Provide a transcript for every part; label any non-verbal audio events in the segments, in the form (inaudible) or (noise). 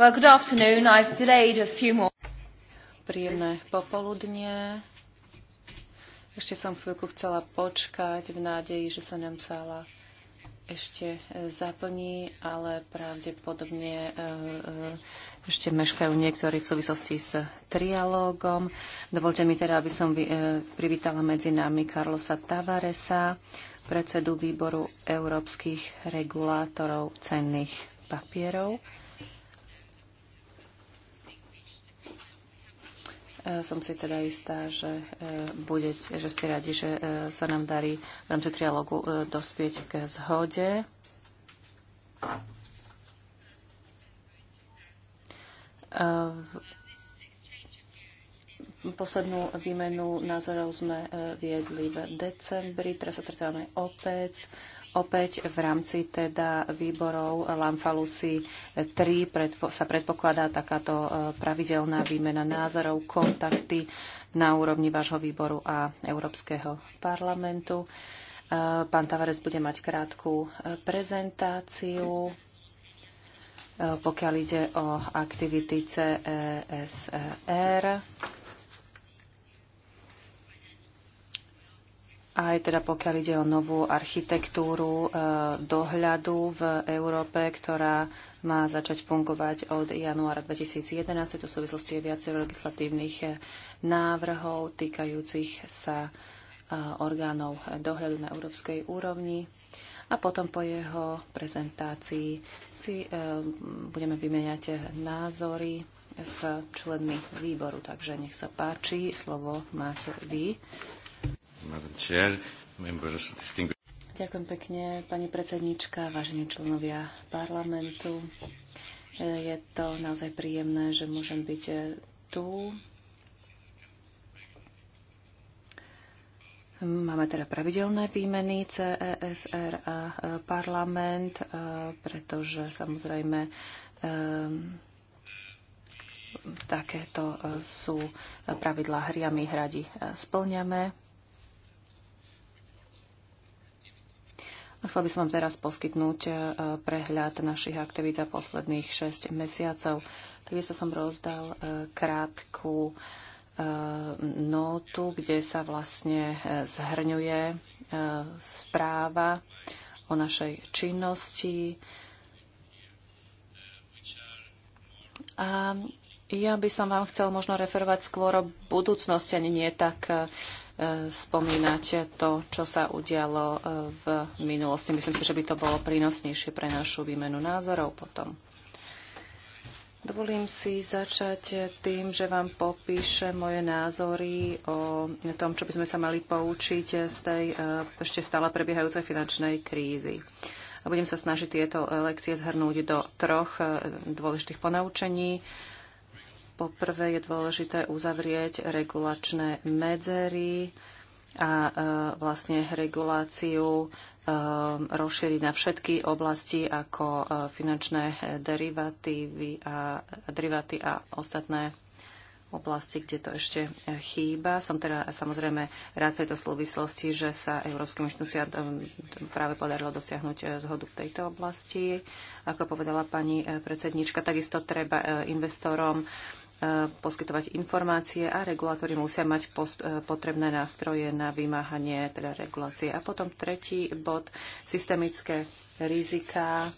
Well, good afternoon. I've delayed a few more. Príjemné popoludnie. Ešte som chvíľku chcela počkať v nádeji, že sa nám sála ešte e, zaplní, ale pravdepodobne e, e, ešte meškajú niektorí v súvislosti s trialógom. Dovolte mi teda, aby som privítala medzi nami Carlosa Tavaresa, predsedu výboru európskych regulátorov cenných papierov. E, som si teda istá, že, e, budete, že ste radi, že e, sa nám darí v rámci trialógu dospieť k zhode. Poslednú výmenu názorov sme viedli v decembri, teraz sa trtávame opäť Opäť v rámci teda výborov Lamfalusy 3 predpo- sa predpokladá takáto e, pravidelná výmena názorov, kontakty na úrovni vášho výboru a Európskeho parlamentu. E, pán Tavares bude mať krátku e, prezentáciu, pokiaľ ide o aktivity CESR. aj teda pokiaľ ide o novú architektúru e, dohľadu v Európe, ktorá má začať fungovať od januára 2011. V súvislosti je viacero legislatívnych e, návrhov týkajúcich sa e, orgánov dohľadu na európskej úrovni. A potom po jeho prezentácii si budeme vymeniať názory s členmi výboru. Takže nech sa páči, slovo máte vy. Ďakujem pekne, pani predsednička, vážení členovia parlamentu. Je to naozaj príjemné, že môžem byť tu. Máme teda pravidelné výmeny CESR a e, parlament, e, pretože samozrejme e, takéto sú pravidlá hry a my hradi splňame. Chcel by som vám teraz poskytnúť e, prehľad našich aktivít za posledných 6 mesiacov. Takisto som rozdal e, krátku e, notu, kde sa vlastne zhrňuje správa o našej činnosti. A ja by som vám chcel možno referovať skôr o budúcnosti, ani nie tak spomínať to, čo sa udialo e, v minulosti. Myslím si, že by to bolo prínosnejšie pre našu výmenu názorov potom. Dovolím si začať tým, že vám popíšem moje názory o tom, čo by sme sa mali poučiť z tej e, ešte stále prebiehajúcej finančnej krízy. A budem sa snažiť tieto lekcie zhrnúť do troch e, dôležitých ponaučení Poprvé je dôležité uzavrieť regulačné medzery a e, vlastne reguláciu e, rozšíriť na všetky oblasti ako e, finančné derivatívy a, derivaty a ostatné oblasti, kde to ešte chýba. Som teda samozrejme rád v tejto súvislosti, že sa Európskym inštitúciám práve podarilo dosiahnuť zhodu v tejto oblasti. Ako povedala pani predsednička, takisto treba investorom poskytovať informácie a regulátory musia mať post, e, potrebné nástroje na vymáhanie teda regulácie. A potom tretí bod, systemické riziká.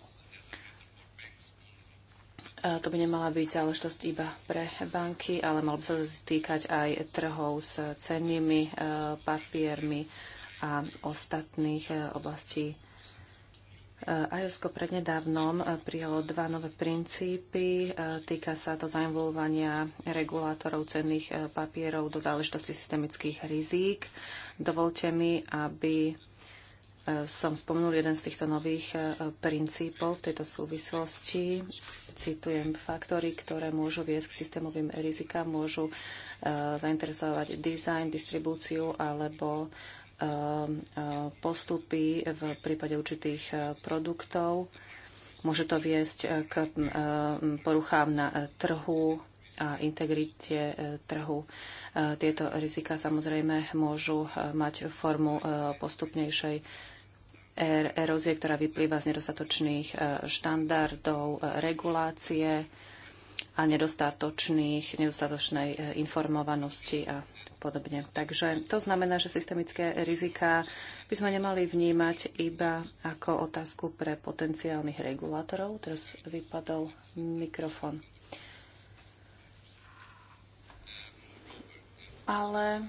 E, to by nemala byť záležitosť iba pre banky, ale malo by sa to týkať aj trhov s cennými e, papiermi a ostatných oblastí IOSCO eh, prednedávnom eh, prijalo dva nové princípy. Eh, týka sa to zainvolovania regulátorov cenných papierov do záležitosti systemických rizík. Dovolte mi, aby som spomenul jeden z týchto nových princípov v tejto súvislosti. Citujem, faktory, ktoré môžu viesť k systémovým rizikám, môžu zainteresovať dizajn, distribúciu alebo Eh, postupy v prípade určitých eh, produktov. Môže to viesť eh, k poruchám na trhu a integrite trhu. Tieto rizika samozrejme môžu mať formu postupnejšej er, erózie, ktorá vyplýva z nedostatočných štandardov regulácie a nedostatočných, nedostatočnej informovanosti a podobne. Takže to znamená, že systemické rizika by sme nemali vnímať iba ako otázku pre potenciálnych regulátorov. Teraz vypadol mikrofon. Ale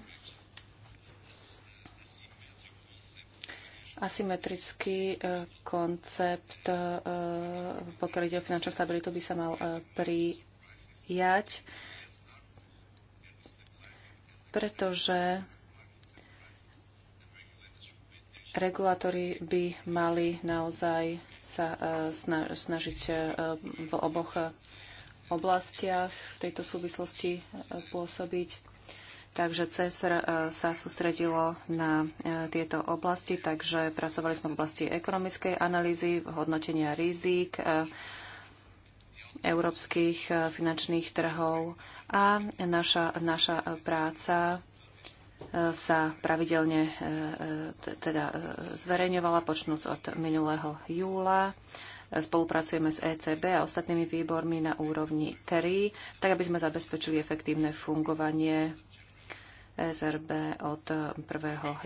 asymetrický e, koncept, e, pokiaľ ide o finančnú stabilitu, by sa mal e, prijať pretože regulátori by mali naozaj sa e, snažiť e, v oboch oblastiach v tejto súvislosti e, pôsobiť. Takže CESR sa sústredilo na tieto oblasti, takže pracovali sme v oblasti ekonomickej analýzy, hodnotenia rizík, európskych e, finančných trhov a naša, naša práca e, sa pravidelne e, teda zverejňovala počnúc od minulého júla. Spolupracujeme s ECB a ostatnými výbormi na úrovni 3, tak aby sme zabezpečili efektívne fungovanie ESRB od 1.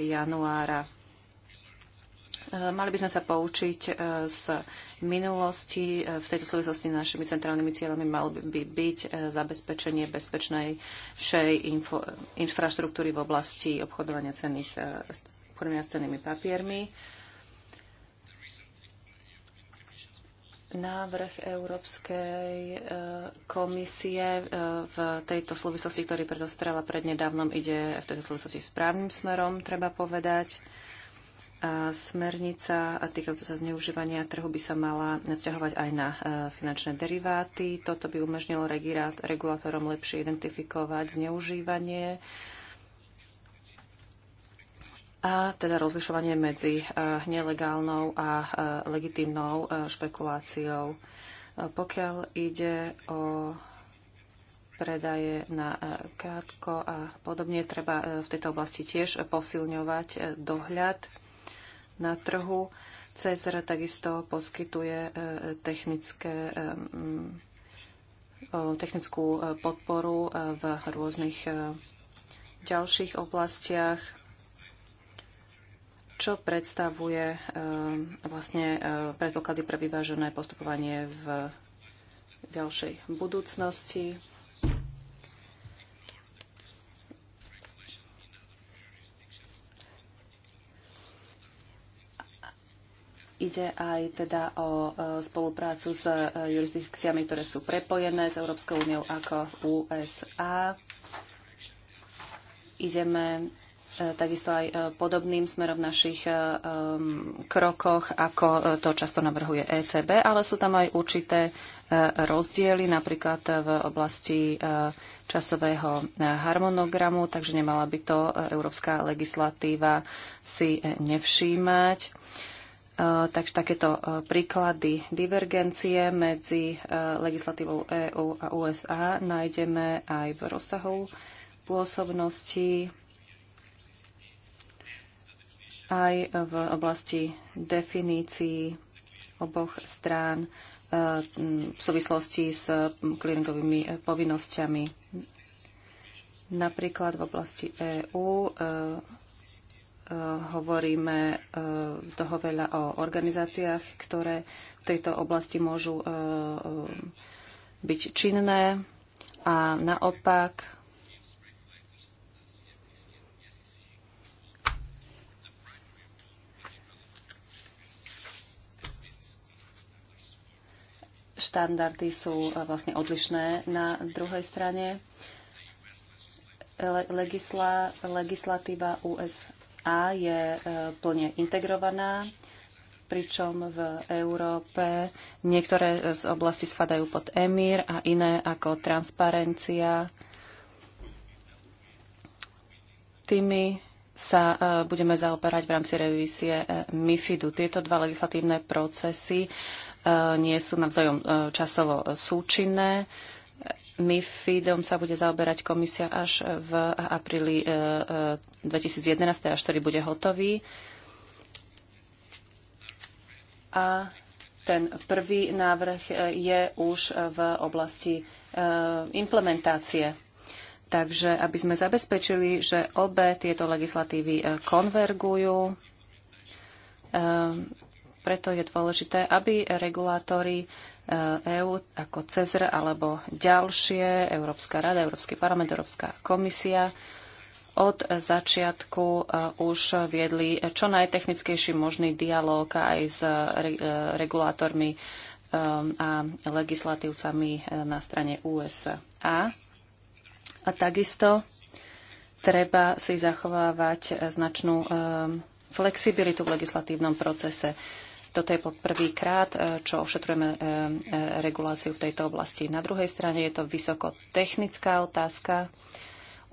januára Eh, mali by sme sa poučiť eh, z minulosti. Eh, v tejto súvislosti našimi centrálnymi cieľami malo by byť zabezpečenie bezpečnej všej info, infraštruktúry v oblasti obchodovania cených, obchodovania s cenými papiermi. Návrh Európskej komisie v tejto súvislosti, ktorý predostrela prednedávnom, ide v tejto súvislosti správnym smerom, treba povedať. Smernica týkajúca sa zneužívania trhu by sa mala vzťahovať aj na e, finančné deriváty. Toto by umožnilo regulátorom lepšie identifikovať zneužívanie a teda rozlišovanie medzi e, nelegálnou a e, legitímnou špekuláciou. Pokiaľ ide o predaje na krátko a podobne, treba v tejto oblasti tiež posilňovať dohľad na trhu. CESR takisto poskytuje e, technické, e, technickú e, podporu v rôznych ďalších oblastiach, čo predstavuje vlastne predpoklady pre vyvážené postupovanie v ďalšej budúcnosti. Ide aj teda o e, spoluprácu s e, jurisdikciami, ktoré sú prepojené s Európskou úniou ako USA. Ideme e, takisto aj podobným smerom v našich krokoch, ako to často navrhuje ECB, ale sú tam aj určité rozdiely, napríklad v oblasti časového harmonogramu, takže nemala by to európska legislatíva si nevšímať. Eh, takže takéto eh, príklady divergencie medzi eh, legislatívou EÚ a USA nájdeme aj v rozsahu pôsobnosti, aj v oblasti definícií oboch strán v súvislosti s clearingovými povinnosťami. Napríklad v oblasti EÚ hovoríme e, toho veľa o organizáciách, ktoré v tejto oblasti môžu e, e, byť činné a naopak štandardy sú vlastne odlišné na druhej strane. Legisla, legislatíva USA a je e, plne integrovaná, pričom v Európe niektoré z oblasti spadajú pod EMIR a iné ako transparencia. Tými sa e, budeme zaoperať v rámci revízie e, MIFIDu. Tieto dva legislatívne procesy nie sú navzájom časovo súčinné MIFIDom sa bude zaoberať komisia až v apríli 2011, e, e, teda až ktorý bude hotový. A ten prvý návrh e, je už v oblasti implementácie. Takže aby sme zabezpečili, že obe tieto legislatívy konvergujú, preto je dôležité, aby regulátory. EÚ e ako CEZR alebo ďalšie, Európska rada, Európsky parlament, Európska komisia, od začiatku e, už viedli čo najtechnickejší možný dialog aj s e, regulátormi a legislatívcami na strane USA. A takisto treba si zachovávať značnú flexibilitu v legislatívnom procese. Toto je prvýkrát, e, čo ošetrujeme e, e, reguláciu v tejto oblasti. Na druhej strane je to vysokotechnická otázka.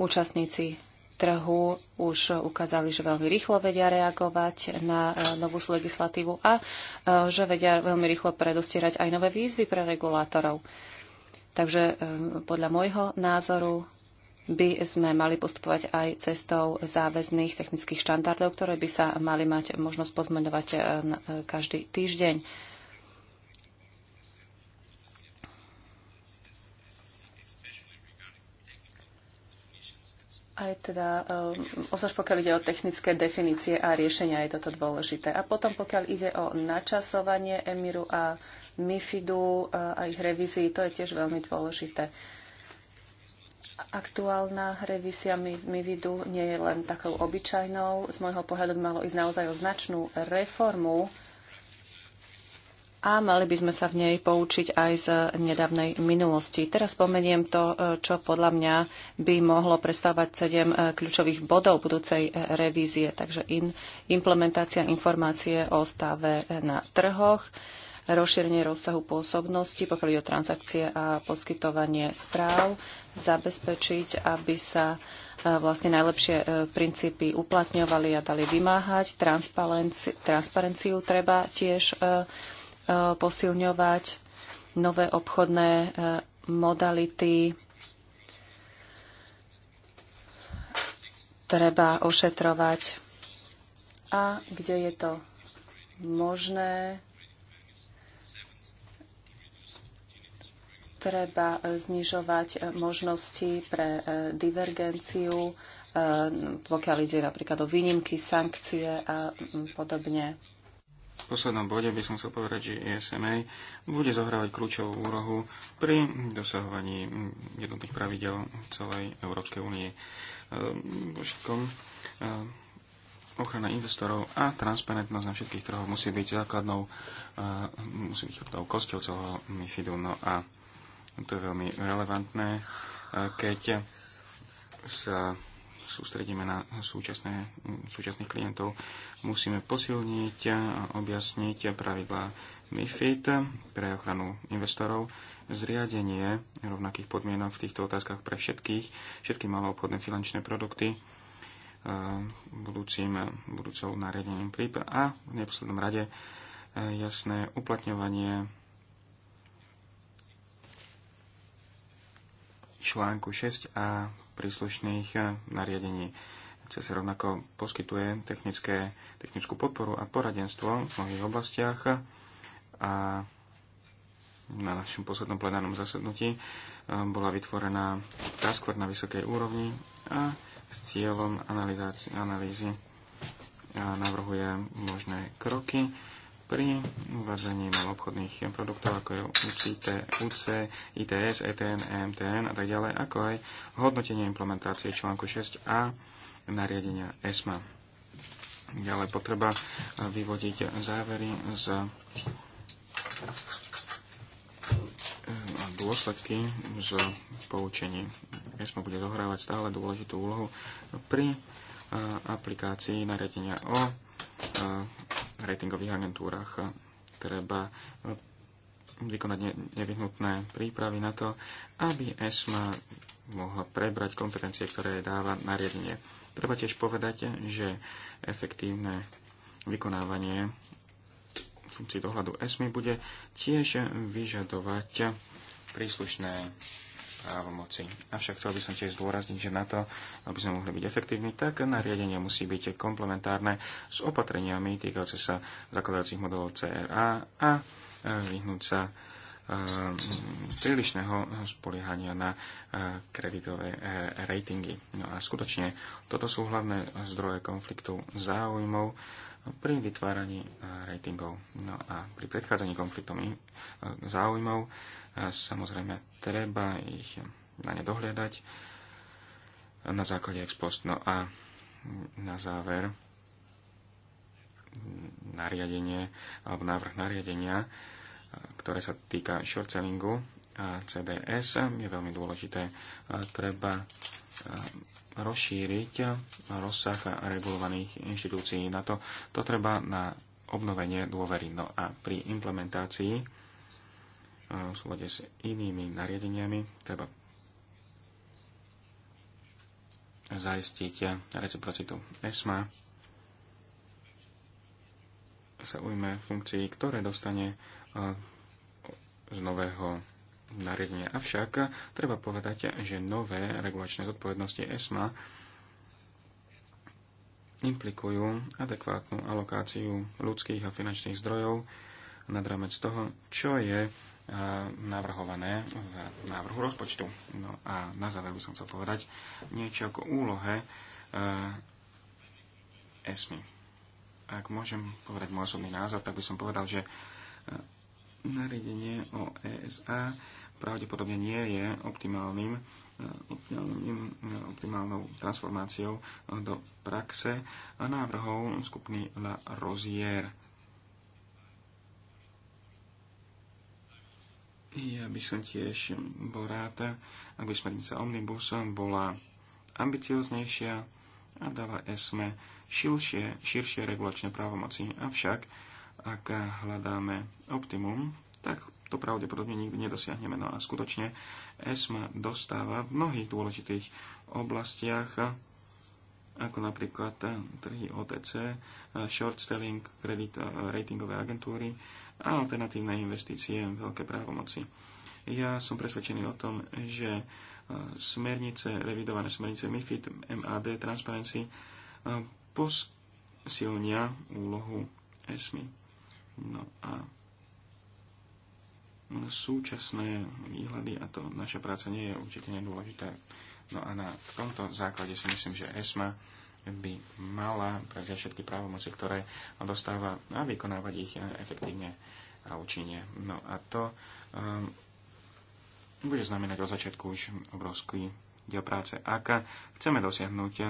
Účastníci trhu už ukázali, že veľmi rýchlo vedia reagovať na novú legislatívu a že vedia veľmi rýchlo predostierať aj nové výzvy pre regulátorov. Takže podľa môjho názoru by sme mali postupovať aj cestou záväzných technických štandardov, ktoré by sa mali mať možnosť pozmeňovať eh, eh, každý týždeň. Aj teda, eh, obzvlášť pokiaľ ide o technické definície a riešenia, je toto dôležité. A potom, pokiaľ ide o načasovanie Emiru a MIFIDu a ich revízii, to je tiež veľmi dôležité aktuálna revízia MIVIDu nie je len takou obyčajnou. Z môjho pohľadu by malo ísť naozaj o značnú reformu a mali by sme sa v nej poučiť aj z nedávnej minulosti. Teraz spomeniem to, e, čo podľa mňa by mohlo predstavovať sedem e, kľúčových bodov budúcej e, revízie, takže in, implementácia informácie o stave na trhoch, rozšírenie rozsahu pôsobnosti, pokiaľ ide o transakcie a poskytovanie správ, zabezpečiť, aby sa e, vlastne najlepšie e, princípy uplatňovali a dali vymáhať. Transparenci transparenciu treba tiež e, posilňovať, nové obchodné modality, treba ošetrovať a kde je to možné, treba e, znižovať e, možnosti pre e, divergenciu, pokiaľ ide napríklad o výnimky, sankcie a podobne. V poslednom bode by som chcel povedať, že ESMA bude zohrávať kľúčovú úlohu pri dosahovaní jednotných pravidel celej Európskej únie. Vo ochrana investorov a transparentnosť na všetkých trhoch musí byť základnou, musí byť kosťou celého MIFIDu. No a to je veľmi relevantné, e, keď sa sústredíme na súčasné, súčasných klientov. Musíme posilniť a objasniť pravidlá MIFID pre ochranu investorov, zriadenie rovnakých podmienok v týchto otázkach pre všetkých, všetky maloobchodné finančné produkty, e, budúcim, budúcou nariadením príp a v neposlednom rade e, jasné uplatňovanie článku 6a príslušných e, nariadení. CES rovnako poskytuje technické, technickú podporu a poradenstvo v mnohých oblastiach a na našom poslednom plenárnom zasadnutí e, bola vytvorená task na vysokej úrovni a s cieľom analýzy a e, navrhuje možné kroky pri uvádzaní obchodných produktov, ako je UCIT, UC, ITS, ETN, EMTN a tak ďalej, ako aj hodnotenie implementácie článku 6a nariadenia ESMA. Ďalej potreba e, vyvodiť závery z e, dôsledky z poučení. ESMA bude zohrávať stále dôležitú úlohu pri e, aplikácii nariadenia o ratingových agentúrach. Treba vykonať nevyhnutné prípravy na to, aby ESMA mohla prebrať kompetencie, ktoré dáva nariadenie. Treba tiež povedať, že efektívne vykonávanie funkcií dohľadu ESMI bude tiež vyžadovať príslušné právomoci. Avšak chcel by som tiež zdôrazniť, že na to, aby sme mohli byť efektívni, tak nariadenie musí byť komplementárne s opatreniami týkajúce sa zakladajúcich modelov CRA a e, vyhnúť sa e, prílišného spoliehania na e, kreditové ratingy. No a skutočne toto sú hlavné zdroje konfliktu záujmov pri vytváraní ratingov. No a pri predchádzaní konfliktom záujmov a samozrejme, treba ich na ne dohliadať na základe ex post. No a na záver nariadenie alebo návrh nariadenia, ktoré sa týka short sellingu a CDS je veľmi dôležité. Treba rozšíriť rozsah regulovaných inštitúcií na to. To treba na obnovenie dôvery. No a pri implementácii v súlade s inými nariadeniami treba zaistiť reciprocitu ESMA sa ujme funkcií, ktoré dostane z nového nariadenia. Avšak treba povedať, že nové regulačné zodpovednosti ESMA implikujú adekvátnu alokáciu ľudských a finančných zdrojov nad rámec toho, čo je E, navrhované v návrhu rozpočtu. No a na záver by som chcel povedať niečo ako úlohe e, ESMI. Ak môžem povedať môj osobný názor, tak by som povedal, že e, nariadenie o ESA pravdepodobne nie je optimálnym, optimálnym optimálnou transformáciou do praxe a návrhov skupiny La Rozier Ja by som tiež bol rád, aby smernica Omnibusom bola ambicioznejšia a dala ESME širšie, širšie regulačné právomoci. Avšak, ak hľadáme optimum, tak to pravdepodobne nikdy nedosiahneme. No a skutočne ESMA dostáva v mnohých dôležitých oblastiach ako napríklad trhy OTC, short selling, kredit ratingové agentúry, a alternatívne investície veľké právomoci. Ja som presvedčený o tom, že e, smernice, revidované smernice MIFID, MAD, Transparency e, posilnia úlohu ESMI. No a súčasné výhľady, a to naša práca nie je určite nedôležitá. No a na tomto základe si myslím, že ESMA by mala prevziať všetky právomoci, ktoré dostáva a vykonávať ich e, efektívne a účinne. No a to um, bude znamenať od začiatku už obrovský diel práce. Ak chceme dosiahnuť e,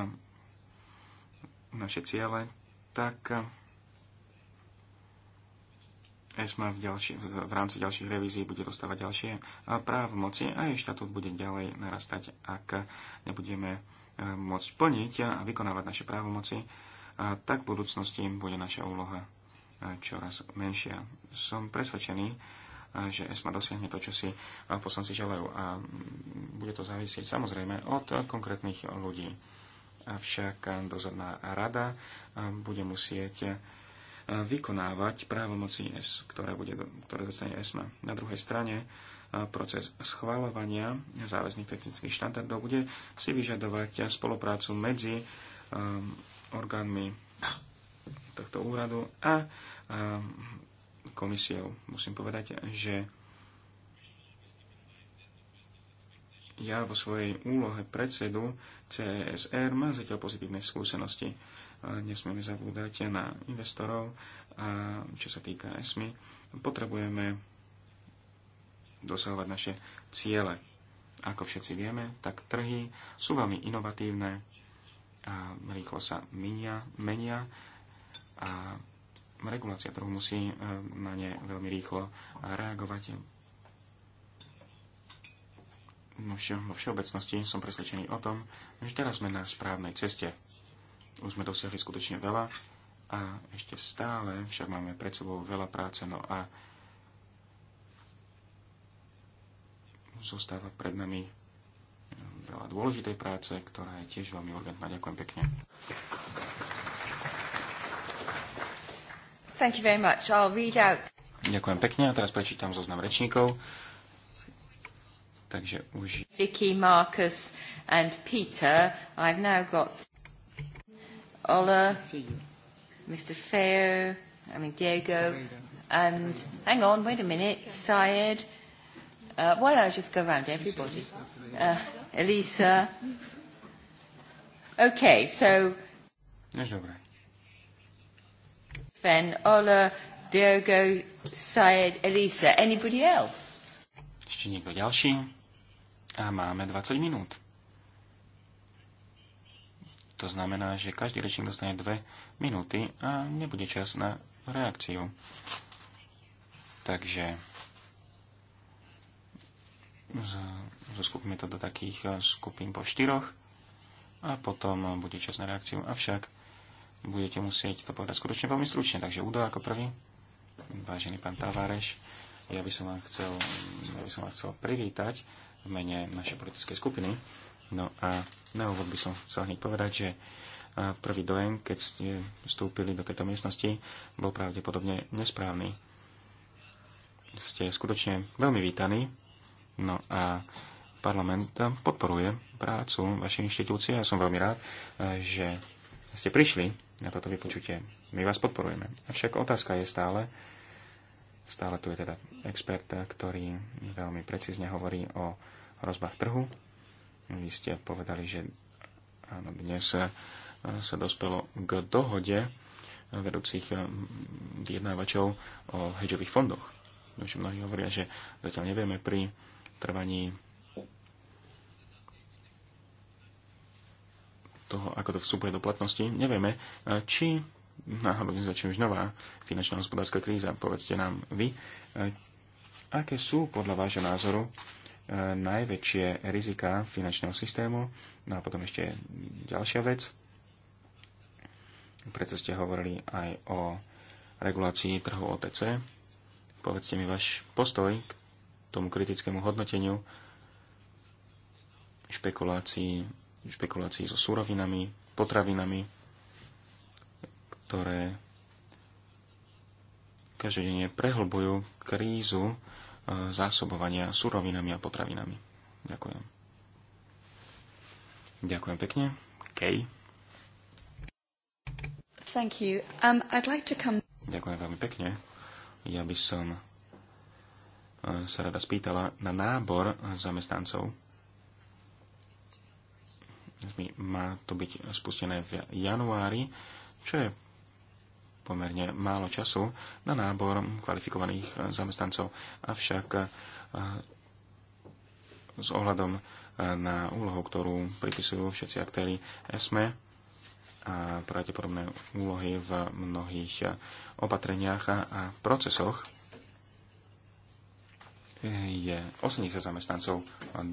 naše ciele, tak ESMA v, ďalši, v rámci ďalších revízií bude dostávať ďalšie právomoci a jej štatút bude ďalej narastať, ak nebudeme môcť plniť a vykonávať naše právomoci, a tak v budúcnosti bude naša úloha čoraz menšia. Som presvedčený, že ESMA dosiahne to, čo si poslanci želajú. A bude to závisieť samozrejme od konkrétnych ľudí. Avšak dozorná rada bude musieť vykonávať právomoci, ktoré, bude, ktoré dostane ESMA. Na druhej strane proces schváľovania záväzných technických štandardov bude si vyžadovať spoluprácu medzi um, orgánmi tohto úradu a um, komisiou. Musím povedať, že ja vo svojej úlohe predsedu CSR e mám zatiaľ pozitívne skúsenosti. Nesmieme zabúdať na investorov a čo sa týka ESMI, potrebujeme dosahovať naše ciele. Ako všetci vieme, tak trhy sú veľmi inovatívne a rýchlo sa minia, menia a regulácia trhu musí e, na ne veľmi rýchlo reagovať. No, vo všeobecnosti som presvedčený o tom, že teraz sme na správnej ceste. Už sme dosiahli skutočne veľa a ešte stále však máme pred sebou veľa práce. No a zostáva pred nami eh, veľa dôležitej práce, ktorá je tiež veľmi urgentná. Ďakujem pekne. Thank you very much. I'll read out. Ďakujem pekne a teraz prečítam zoznam rečníkov. Takže už... Vicky, Marcus and Peter. I've now got Ola, Mr. Feo, I mean Diego, and hang on, wait a minute, Syed, Uh, why don't I just go around everybody? Uh, Elisa. Okay, so... Sven, Ola, Diogo, Syed, Elisa. Anybody else? Ešte niekto ďalší? A máme 20 minút. To znamená, že každý rečník dostane dve minúty a nebude čas na reakciu. Takže zoskupíme to do takých eh, skupín po štyroch a potom eh, bude čas na reakciu. Avšak budete musieť to povedať skutočne veľmi stručne. Takže Udo ako prvý, vážený pán Tavareš, ja by som vám chcel, ja by som vám chcel privítať v mene našej politickej skupiny. No a na úvod by som chcel hneď povedať, že eh, prvý dojem, keď ste vstúpili do tejto miestnosti, bol pravdepodobne nesprávny. Ste skutočne veľmi vítaní No a parlament podporuje prácu vašej inštitúcie. Ja som veľmi rád, že ste prišli na toto vypočutie. My vás podporujeme. Avšak otázka je stále, stále tu je teda expert, ktorý veľmi precízne hovorí o rozbách trhu. Vy ste povedali, že áno, dnes sa dospelo k dohode vedúcich vyjednávačov o hedžových fondoch. mnohí hovoria, že zatiaľ nevieme pri trvaní toho, ako to vstupuje do platnosti, nevieme, eh, či náhodou nezačne už nová finančná hospodárska kríza. Povedzte nám vy, eh, aké sú podľa vášho názoru eh, najväčšie rizika finančného systému. No a potom ešte ďalšia vec. Preto ste hovorili aj o regulácii trhu OTC. Povedzte mi váš postoj k tomu kritickému hodnoteniu špekulácií, špekulácií so súrovinami, potravinami, ktoré každodenne prehlbujú krízu e, zásobovania surovinami a potravinami. Ďakujem. Ďakujem pekne. Kej. Thank you. Um, I'd like to come... Ďakujem veľmi pekne. Ja by som sa rada spýtala na nábor zamestnancov. Má to byť spustené v januári, čo je pomerne málo času na nábor kvalifikovaných zamestnancov. Avšak eh, s ohľadom eh, na úlohu, ktorú pripisujú všetci aktéry ESME a pravdepodobné úlohy v mnohých eh, opatreniach a procesoch, je 80 zamestnancov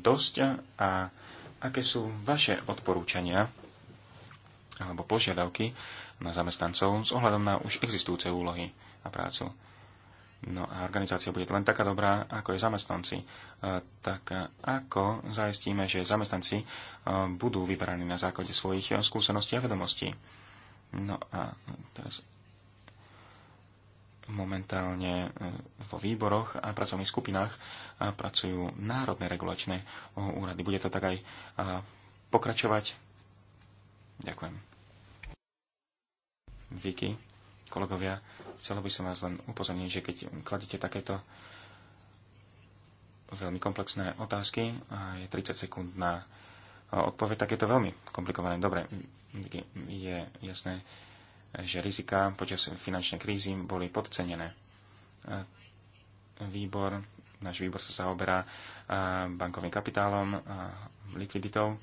dosť a aké sú vaše odporúčania alebo požiadavky na zamestnancov s ohľadom na už existujúce úlohy a prácu. No a organizácia bude len taká dobrá, ako je zamestnanci. E, tak ako zaistíme, že zamestnanci e, budú vyberaní na základe svojich skúseností a vedomostí? No a teraz momentálne e, vo výboroch a pracovných skupinách pracujú národné regulačné úrady. Bude to tak aj pokračovať. Ďakujem. Vicky, kolegovia, chcel by som vás len upozorniť, že keď kladete takéto veľmi komplexné otázky a je 30 sekúnd na odpoveď, tak je to veľmi komplikované. Dobre, je jasné, že rizika počas finančnej krízy boli podcenené. Výbor, náš výbor sa zaoberá bankovým kapitálom a likviditou.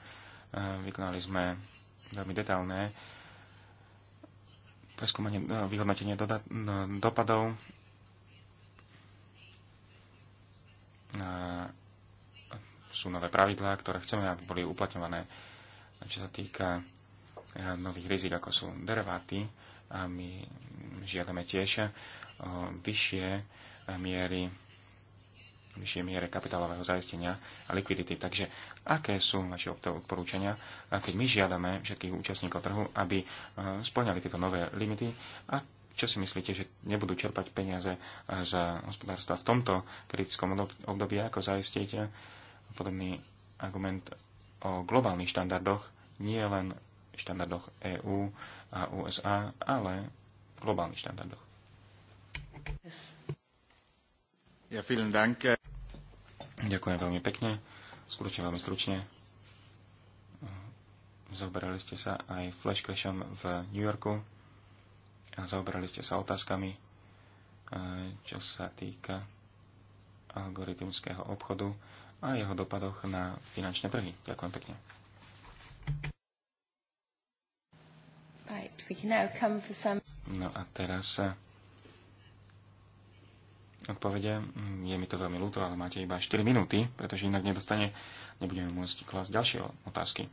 Vykonali sme veľmi detailné preskúmanie, no, vyhodnotenie no, dopadov sú nové pravidlá, ktoré chceme, aby boli uplatňované. Čo sa týka Eh, nových rizik, ako sú deriváty. A my žiadame tiež o vyššie eh, miery vyššie miere kapitálového zaistenia a likvidity. Takže aké sú naše odporúčania, keď my žiadame všetkých účastníkov trhu, aby eh, splňali tieto nové limity a čo si myslíte, že nebudú čerpať peniaze z hospodárstva v tomto kritickom období, ako zaistíte podobný argument o globálnych štandardoch, nie len štandardoch EÚ a USA, ale v globálnych štandardoch. Yes. Ja, vielen Dank. Ďakujem veľmi pekne, skutočne veľmi stručne. Zoberali ste sa aj Flash Clashom v New Yorku a zaoberali ste sa otázkami, čo sa týka algoritmského obchodu a jeho dopadoch na finančné trhy. Ďakujem pekne. No a teraz eh, odpovede. Mm, je mi to veľmi ľúto, ale máte iba 4 minúty, pretože inak nedostane, nebudeme môcť klásť ďalšie otázky.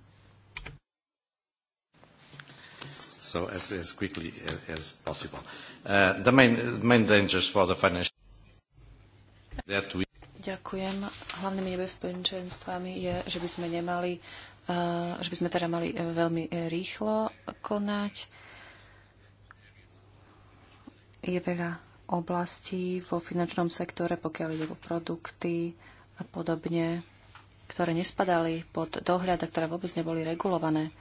So as, as quickly as possible. Uh, the main, main dangers for the financial Ďakujem. Hlavnými nebezpečenstvami je, že by sme nemali, uh, že by sme teda mali veľmi rýchlo konať je veľa oblastí vo finančnom sektore, pokiaľ ide o produkty a podobne, ktoré nespadali pod dohľad a ktoré vôbec neboli regulované.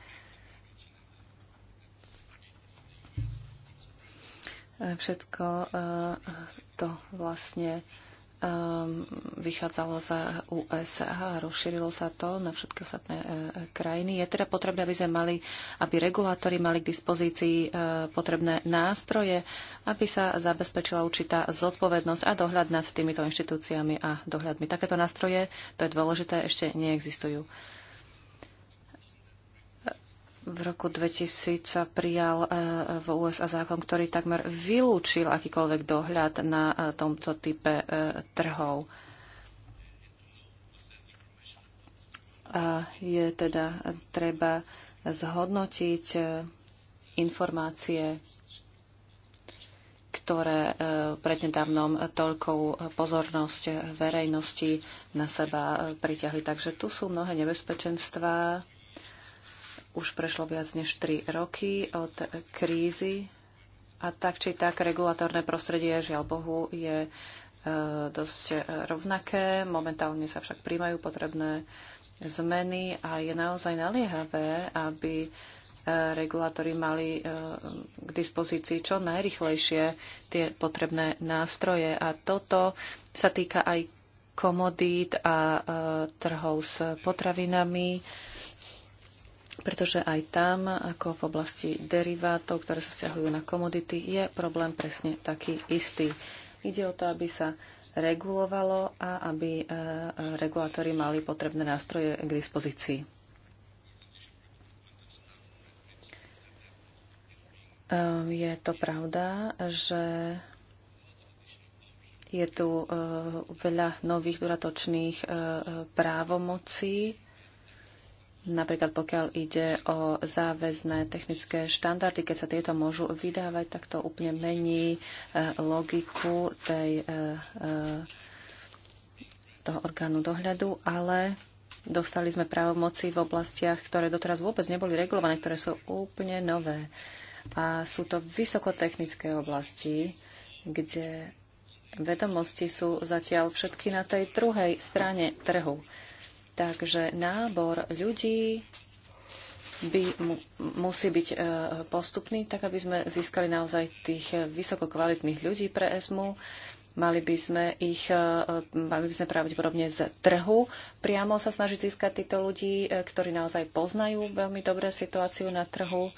Všetko eh, to vlastne um, vychádzalo za USA a rozšírilo sa to na všetky ostatné e, e, krajiny. Je teda potrebné, aby sme mali, aby regulátori mali k dispozícii e, potrebné nástroje, aby sa zabezpečila určitá zodpovednosť a dohľad nad týmito inštitúciami a dohľadmi. Takéto nástroje, to je dôležité, ešte neexistujú v roku 2000 sa prijal e, v USA zákon, ktorý takmer vylúčil akýkoľvek dohľad na e, tomto type e, trhov. A je teda treba zhodnotiť informácie, ktoré prednedávnom toľkou pozornosť verejnosti na seba pritiahli. Takže tu sú mnohé nebezpečenstvá, už prešlo viac než 3 roky od krízy a tak či tak regulatórne prostredie, žiaľ Bohu, je e, dosť rovnaké. Momentálne sa však príjmajú potrebné zmeny a je naozaj naliehavé, aby e, regulátori mali e, k dispozícii čo najrychlejšie tie potrebné nástroje. A toto sa týka aj komodít a trhov s potravinami pretože aj tam, ako v oblasti derivátov, ktoré sa stiahujú na komodity, je problém presne taký istý. Ide o to, aby sa regulovalo a aby e, regulátori mali potrebné nástroje k dispozícii. Ehm, je to pravda, že je tu e, veľa nových dodatočných e, právomocí Napríklad pokiaľ ide o záväzné technické štandardy, keď sa tieto môžu vydávať, tak to úplne mení e, logiku tej, e, e, toho orgánu dohľadu, ale dostali sme právomoci v oblastiach, ktoré doteraz vôbec neboli regulované, ktoré sú úplne nové. A sú to vysokotechnické oblasti, kde vedomosti sú zatiaľ všetky na tej druhej strane trhu. Takže nábor ľudí by mu, musí byť e, postupný, tak aby sme získali naozaj tých vysokokvalitných ľudí pre ESMU. Mali by sme ich, e, mali by sme pravdepodobne z trhu priamo sa snažiť získať týchto ľudí, e, ktorí naozaj poznajú veľmi dobré situáciu na trhu.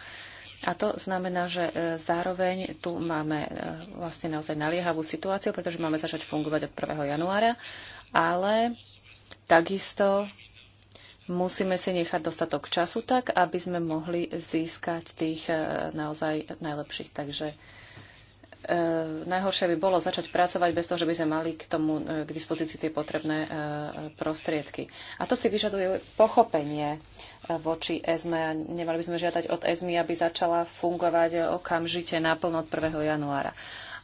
A to znamená, že e, zároveň tu máme e, vlastne naozaj naliehavú situáciu, pretože máme začať fungovať od 1. januára, ale Takisto musíme si nechať dostatok času tak, aby sme mohli získať tých e, naozaj najlepších. Takže e, najhoršie by bolo začať pracovať bez toho, že by sme mali k tomu e, k dispozícii tie potrebné prostriedky. A to si vyžaduje pochopenie voči ESME a nemali by sme žiadať od ESME, aby začala fungovať okamžite naplno od 1. januára.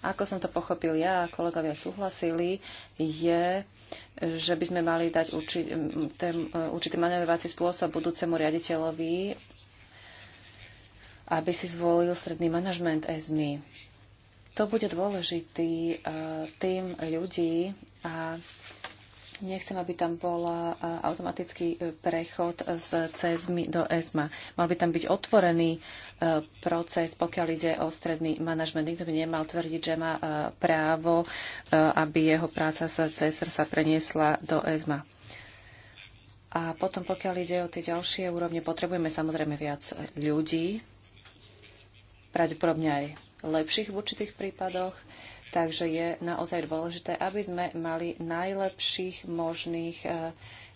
Ako som to pochopil ja a kolegovia súhlasili, je, že by sme mali dať určitý, e, určitý manevrovací spôsob budúcemu riaditeľovi, aby si zvolil stredný manažment ESMI. To bude dôležitý e, tým ľudí a Nechcem, aby tam bol automatický e, prechod z CESMI do ESMA. Mal by tam byť otvorený e, proces, pokiaľ ide o stredný manažment. Nikto by nemal tvrdiť, že má e, právo, aby jeho práca z CESR sa preniesla do ESMA. A potom, pokiaľ ide o tie ďalšie úrovne, potrebujeme samozrejme viac ľudí, pravdepodobne aj lepších v určitých prípadoch. Takže je naozaj dôležité, aby sme mali najlepších možných e,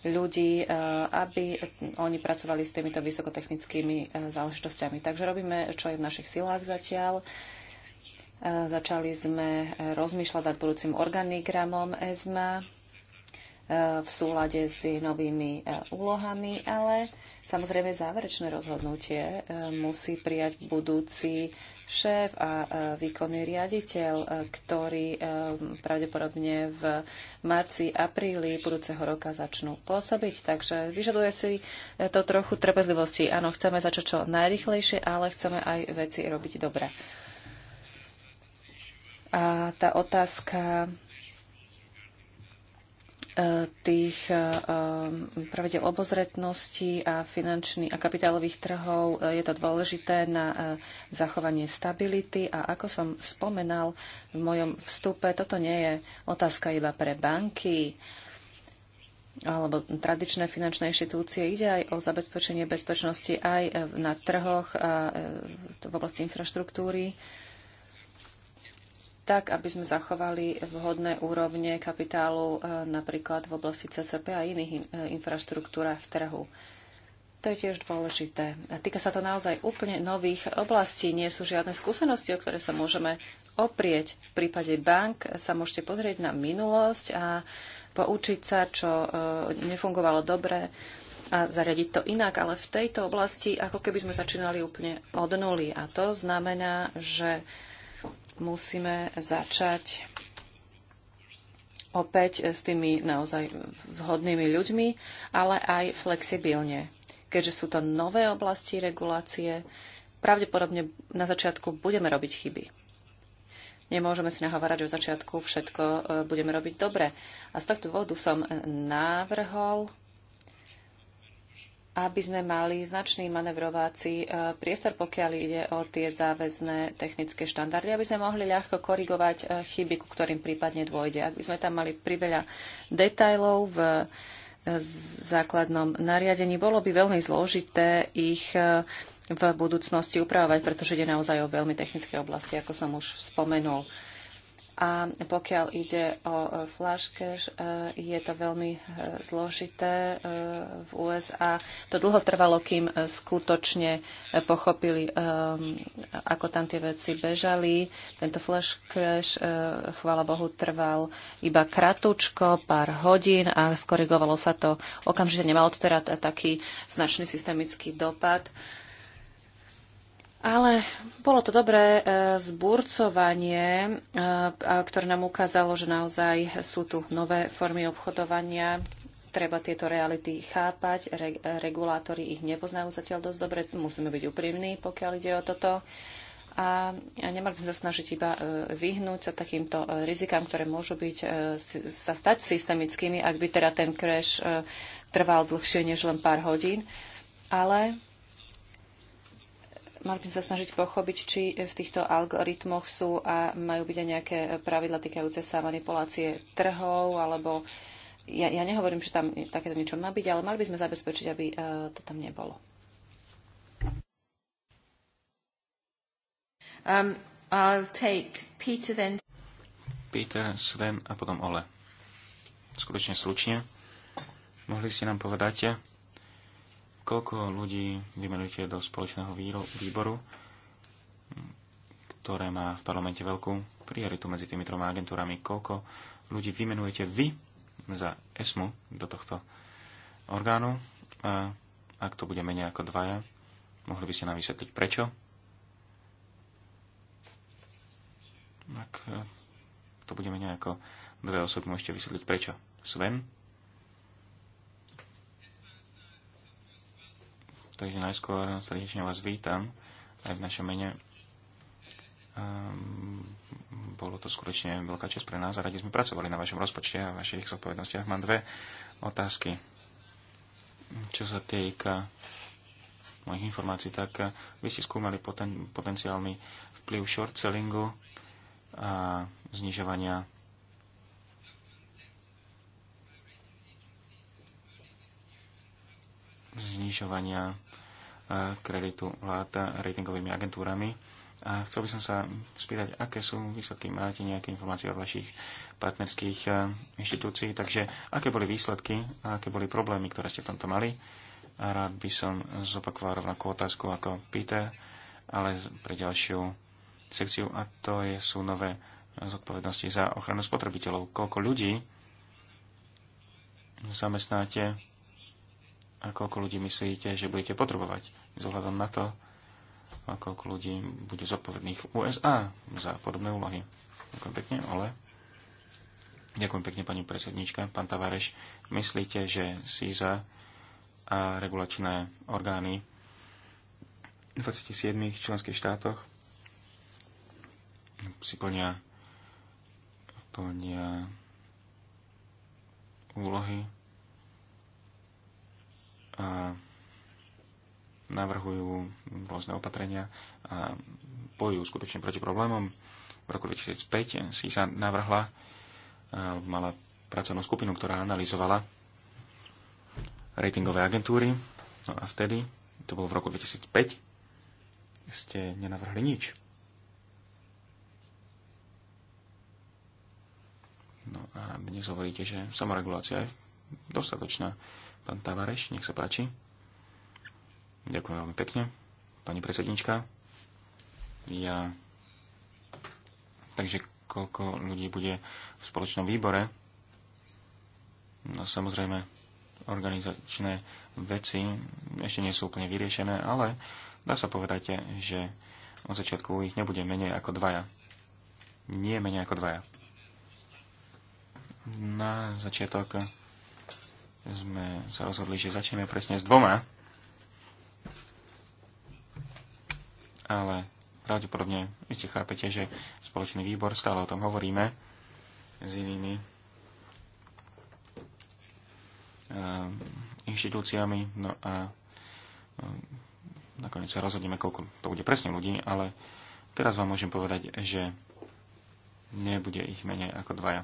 ľudí, e, aby oni pracovali s týmito vysokotechnickými e, záležitosťami. Takže robíme, čo je v našich silách zatiaľ. Začali sme rozmýšľať nad budúcim organigramom ESMA v súlade s novými e, úlohami, ale samozrejme záverečné rozhodnutie e, musí prijať budúci šéf a e, výkonný riaditeľ, ktorý pravdepodobne v marci, apríli budúceho roka začnú pôsobiť. Takže vyžaduje si to trochu trpezlivosti. Áno, chceme začať čo najrychlejšie, ale chceme aj veci robiť dobre. A tá otázka tých eh, eh, pravidel obozretnosti a finančných a kapitálových trhov eh, je to dôležité na zachovanie stability a ako som spomenal v mojom vstupe, toto nie je otázka iba pre banky alebo tradičné finančné inštitúcie. Ide aj o zabezpečenie bezpečnosti aj na trhoch a v oblasti infraštruktúry tak, aby sme zachovali vhodné úrovne kapitálu e, napríklad v oblasti CCP a iných e, infraštruktúrach trhu. To je tiež dôležité. A týka sa to naozaj úplne nových oblastí. Nie sú žiadne skúsenosti, o ktoré sa môžeme oprieť. V prípade bank sa môžete pozrieť na minulosť a poučiť sa, čo e, nefungovalo dobre a zariadiť to inak, ale v tejto oblasti ako keby sme začínali úplne od nuly. A to znamená, že musíme začať opäť s tými naozaj vhodnými ľuďmi, ale aj flexibilne. Keďže sú to nové oblasti regulácie, pravdepodobne na začiatku budeme robiť chyby. Nemôžeme si nahovárať, že v začiatku všetko e, budeme robiť dobre. A z tohto dôvodu som e, návrhol aby sme mali značný manevrovací e, priestor, pokiaľ ide o tie záväzné technické štandardy, aby sme mohli ľahko korigovať e, chyby, ku ktorým prípadne dôjde. Ak by sme tam mali priveľa detajlov v e, základnom nariadení, bolo by veľmi zložité ich v budúcnosti upravovať, pretože ide naozaj o veľmi technické oblasti, ako som už spomenul. A pokiaľ ide o e, flash cash, e, je to veľmi e, zložité v USA. To dlho trvalo, kým skutočne pochopili, ako tam tie veci bežali. Tento flash cash, chvála Bohu, trval iba kratučko, pár hodín a skorigovalo sa to okamžite. Nemalo to teda taký značný systemický dopad. Ale bolo to dobré e, zburcovanie, e, ktoré nám ukázalo, že naozaj sú tu nové formy obchodovania. Treba tieto reality chápať, e, regulátori ich nepoznajú zatiaľ dosť dobre, musíme byť úprimní, pokiaľ ide o toto. A nemali by sme sa snažiť iba vyhnúť sa takýmto rizikám, ktoré môžu byť, sa stať systemickými, ak by teda ten crash trval dlhšie než len pár hodín. Ale mali by sme sa snažiť pochopiť, či v týchto algoritmoch sú a majú byť aj nejaké pravidla týkajúce sa manipulácie trhov, alebo ja, ja nehovorím, že tam takéto niečo má byť, ale mali by sme zabezpečiť, aby e, to tam nebolo. Um, I'll take Peter then. Peter, Sven a potom Ole. Skutočne slučne. Mohli ste nám povedať, koľko ľudí vymenujete do spoločného výboru, ktoré má v parlamente veľkú prioritu medzi tými troma agentúrami, koľko ľudí vymenujete vy za ESMU do tohto orgánu a ak to bude menej ako dvaja, mohli by ste nám vysvetliť prečo. Ak to bude menej ako dve osoby, môžete vysvetliť prečo. Sven? Takže najskôr srdečne vás vítam aj v našom mene. Ehm, bolo to skutočne veľká časť pre nás a radi sme pracovali na vašom rozpočte a vašich zodpovednostiach. Mám dve otázky. Čo sa týka mojich informácií, tak eh, vy ste skúmali poten- potenciálny vplyv short sellingu a znižovania znižovania e, kreditu vlád ratingovými agentúrami. A chcel by som sa spýtať, aké sú výsledky, máte nejaké informácie od vašich partnerských e, inštitúcií, takže aké boli výsledky a aké boli problémy, ktoré ste v tomto mali. A rád by som zopakoval rovnakú otázku ako Peter, ale pre ďalšiu sekciu, a to je, sú nové zodpovednosti za ochranu spotrebiteľov. Koľko ľudí zamestnáte a koľko ľudí myslíte, že budete potrebovať, vzhľadom na to, a koľko ľudí bude zodpovedných v USA za podobné úlohy. Ďakujem pekne, Ole. Ďakujem pekne, pani predsednička. Pán Tavareš, myslíte, že SISA a regulačné orgány v 27 členských štátoch si plnia, plnia úlohy a navrhujú rôzne opatrenia a bojujú skutočne proti problémom. V roku 2005 si sa navrhla, mala pracovnú skupinu, ktorá analyzovala ratingové agentúry. No a vtedy, to bolo v roku 2005, ste nenavrhli nič. No a dnes hovoríte, že samoregulácia je dostatočná. Pán Tavareš, nech sa páči. Ďakujem veľmi pekne. Pani predsednička, ja... Takže koľko ľudí bude v spoločnom výbore? No samozrejme, organizačné veci ešte nie sú úplne vyriešené, ale dá sa povedať, že od začiatku ich nebude menej ako dvaja. Nie menej ako dvaja. Na začiatok sme sa rozhodli, že začneme presne s dvoma, ale pravdepodobne ste chápete, že spoločný výbor, stále o tom hovoríme s inými eh, inštitúciami, no a eh, nakoniec sa rozhodneme, koľko to bude presne ľudí, ale teraz vám môžem povedať, že nebude ich menej ako dvaja.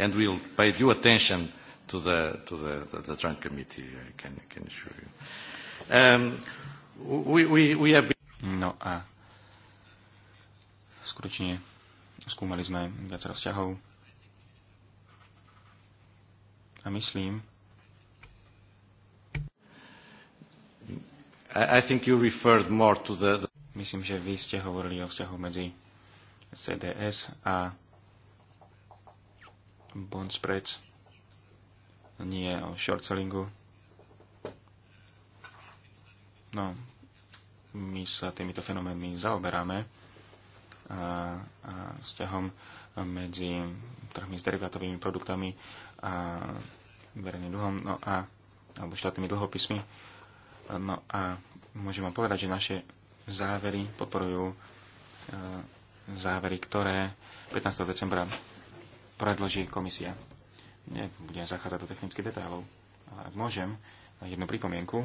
And we'll pay due attention to the, to the, the, the Trunk Committee, I can, can assure you. Um, we, we, we have been... No a skutočne skúmali sme viacero vzťahov a myslím, I, think you referred more to the, the... Myslím, že vy ste hovorili o vzťahu medzi CDS a Bondspreds nie o short sellingu. No, my sa týmito fenoménmi zaoberáme a, a vzťahom medzi trhmi s derivátovými produktami a verejným dlhom, no a, alebo štátnymi dlhopismi. No a môžem vám povedať, že naše závery podporujú e, závery, ktoré 15. decembra predloží komisia nebudem zachádzať do technických detailov, ale ak môžem, jednu pripomienku,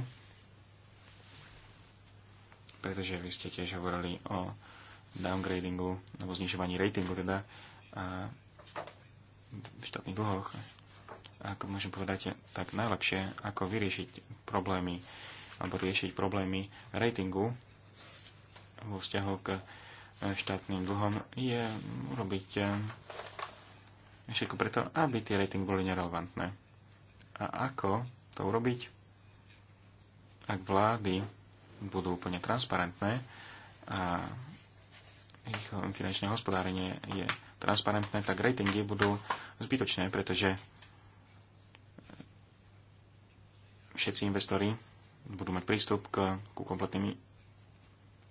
pretože vy ste tiež hovorili o downgradingu, alebo znižovaní ratingu teda, a v štátnych dlhoch, ako môžem povedať, tak najlepšie, ako vyriešiť problémy, alebo riešiť problémy ratingu vo vzťahu k štátnym dlhom, je urobiť Všetko preto, aby tie rating boli nerelevantné. A ako to urobiť, ak vlády budú úplne transparentné a ich finančné hospodárenie je transparentné, tak ratingy budú zbytočné, pretože všetci investori budú mať prístup k, ku kompletným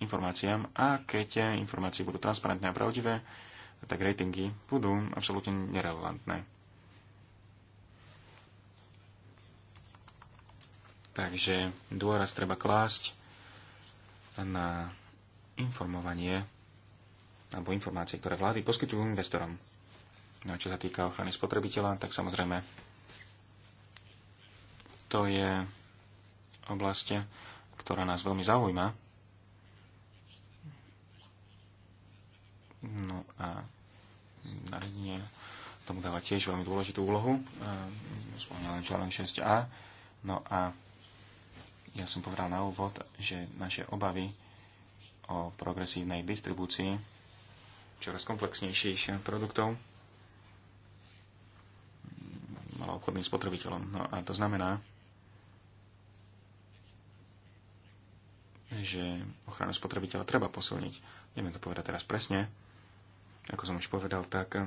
informáciám a keď tie informácie budú transparentné a pravdivé, tak ratingy budú absolútne nerelevantné. Takže dôraz treba klásť na informovanie alebo informácie, ktoré vlády poskytujú investorom. No čo sa týka ochrany spotrebiteľa, tak samozrejme to je oblasť, ktorá nás veľmi zaujíma. No a nariadenie tomu dáva tiež veľmi dôležitú úlohu. E, Spomínal len článok 6a. No a ja som povedal na úvod, že naše obavy o progresívnej distribúcii čoraz komplexnejších produktov malo obchodným spotrebiteľom. No a to znamená, že ochranu spotrebiteľa treba posilniť. Neviem to povedať teraz presne, ako som už povedal, tak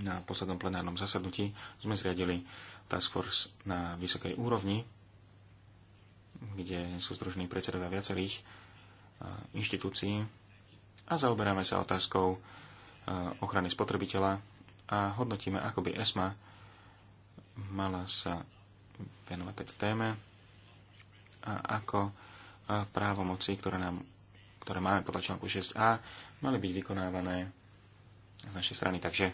na poslednom plenárnom zasadnutí sme zriadili task force na vysokej úrovni, kde sú združení predsedovia viacerých inštitúcií a zaoberáme sa otázkou ochrany spotrebiteľa a hodnotíme, ako by ESMA mala sa venovať tejto téme a ako právomoci, ktoré, nám, ktoré máme podľa článku 6a, mali byť vykonávané z našej strany. Takže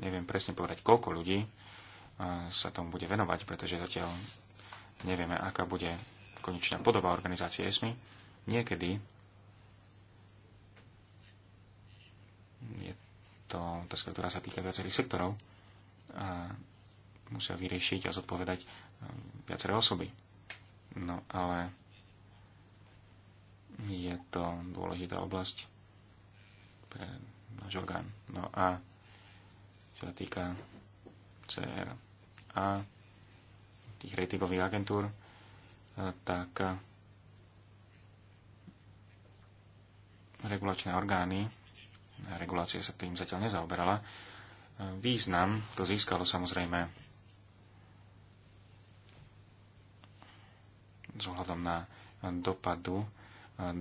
neviem presne povedať, koľko ľudí e, sa tomu bude venovať, pretože zatiaľ nevieme, aká bude konečná podoba organizácie ESMI. Niekedy je to otázka, ktorá sa týka viacerých sektorov a musia vyriešiť a zodpovedať e, viaceré osoby. No ale je to dôležitá oblasť pre náš orgán. No a čo sa týka CR a tých ratingových agentúr, eh, tak eh, regulačné orgány, regulácia sa tým zatiaľ nezaoberala, eh, význam to získalo samozrejme z ohľadom na dopadu,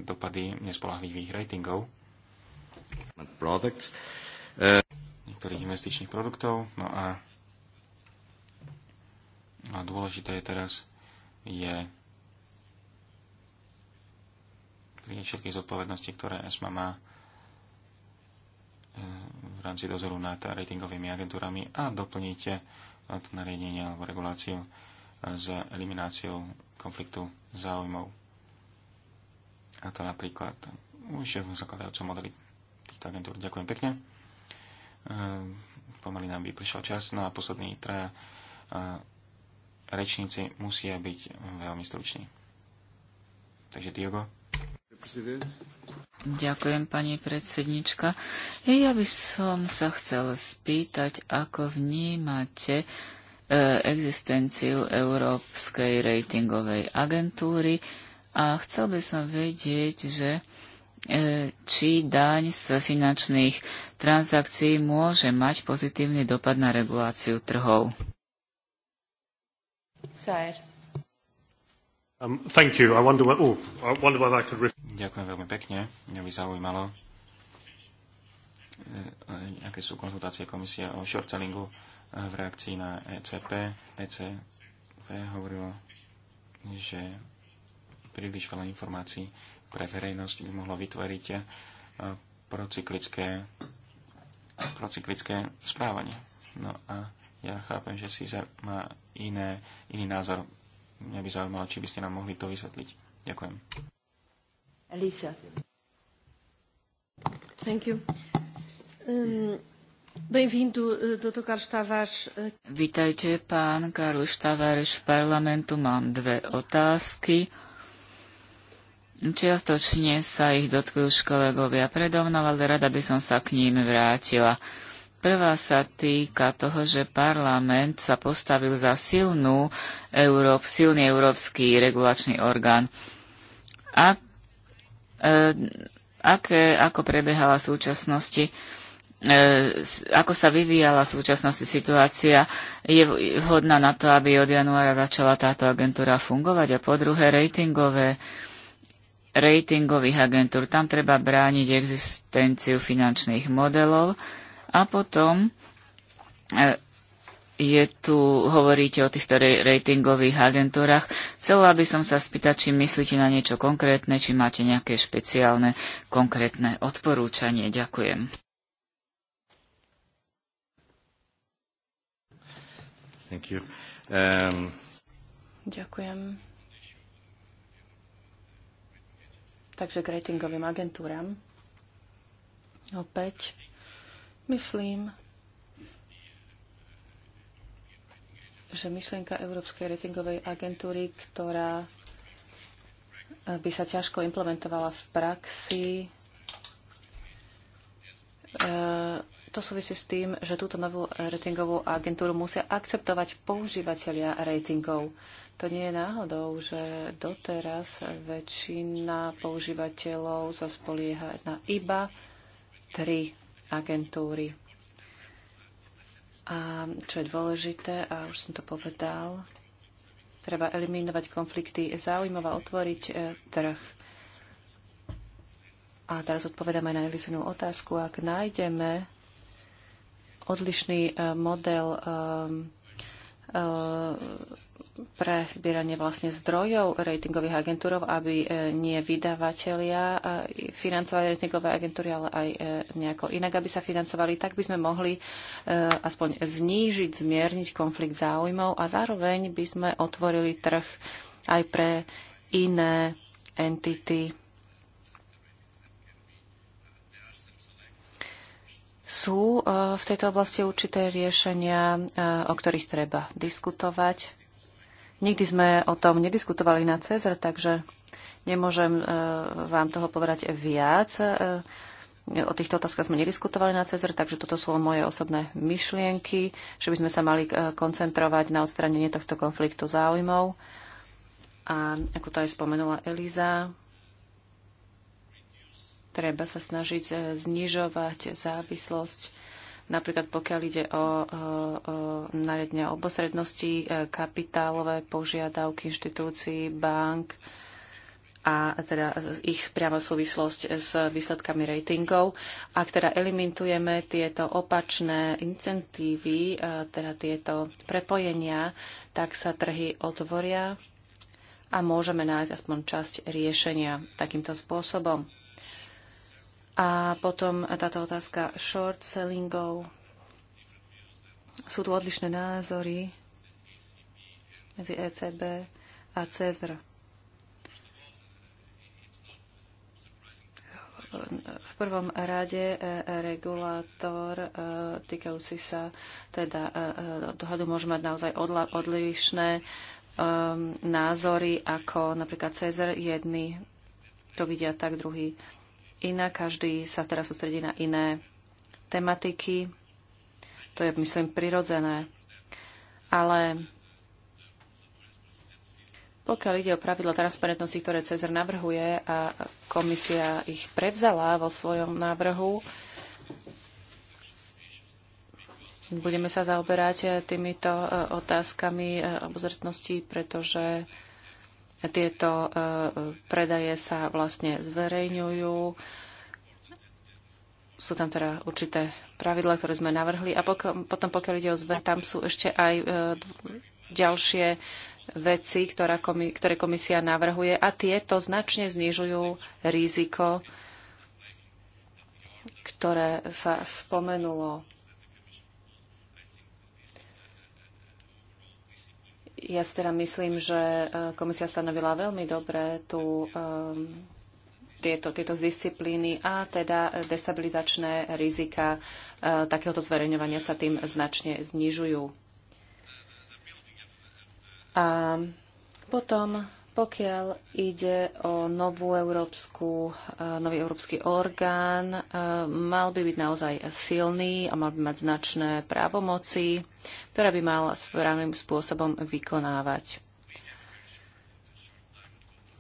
dopady nespolahlivých ratingov, niektorých investičných produktov. No a, a dôležité je teraz je pri všetky zodpovednosti, ktoré ESMA má e, v rámci dozoru nad ratingovými agentúrami a doplníte to nariadenie alebo reguláciu s elimináciou konfliktu záujmov. A to napríklad už v zakladajúcom modeli týchto agentúry. Ďakujem pekne. Ehm, pomaly nám vyprišiel čas. No a poslední traja e, rečníci musia byť veľmi struční. Takže Diogo. Ďakujem, pani predsednička. Ja by som sa chcel spýtať, ako vnímate e, existenciu Európskej ratingovej agentúry a chcel by som vedieť, že E, či daň z finančných transakcií môže mať pozitívny dopad na reguláciu trhov. Um, Ďakujem veľmi pekne. Mňa by zaujímalo, e, e, aké sú konzultácie komisie o short sellingu v reakcii na ECP. ECP hovorilo, že príliš veľa informácií pre verejnosť by mohlo vytvoriť e, procyklické, procyklické správanie. No a ja chápem, že si má iné, iný názor. Mňa by zaujímalo, či by ste nám mohli to vysvetliť. Ďakujem. Elisa. Thank you. Um, Vítajte, pán Karl Tavares v parlamentu. Mám dve otázky. Čiastočne sa ich dotkli už kolegovia predo mnou, ale rada by som sa k ním vrátila. Prvá sa týka toho, že parlament sa postavil za silnú Európ, silný európsky regulačný orgán. A, e, aké, ako prebiehala súčasnosti, e, ako sa vyvíjala v súčasnosti situácia, je vhodná na to, aby od januára začala táto agentúra fungovať. A po druhé, rejtingové e, ratingových agentúr. Tam treba brániť existenciu finančných modelov a potom e, je tu, hovoríte o týchto ratingových agentúrach. Chcela by som sa spýtať, či myslíte na niečo konkrétne, či máte nejaké špeciálne konkrétne odporúčanie. Ďakujem. Thank you. Um... Ďakujem. takže k ratingovým agentúram. Opäť myslím, že myšlienka Európskej ratingovej agentúry, ktorá by sa ťažko implementovala v praxi, e, to súvisí s tým, že túto novú ratingovú agentúru musia akceptovať používateľia ratingov. To nie je náhodou, že doteraz väčšina používateľov sa spolieha na iba tri agentúry. A čo je dôležité, a už som to povedal, treba eliminovať konflikty záujmov a otvoriť e, trh. A teraz odpovedáme na Elisinú otázku. Ak nájdeme odlišný e, model e, pre zbieranie vlastne zdrojov ratingových agentúrov, aby e, nie vydavatelia e, financovali ratingové agentúry, ale aj e, nejako inak, aby sa financovali, tak by sme mohli aspoň znížiť, zmierniť konflikt záujmov a zároveň by sme otvorili trh aj pre iné entity. Sú v tejto oblasti určité riešenia, o ktorých treba diskutovať Nikdy sme o tom nediskutovali na CEZR, takže nemôžem e, vám toho povedať viac. E, o týchto otázkach sme nediskutovali na CEZR, takže toto sú moje osobné myšlienky, že by sme sa mali e, koncentrovať na odstranenie tohto konfliktu záujmov. A ako to aj spomenula Eliza, treba sa snažiť znižovať závislosť Napríklad pokiaľ ide o, o, o nariadenia obosrednosti, e, kapitálové požiadavky inštitúcií, bank a teda ich priamo súvislosť s výsledkami ratingov. Ak teda eliminujeme tieto opačné incentívy, e, teda tieto prepojenia, tak sa trhy otvoria a môžeme nájsť aspoň časť riešenia takýmto spôsobom. A potom táto otázka short sellingov. Sú tu odlišné názory medzi ECB a CEZR. V prvom rade e, regulátor e, týkajúci sa teda e, dohľadu môže mať naozaj odlišné názory ako napríklad CESR. Jedni to vidia tak, druhý iná, každý sa teraz sústredí na iné tematiky. To je, myslím, prirodzené. Ale pokiaľ ide o pravidlo transparentnosti, ktoré Cezar navrhuje a komisia ich prevzala vo svojom návrhu, budeme sa zaoberať eh, týmito eh, otázkami eh, obozretnosti, pretože tieto e, predaje sa vlastne zverejňujú. Sú tam teda určité pravidla, ktoré sme navrhli. A potom pokiaľ ide o zver, tam sú ešte aj e, ďalšie veci, ktorá komi- ktoré komisia navrhuje a tieto značne znižujú riziko, ktoré sa spomenulo. Ja si teda myslím, že e, komisia stanovila veľmi dobre tú, e, tieto, tieto disciplíny a teda destabilizačné rizika e, takéhoto zverejňovania sa tým značne znižujú. A potom pokiaľ ide o novú európsku, e, nový európsky orgán, e, mal by byť naozaj silný a mal by mať značné právomoci, ktoré by mal správnym spôsobom vykonávať.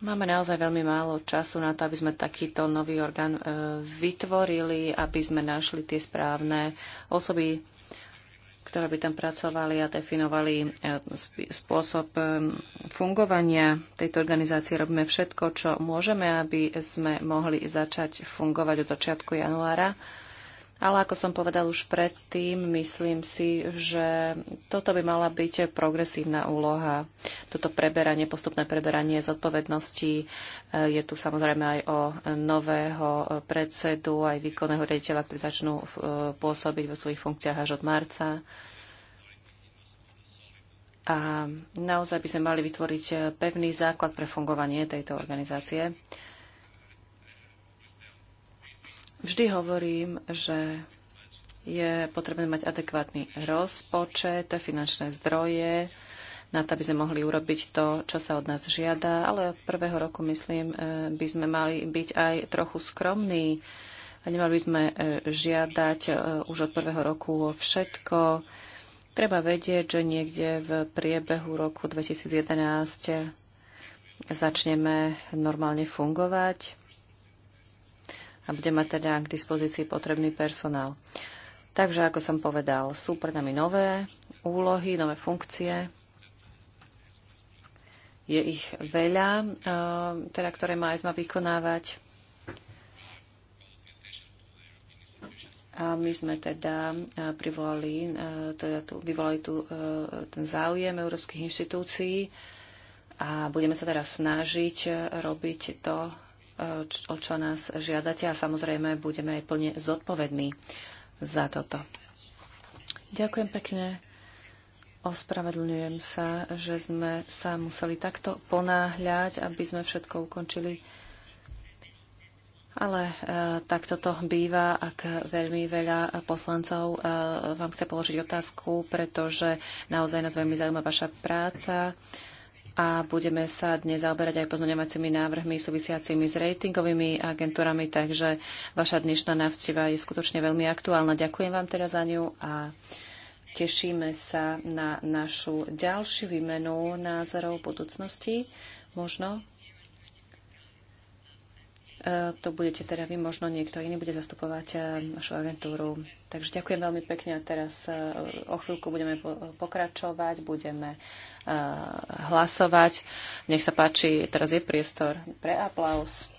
Máme naozaj veľmi málo času na to, aby sme takýto nový orgán e, vytvorili, aby sme našli tie správne osoby, ktoré by tam pracovali a definovali e, spôsob e, fungovania tejto organizácie. Robíme všetko, čo môžeme, aby sme mohli začať fungovať od začiatku januára. Ale ako som povedal už predtým, myslím si, že toto by mala byť progresívna úloha. Toto preberanie, postupné preberanie zodpovedností eh, je tu samozrejme aj o nového predsedu, aj výkonného riaditeľa, ktorí začnú eh, pôsobiť vo svojich funkciách až od marca. A naozaj by sme mali vytvoriť eh, pevný základ pre fungovanie tejto organizácie. Vždy hovorím, že je potrebné mať adekvátny rozpočet, finančné zdroje, na to, aby sme mohli urobiť to, čo sa od nás žiada, ale od prvého roku, myslím, e, by sme mali byť aj trochu skromní a nemali by sme e, žiadať e, už od prvého roku všetko. Treba vedieť, že niekde v priebehu roku 2011 začneme normálne fungovať a bude mať teda k dispozícii potrebný personál. Takže, ako som povedal, sú pred nami nové úlohy, nové funkcie. Je ich veľa, eh, teda, ktoré má ESMA vykonávať. A my sme teda eh, privolali, eh, teda tu, vyvolali tu ten záujem európskych inštitúcií a budeme sa teraz snažiť robiť to, o čo nás žiadate a samozrejme budeme aj plne zodpovední za toto. Ďakujem pekne. Ospravedlňujem sa, že sme sa museli takto ponáhľať, aby sme všetko ukončili. Ale e, takto to býva, ak veľmi veľa poslancov e, vám chce položiť otázku, pretože naozaj nás veľmi zaujíma vaša práca. E, a budeme sa dnes zaoberať aj pozmeňovacími návrhmi súvisiacimi s ratingovými agentúrami, takže vaša dnešná návšteva je skutočne veľmi aktuálna. Ďakujem vám teraz za ňu a tešíme sa na našu ďalšiu výmenu názorov v budúcnosti. Možno E, to budete teda vy, možno niekto iný bude zastupovať e, našu agentúru. Takže ďakujem veľmi pekne a teraz e, o chvíľku budeme pokračovať, budeme hlasovať. Nech sa páči, teraz je priestor pre aplaus.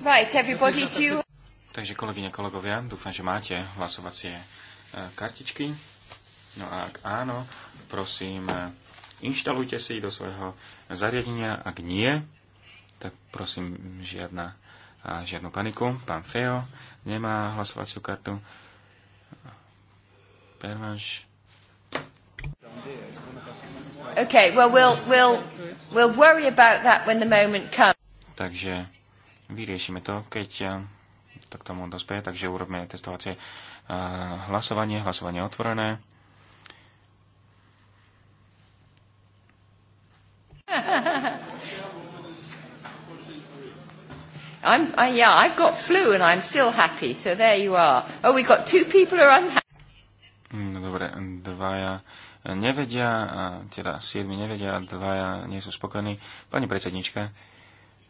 Right, everybody to... Takže kolegyne, kolegovia, dúfam, že máte hlasovacie e, kartičky. No a ak áno, prosím, e, inštalujte si do svojho zariadenia. Ak nie, tak prosím, žiadna, žiadnu paniku. Pán Feo nemá hlasovaciu kartu. Pervanš. Okay, well, we'll, we'll, we'll worry about that when the moment comes. Takže vyriešime to, keď eh, to k tomu dospie, takže urobme testovacie eh, hlasovanie, hlasovanie otvorené. I'm, I, yeah, I've got flu and I'm still happy, so there you are. Oh, we've got two people who are unhappy. No, dobre, dvaja nevedia, teda siedmi nevedia, dvaja nie sú spokojní. Pani predsednička,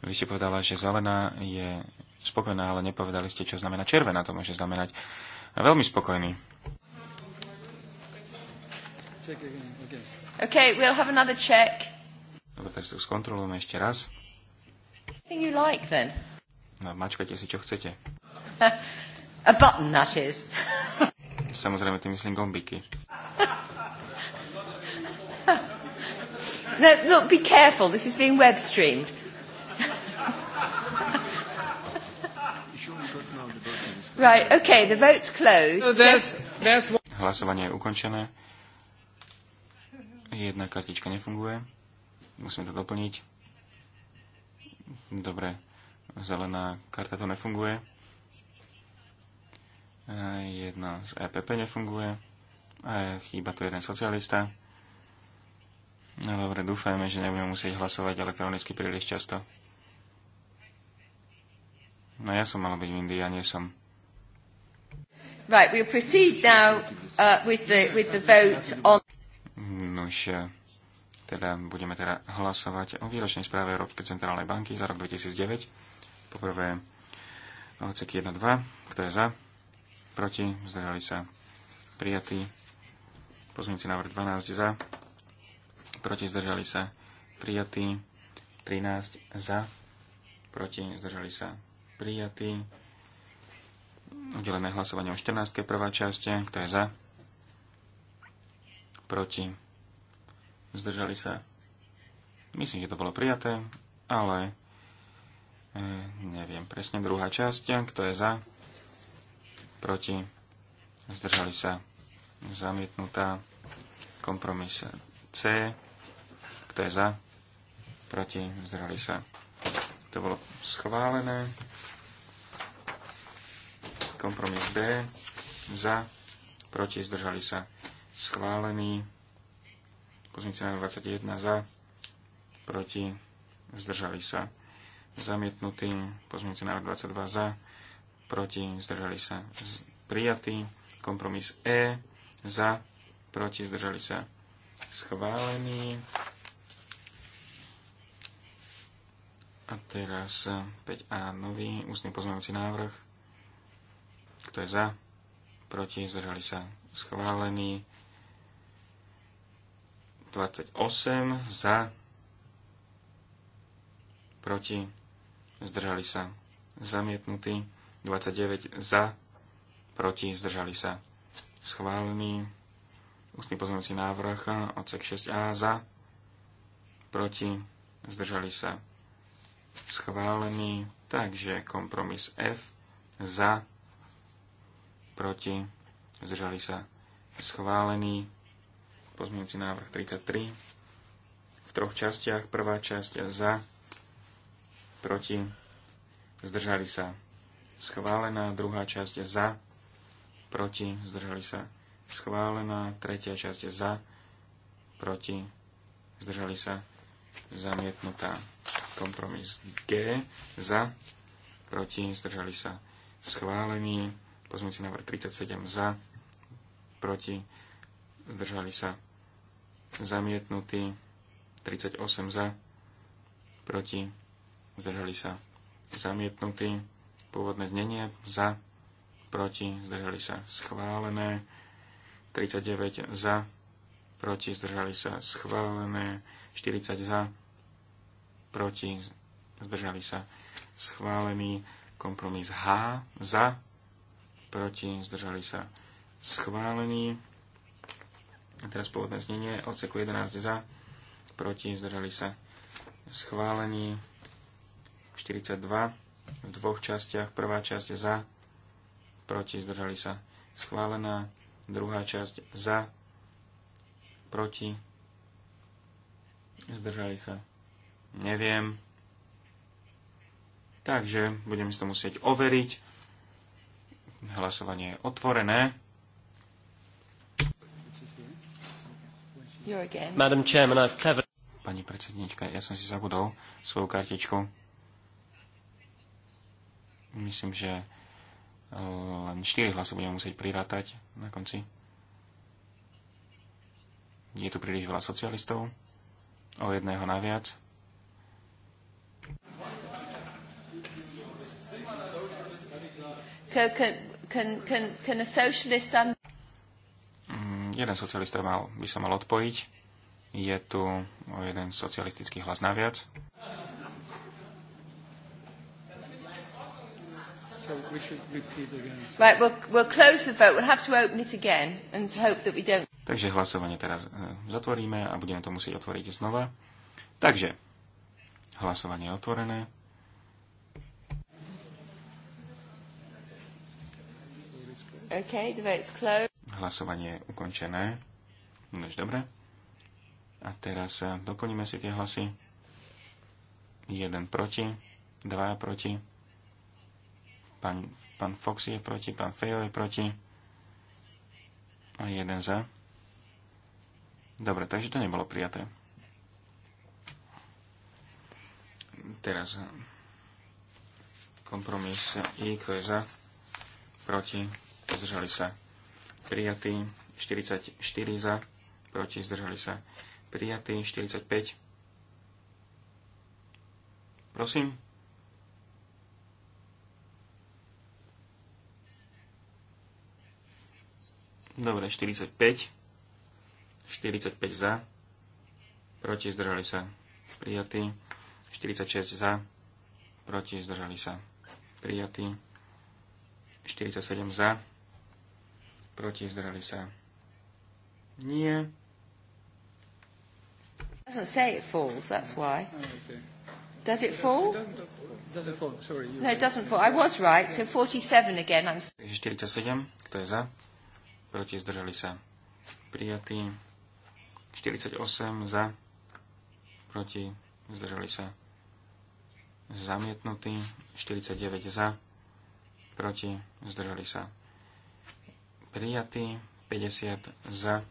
vy ste povedala, že zelená je spokojná, ale nepovedali ste, čo znamená červená. To môže znamenať veľmi spokojný. Okay, we'll have another check. Dobre, tak si to skontrolujeme ešte raz. You like, then. No, mačkajte si, čo chcete. (laughs) A button, that is. (laughs) Samozrejme, tým myslím gombíky. (laughs) no, look, no, be careful, this is being web streamed. Right, okay, the vote's closed. there's, there's... Hlasovanie je ukončené. Jedna kartička nefunguje. Musíme to doplniť. Dobre, zelená karta to nefunguje. Jedna z EPP nefunguje. A chýba tu jeden socialista. No dobre, dúfajme, že nebudeme musieť hlasovať elektronicky príliš často. No ja som mal byť v Indii, ja nie som. Right, we'll proceed now uh, with, the, with the vote on... Nož, eh, teda budeme teda hlasovať o výročnej správe Európskej centrálnej banky za rok 2009. Poprvé odsek 1.2. Kto je za? Proti? Zdržali sa? prijatí. Pozmienci návrh 12 za. Proti? Zdržali sa? prijatí, 13 za. Proti? Zdržali sa? prijatí. Udelené hlasovanie o 14. prvá časť. Kto je za? Proti? Zdržali sa? Myslím, že to bolo prijaté, ale e, neviem presne. Druhá časť. Kto je za? Proti? Zdržali sa? Zamietnutá. Kompromis C. Kto je za? Proti? Zdržali sa? To bolo schválené. Kompromis B. Za. Proti. Zdržali sa. Schválený. Pozmite na 21. Za. Proti. Zdržali sa. Zamietnutý. Pozmite na 22. Za. Proti. Zdržali sa. Prijatý. Kompromis E. Za. Proti. Zdržali sa. Schválený. A teraz 5A nový ústny poznávací návrh. Kto je za? Proti? Zdržali sa? Schválený. 28 za. Proti? Zdržali sa? zamietnutí, 29 za. Proti? Zdržali sa? Schválený. Ústny pozmeňujúci návrh odsek 6a za. Proti? Zdržali sa? Schválený. Takže kompromis F za proti, zdržali sa schválený pozmeňujúci návrh 33 v troch častiach. Prvá časť za, proti, zdržali sa schválená, druhá časť za, proti, zdržali sa schválená, tretia časť za, proti, zdržali sa zamietnutá. Kompromis G za, proti, zdržali sa schválený Pozmeňujúci návrh 37 za, proti, zdržali sa zamietnutí, 38 za, proti, zdržali sa zamietnutí, pôvodné znenie za, proti, zdržali sa schválené, 39 za, proti, zdržali sa schválené, 40 za, proti, zdržali sa schválený, kompromis H za, proti, zdržali sa schválení. A teraz pôvodné znenie, odseku 11 za, proti, zdržali sa schválení. 42 v dvoch častiach, prvá časť za, proti, zdržali sa schválená, druhá časť za, proti, zdržali sa, neviem. Takže budeme si to musieť overiť. Hlasovanie je otvorené. Pani predsednička, ja som si zabudol svoju kartičku. Myslím, že eh, len 4 hlasy budeme musieť prirátať na konci. Je tu príliš veľa socialistov. O jedného naviac. Coco, can, can, can a socialist un- mm, jeden socialista mal, by sa mal odpojiť. Je tu o jeden socialistický hlas naviac. Takže hlasovanie teraz e, zatvoríme a budeme to musieť otvoriť znova. Takže hlasovanie je otvorené. Okay, the vote's closed. Hlasovanie je ukončené. Nož dobre. A teraz eh, doplníme si tie hlasy. Jeden proti, dva proti, pán, pán Fox je proti, pán Fejo je proti a jeden za. Dobre, takže to nebolo prijaté. Teraz eh, kompromis I, kto je za, proti, zdržali sa prijatí, 44 za, proti, zdržali sa prijatí, 45. Prosím. Dobre, 45. 45 za, proti, zdržali sa prijatí, 46 za, proti, zdržali sa prijatí, 47 za, proti, zdržali sa. Nie. doesn't say it falls, that's why. Does it fall? Doesn't fall, sorry. No, it doesn't fall. I was right, so 47 again. I'm... 47, kto je za? Proti, zdržali sa. Prijatý. 48 za. Proti, zdržali sa. Zamietnutý. 49 za. Proti, zdržali sa prijatý, 50 za,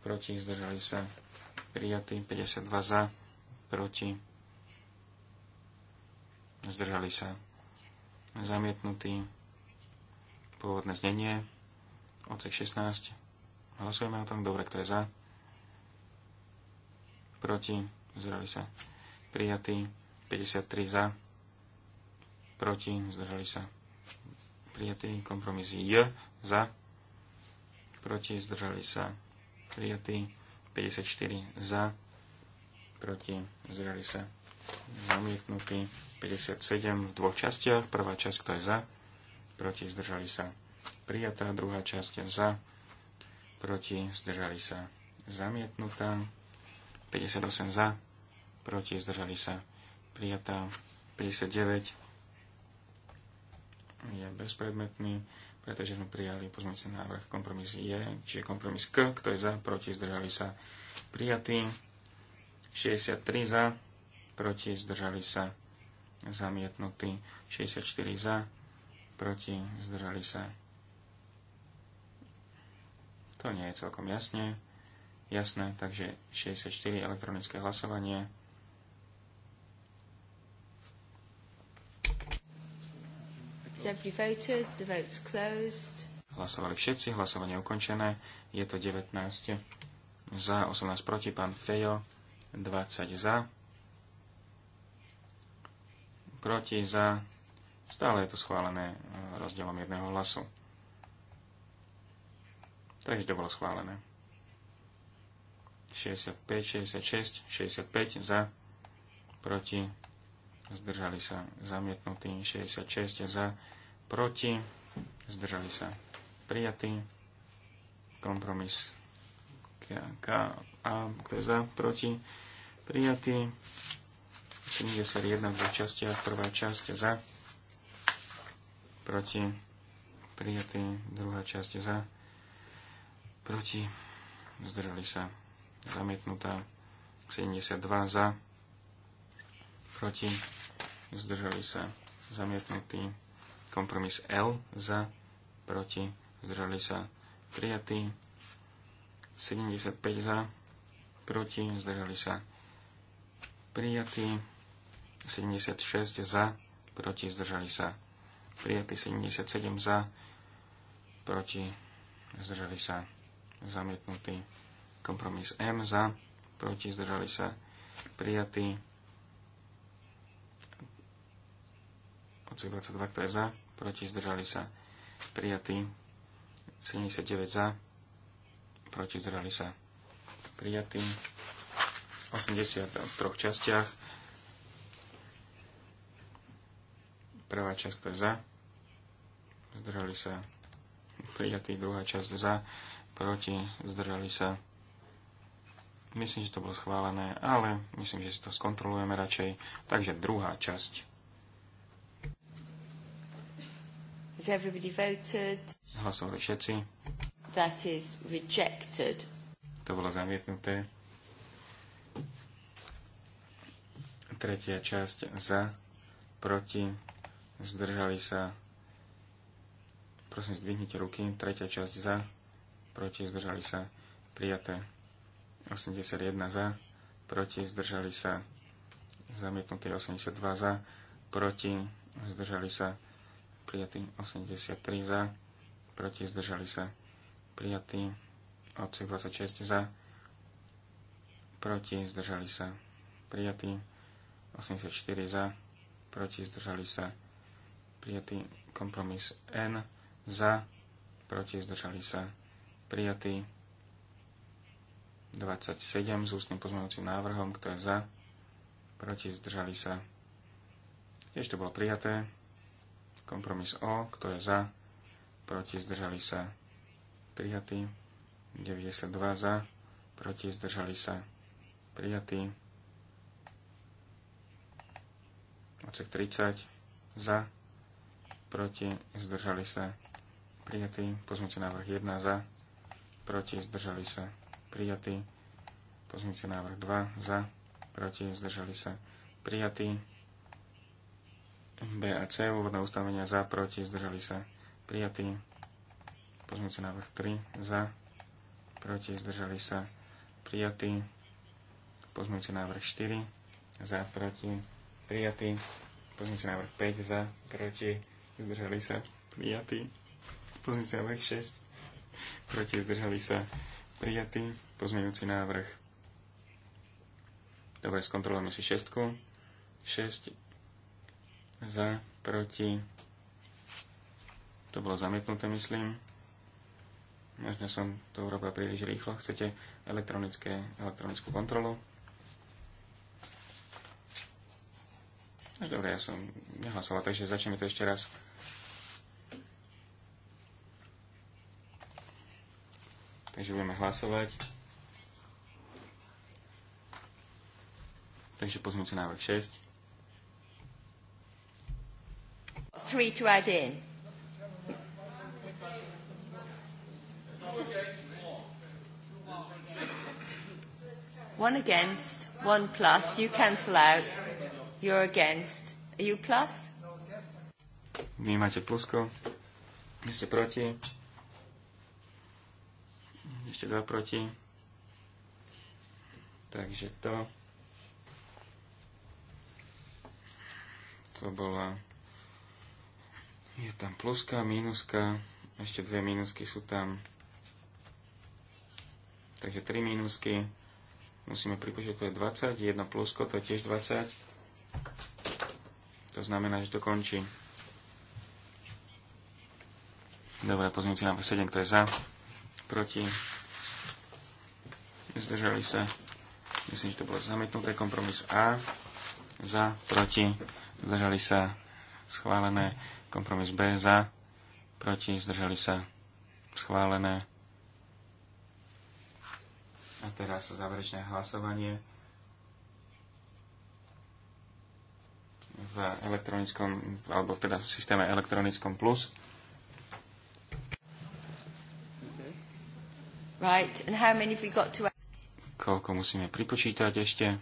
proti, zdržali sa, prijatý, 52 za, proti, zdržali sa, zamietnutý, pôvodné znenie, odsek 16, hlasujeme o tom, dobre, kto je za, proti, zdržali sa, prijatý, 53 za, proti, zdržali sa, prijatý. Kompromis J za, proti, zdržali sa, prijatý. 54 za, proti, zdržali sa, zamietnutý. 57 v dvoch častiach. Prvá časť, kto je za, proti, zdržali sa, prijatá. Druhá časť za, proti, zdržali sa, zamietnutá. 58 za, proti, zdržali sa, prijatá. 59 je bezpredmetný, pretože sme prijali pozmeňujúci návrh. Kompromis je, čiže kompromis K, kto je za, proti, zdržali sa prijatý. 63 za, proti, zdržali sa zamietnutý. 64 za, proti, zdržali sa. To nie je celkom jasne. Jasné, takže 64 elektronické hlasovanie. Hlasovali všetci, hlasovanie ukončené. Je to 19 za, 18 proti, pán Fejo, 20 za. Proti, za. Stále je to schválené e, rozdielom jedného hlasu. Takže to bolo schválené. 65, 66, 65 za, proti, zdržali sa zamietnutí, 66 za, proti, zdržali sa prijatí, kompromis K, K A, kto je za, proti, prijatý, 71 v dvoch častiach, prvá časť za, proti, prijatý, druhá časť za, proti, zdržali sa, zamietnutá, 72 za, proti, zdržali sa, zamietnutí, Kompromis L za, proti, zdržali sa prijatí. 75 za, proti, zdržali sa prijatí. 76 za, proti, zdržali sa prijatí. 77 za, proti, zdržali sa zamietnutý. Kompromis M za, proti, zdržali sa prijatí. 22, kto je za, proti zdržali sa prijatí, 79 za, proti zdržali sa prijatí, 80 v troch častiach, prvá časť to je za, zdržali sa prijatí, druhá časť za, proti zdržali sa Myslím, že to bolo schválené, ale myslím, že si to skontrolujeme radšej. Takže druhá časť Has everybody voted? Hlasovali všetci. That is rejected. To bolo zamietnuté. Tretia časť za, proti, zdržali sa. Prosím, zdvihnite ruky. Tretia časť za, proti, zdržali sa. Prijaté. 81 za, proti, zdržali sa. Zamietnuté 82 za, proti, zdržali sa prijatý 83 za, proti zdržali sa prijatý odsek 26 za, proti zdržali sa prijatý 84 za, proti zdržali sa prijatý kompromis N za, proti zdržali sa prijatý 27 s ústnym pozmeňujúcim návrhom, kto je za, proti zdržali sa. Tiež to bolo prijaté. Kompromis O, kto je za, proti, zdržali sa, prijatý. 92 za, proti, zdržali sa, prijatý. Odsek 30 za, proti, zdržali sa, prijatý. pozmúci návrh 1 za, proti, zdržali sa, prijatý. pozmúci návrh 2 za, proti, zdržali sa, prijatý B a C, úvodné ustavenia za, proti, zdržali sa prijatí. Pozmúci návrh 3 za, proti, zdržali sa prijatí. Pozmúci návrh 4 za, proti, prijatí. Pozmúci návrh 5 za, proti, zdržali sa prijatí. Pozmúci návrh 6 proti, zdržali sa prijatý. Pozmúci návrh Dobre, skontrolujeme si šestku. 6 za, proti. To bolo zamietnuté, myslím. Možno som to urobil príliš rýchlo. Chcete elektronické, elektronickú kontrolu? Až no, dobre, ja som nehlasoval, takže začneme to ešte raz. Takže budeme hlasovať. Takže pozmúci návrh 6. three to add in? One against, one plus. You cancel out. You're against. Are you plus? Vy máte plusko. Vy ste proti. Ešte dva proti. Takže to. To bola je tam pluska, mínuska, ešte dve mínusky sú tam. Takže tri mínusky. Musíme pripočítať, to je 20, jedno plusko, to je tiež 20. To znamená, že to končí. Dobre, pozmite nám 7, kto je za, proti. Zdržali sa. Myslím, že to bolo zamietnuté. Kompromis A. Za, proti. Zdržali sa. Schválené. Kompromis B za, proti, zdržali sa schválené. A teraz záverečné hlasovanie v elektronickom, alebo teda v systéme elektronickom plus. Right, and how many have we got to... Koľko musíme pripočítať ešte?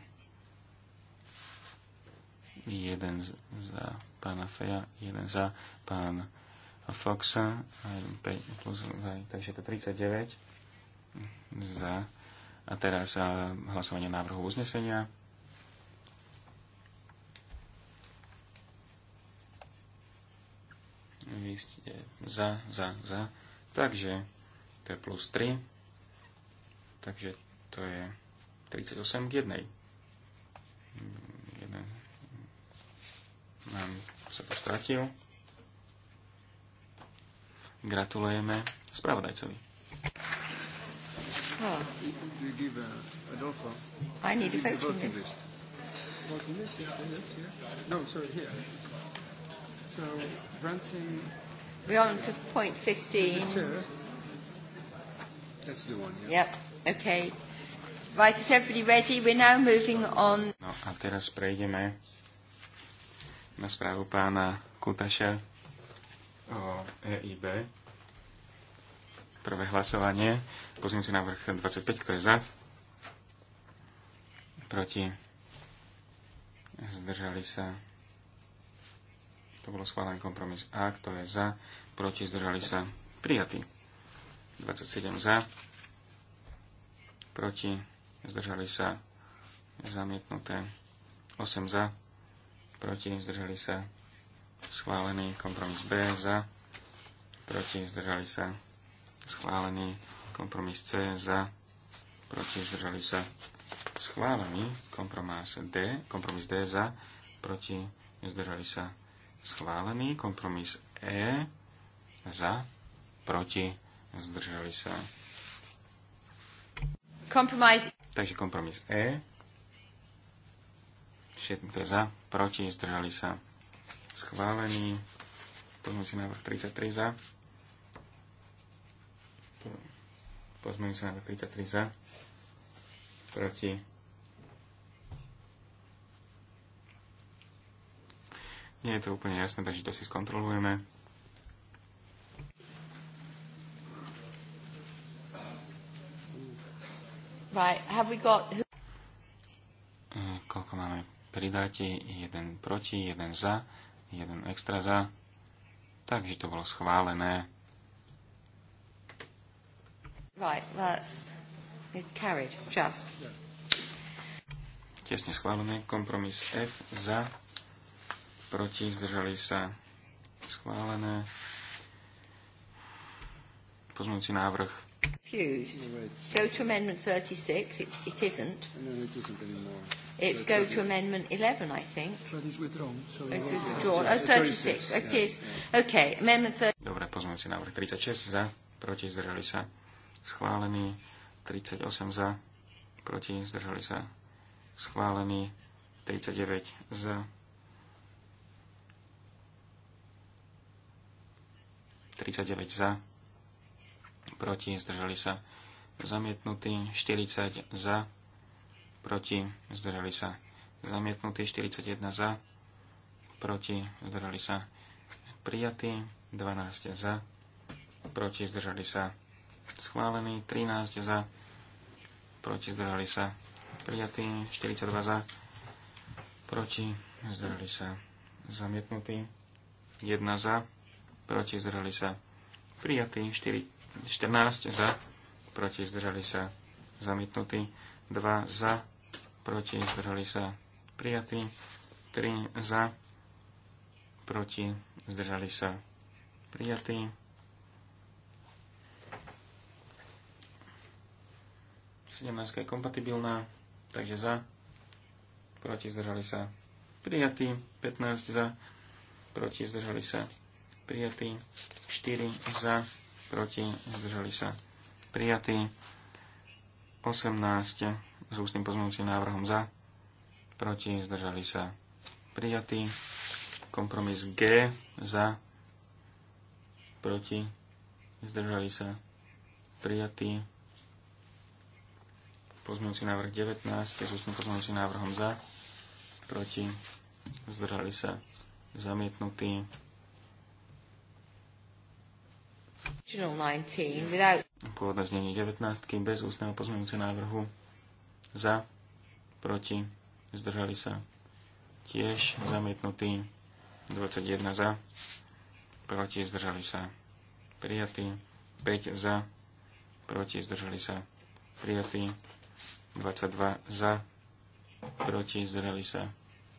jeden za pána Feja, jeden za pán Foxa, plus, takže to 39 za a teraz hlasovanie návrhu uznesenia. Vy ste za, za, za. Takže to je plus 3. Takže to je 38 k 1. Nám sa to stratil. Gratulujeme spravodajcovi. Oh. I need a voting list. Voting list, yes, yes, yes. No, sorry, here. So, granting... We're on to point 15. That's the one, yeah. Yep, okay. Right, is everybody ready? We're now moving on... No a teraz prejdeme na správu pána Kutaša o EIB. Prvé hlasovanie. Pozmím si návrh 25, kto je za. Proti. Zdržali sa. To bolo schválený kompromis A, kto je za. Proti zdržali sa. Prijatý. 27 za. Proti. Zdržali sa. Zamietnuté. 8 za proti, zdržali sa, schválený. Kompromis B za, proti, zdržali sa, schválený. Kompromis C za, proti, zdržali sa, schválený. Kompromis D, kompromis D za, proti, zdržali sa, schválený. Kompromis E za, proti, zdržali sa. Kompromis. Takže kompromis E. Všetko to je za, proti, zdržali sa schválený. Pozmeňujúci návrh 33 za. Pozmeňujúci návrh 33 za. Proti. Nie je to úplne jasné, takže to si skontrolujeme. Right, have we got... Koľko máme pridáte jeden proti, jeden za, jeden extra za. Takže to bolo schválené. Right, that's it carried, just. Tesne schválené. Kompromis F za, proti, zdržali sa schválené. Pozmúci návrh. Confused. Go to amendment 36. It, it isn't. No, it isn't anymore. It's go to Amendment 11, I think. It's withdrawn. So Dobre, pozmeňujúci návrh 36 za, proti, zdržali sa. Schválený. 38 za, proti, zdržali sa. Schválený. 39 za. 39 za, proti, zdržali sa. Zamietnutý. 40 za, proti, zdržali sa zamietnutí, 41 za, proti, zdržali sa prijatí, 12 za, proti, zdržali sa schválení, 13 za, proti, zdržali sa prijatí, 42 za, proti, zdržali sa zamietnutí, 1 za, proti, zdržali sa prijatí, 4, 14 za, proti, zdržali sa zamietnutí, 2 za, proti, zdržali sa prijatí, 3 za, proti, zdržali sa prijatí. Sedemnáctka je kompatibilná, takže za, proti, zdržali sa prijatí, 15 za, proti, zdržali sa prijatí, 4 za, proti, zdržali sa prijatí, 18 s ústnym pozmeňujúcim návrhom za, proti, zdržali sa prijatí. Kompromis G za, proti, zdržali sa prijatí. Pozmeňujúci návrh 19 s ústnym pozmeňujúcim návrhom za, proti, zdržali sa zamietnutí. Pôvodné znenie 19 bez ústneho pozmeňujúceho návrhu za, proti, zdržali sa tiež zamietnutý, 21 za, proti, zdržali sa prijatý, 5 za, proti, zdržali sa prijatý, 22 za, proti, zdržali sa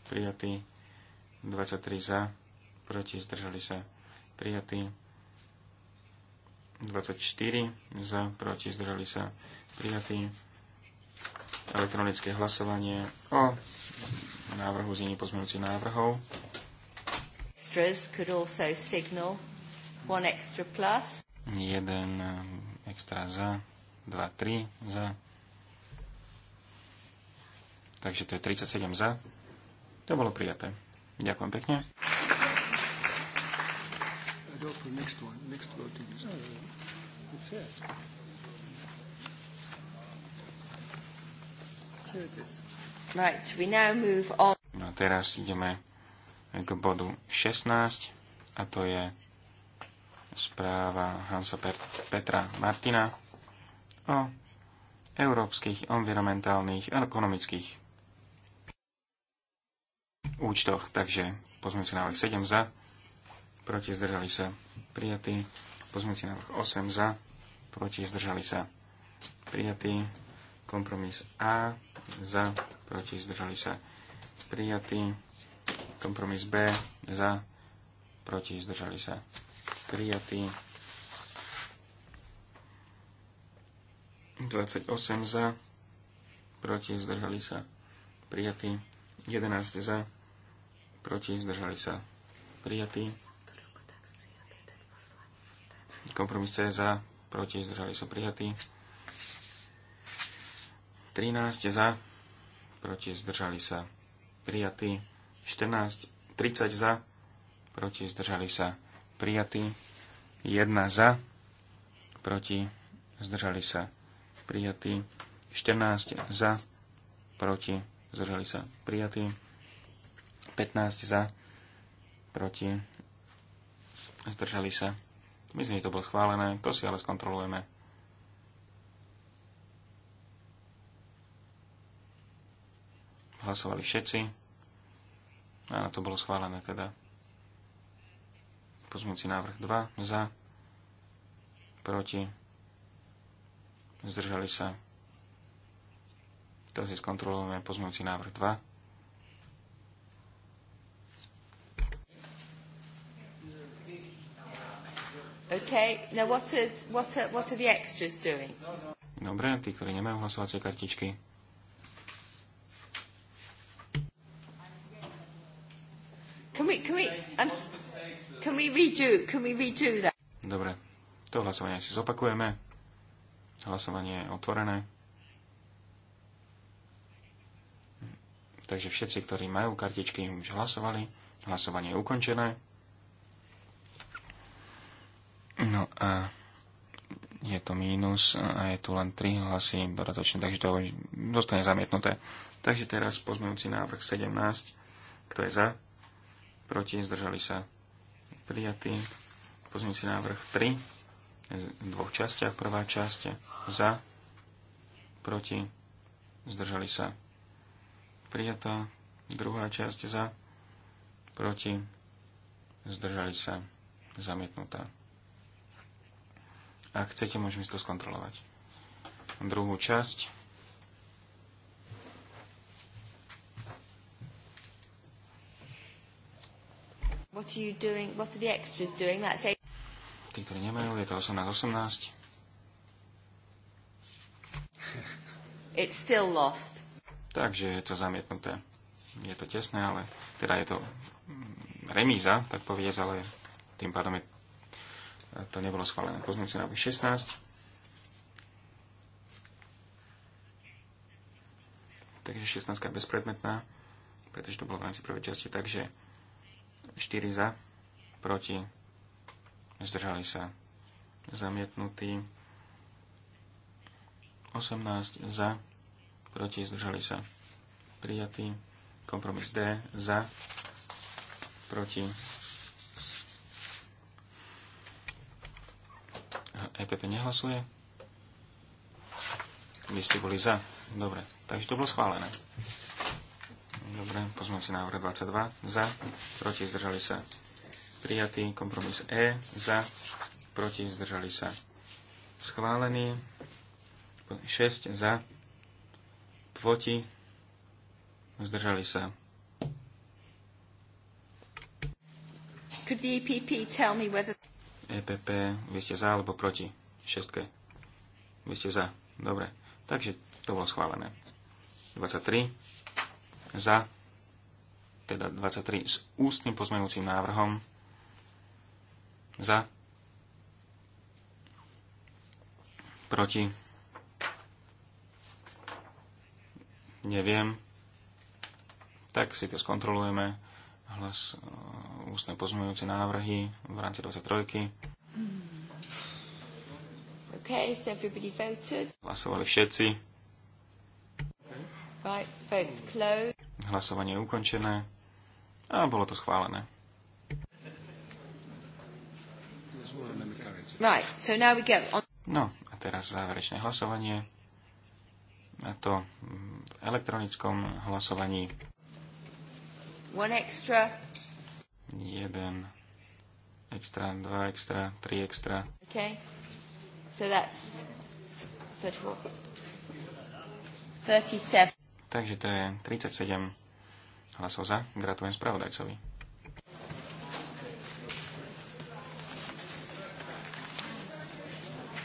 prijatý, 23 za, proti, zdržali sa prijatý, 24 za, proti, zdržali sa prijatý, elektronické hlasovanie o návrhu iných pozmeňujúcich návrhov. Jeden eh, extra za, dva, tri za. Takže to je 37 za. To bolo prijaté. Ďakujem pekne. next one. Next voting is. Oh, it's here. Right, we now move on. No a teraz ideme k bodu 16 a to je správa Hansa Petra Martina o európskych environmentálnych a ekonomických účtoch. Takže pozmeňujúci návrh 7 za, proti zdržali sa prijatí, pozmeňujúci návrh 8 za, proti zdržali sa prijatí, Kompromis A za, proti, zdržali sa prijatí. Kompromis B za, proti, zdržali sa prijatí. 28 za, proti, zdržali sa prijatí. 11 za, proti, zdržali sa prijatí. Kompromis C za, proti, zdržali sa prijatí. 13 za, proti zdržali sa prijatí, 14, 30 za, proti zdržali sa prijatí, 1 za, proti zdržali sa prijatí, 14 za, proti zdržali sa prijatí, 15 za, proti zdržali sa. Myslím, že to bolo schválené, to si ale skontrolujeme. Hlasovali všetci. Áno, to bolo schválené teda. Pozmúci návrh 2 za, proti, zdržali sa. To si skontrolujeme Pozmúci návrh 2. Okay. Now what is, what are, what are the extras doing? Dobre, tí, ktorí nemajú hlasovacie kartičky, can we, redo, can we redo that? Dobre, to hlasovanie si zopakujeme. Hlasovanie je otvorené. Takže všetci, ktorí majú kartičky, už hlasovali. Hlasovanie je ukončené. No a je to mínus a je tu len 3 hlasy dodatočne, takže to zostane zamietnuté. Takže teraz pozmejúci návrh 17. Kto je za? proti, zdržali sa prijatí. si návrh 3 v dvoch častiach. Prvá časť za, proti, zdržali sa prijatá. Druhá časť za, proti, zdržali sa zamietnutá. Ak chcete, môžeme si to skontrolovať. Druhú časť what are you doing? What are the extras doing? That's eight. Tí, ktorí nemajú, je to 18-18. It's still lost. Takže je to zamietnuté. Je to tesné, ale teda je to mm, remíza, tak povedz, ale tým pádom je, to nebolo schválené. si na 16. Takže 16 je bezpredmetná, pretože to bolo v rámci prvej časti, takže 4 za, proti, zdržali sa zamietnutí, 18 za, proti, zdržali sa prijatí, kompromis D za, proti, EPP nehlasuje. Vy ste boli za. Dobre, takže to bolo schválené. Dobre, pozmeňujúci návrh 22. Za, proti, zdržali sa. Prijatý. Kompromis E. Za, proti, zdržali sa. Schválený. 6. Za, proti, zdržali sa. Could the EPP tell me whether... EPP, vy ste za alebo proti? Šestke. Vy ste za. Dobre. Takže to bolo schválené. 23 za, teda 23 s ústnym pozmenujúcim návrhom za, proti, neviem, tak si to skontrolujeme, hlas eh, ústne pozmenujúce návrhy v rámci 23. Okay, so everybody voted. Hlasovali všetci. Right, votes closed. Hlasovanie je ukončené a bolo to schválené. No a teraz záverečné hlasovanie. A to v elektronickom hlasovaní. One extra. Jeden extra, dva extra, tri extra. Okay. So that's 34. 37. Takže to je 37 hlasov za. Gratulujem spravodajcovi.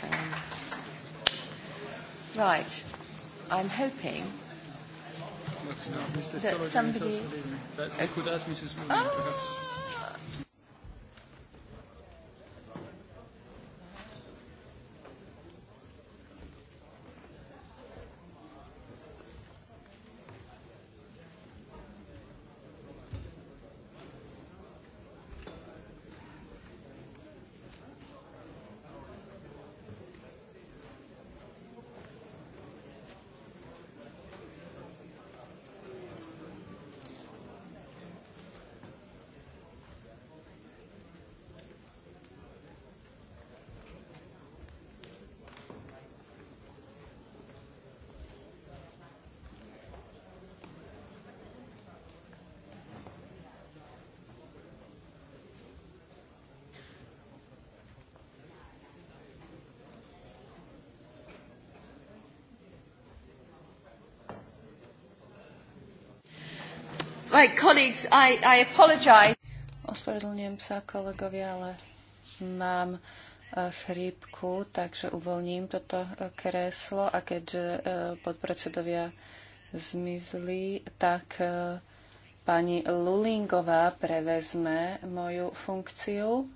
Um, right. I'm hoping uh, that somebody... That uh, oh. Right, colleagues, I, I apologize. Ospravedlňujem sa, kolegovia, ale mám e, chrípku, takže uvoľním toto e, kreslo a keďže e, podpredsedovia zmizli, tak pani Lulingová prevezme moju funkciu.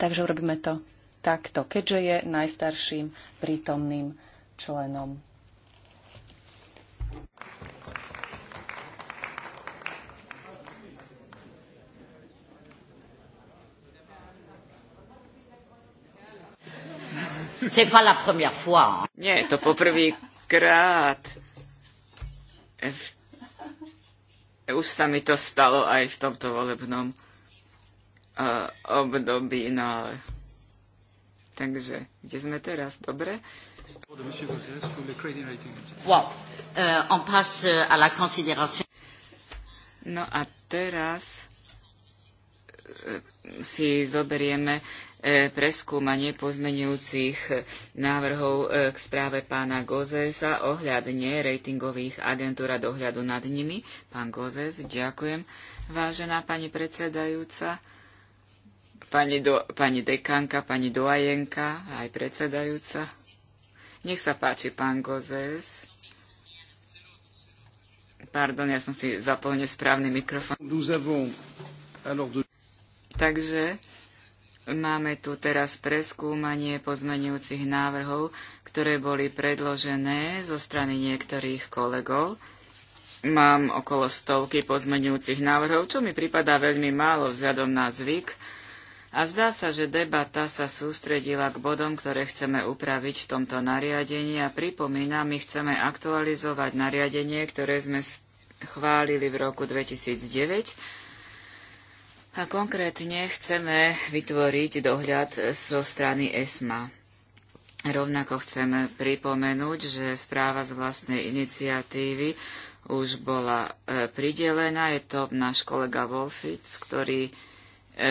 Takže urobíme to takto, keďže je najstarším prítomným členom. Nie je to poprvýkrát. krát. Ústa mi to stalo aj v tomto volebnom uh, období, no ale... Takže, kde sme teraz? Dobre? Euh, euh, no a teraz euh, si zoberieme E, preskúmanie pozmenujúcich návrhov e, k správe pána Gozesa ohľadne ratingových agentúr a dohľadu nad nimi. Pán Gozes, ďakujem. Vážená pani predsedajúca, pani, do, pani dekanka, pani doajenka, aj predsedajúca. Nech sa páči, pán Gozes. Pardon, ja som si zapol nesprávny mikrofón. Takže Máme tu teraz preskúmanie pozmenujúcich návrhov, ktoré boli predložené zo strany niektorých kolegov. Mám okolo stovky pozmenujúcich návrhov, čo mi pripadá veľmi málo vzhľadom na zvyk. A zdá sa, že debata sa sústredila k bodom, ktoré chceme upraviť v tomto nariadení a pripomína, my chceme aktualizovať nariadenie, ktoré sme chválili v roku 2009 a konkrétne chceme vytvoriť dohľad zo strany ESMA. Rovnako chceme pripomenúť, že správa z vlastnej iniciatívy už bola e, pridelená. Je to náš kolega Wolfic, ktorý e,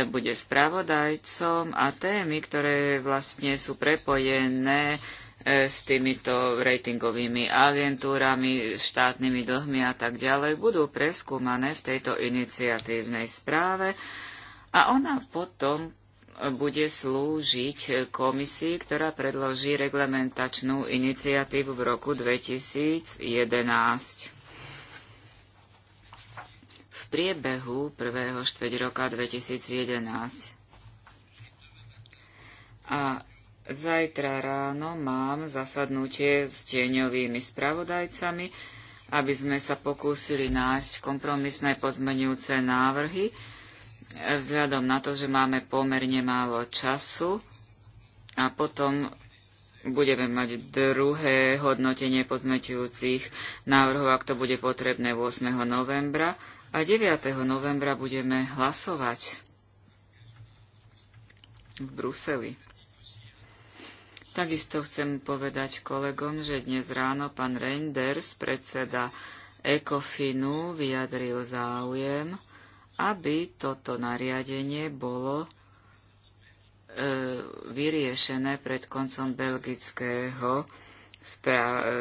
bude spravodajcom a témy, ktoré vlastne sú prepojené E, s týmito ratingovými agentúrami, štátnymi dlhmi a tak ďalej budú preskúmané v tejto iniciatívnej správe a ona potom bude slúžiť komisii, ktorá predloží reglementačnú iniciatívu v roku 2011. V priebehu prvého štveť roka 2011. A Zajtra ráno mám zasadnutie s tieňovými spravodajcami, aby sme sa pokúsili nájsť kompromisné pozmenujúce návrhy, vzhľadom na to, že máme pomerne málo času a potom budeme mať druhé hodnotenie pozmeťujúcich návrhov, ak to bude potrebné 8. novembra a 9. novembra budeme hlasovať v Bruseli. Takisto chcem povedať kolegom, že dnes ráno pán Reinders, predseda ECOFINu, vyjadril záujem, aby toto nariadenie bolo e, vyriešené pred koncom belgického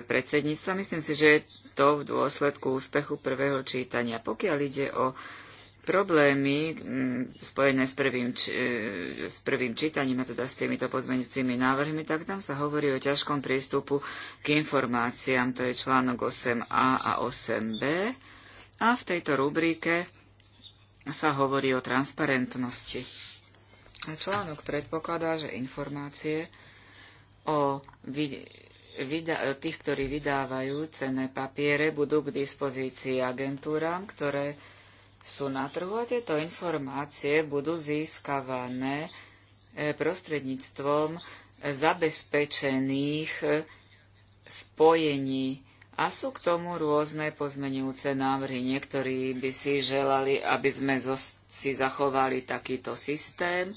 predsedníctva. Myslím si, že je to v dôsledku úspechu prvého čítania. Pokiaľ ide o problémy mm, spojené s prvým, či, e, s prvým čítaním a teda s týmito pozmeňujúcimi návrhmi, tak tam sa hovorí o ťažkom prístupu k informáciám, to je článok 8a a 8b. A v tejto rubrike sa hovorí o transparentnosti. A článok predpokladá, že informácie o tých, ktorí vydávajú cenné papiere, budú k dispozícii agentúram, ktoré sú na trhu a tieto informácie budú získavané e, prostredníctvom e, zabezpečených e, spojení. A sú k tomu rôzne pozmenujúce návrhy. Niektorí by si želali, aby sme si zachovali takýto systém,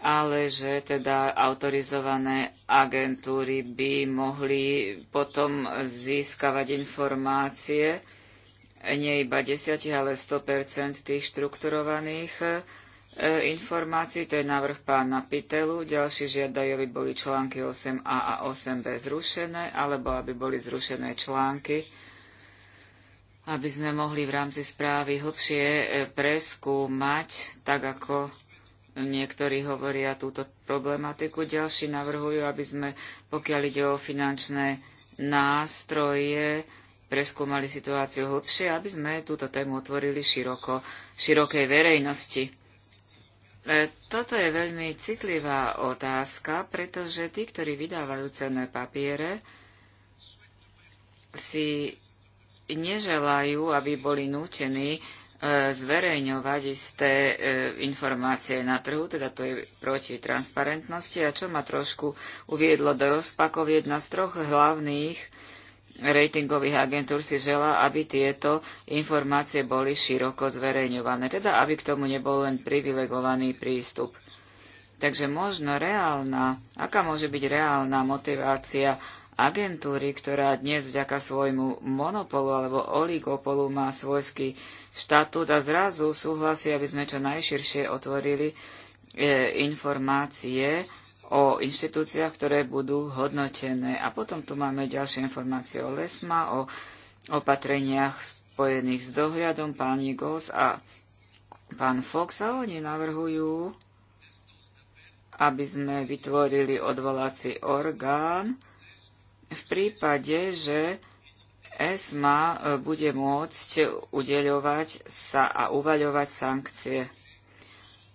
ale že teda autorizované agentúry by mohli potom získavať informácie, nie iba 10, ale 100 tých štrukturovaných e, informácií. To je návrh pána Pitelu. Ďalší žiadajú, aby boli články 8a a 8b zrušené, alebo aby boli zrušené články, aby sme mohli v rámci správy hlbšie e, preskúmať, tak ako niektorí hovoria túto problematiku. Ďalší navrhujú, aby sme, pokiaľ ide o finančné nástroje, preskúmali situáciu hlbšie, aby sme túto tému otvorili široko, širokej verejnosti. E, toto je veľmi citlivá otázka, pretože tí, ktorí vydávajú cenné papiere, si neželajú, aby boli nútení e, zverejňovať isté e, informácie na trhu, teda to je proti transparentnosti. A čo ma trošku uviedlo do rozpakov, jedna z troch hlavných ratingových agentúr si žela, aby tieto informácie boli široko zverejňované, teda aby k tomu nebol len privilegovaný prístup. Takže možno reálna, aká môže byť reálna motivácia agentúry, ktorá dnes vďaka svojmu monopolu alebo oligopolu má svojský štatút a zrazu súhlasí, aby sme čo najširšie otvorili e, informácie, o inštitúciách, ktoré budú hodnotené. A potom tu máme ďalšie informácie o LESMA, o opatreniach spojených s dohľadom, pán Nichols a pán Fox. A oni navrhujú, aby sme vytvorili odvolací orgán v prípade, že ESMA e, bude môcť udeľovať sa a uvaľovať sankcie.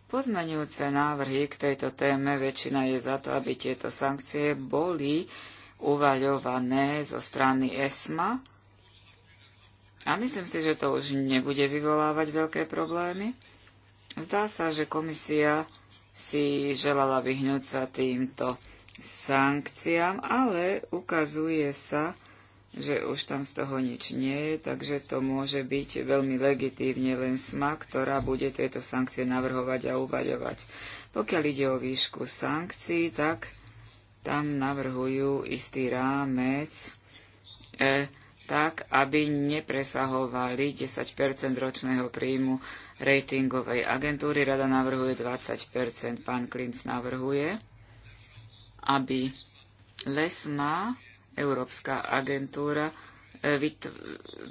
Pozmeňujúce návrhy k tejto téme väčšina je za to, aby tieto sankcie boli uvaľované zo strany ESMA. A myslím si, že to už nebude vyvolávať veľké problémy. Zdá sa, že komisia si želala vyhnúť sa týmto sankciám, ale ukazuje sa, že už tam z toho nič nie je, takže to môže byť veľmi legitívne len SMA, ktorá bude tieto sankcie navrhovať a uvaďovať. Pokiaľ ide o výšku sankcií, tak tam navrhujú istý rámec e, tak, aby nepresahovali 10 ročného príjmu ratingovej agentúry. Rada navrhuje 20 pán Klinc navrhuje, aby lesma Európska agentúra e,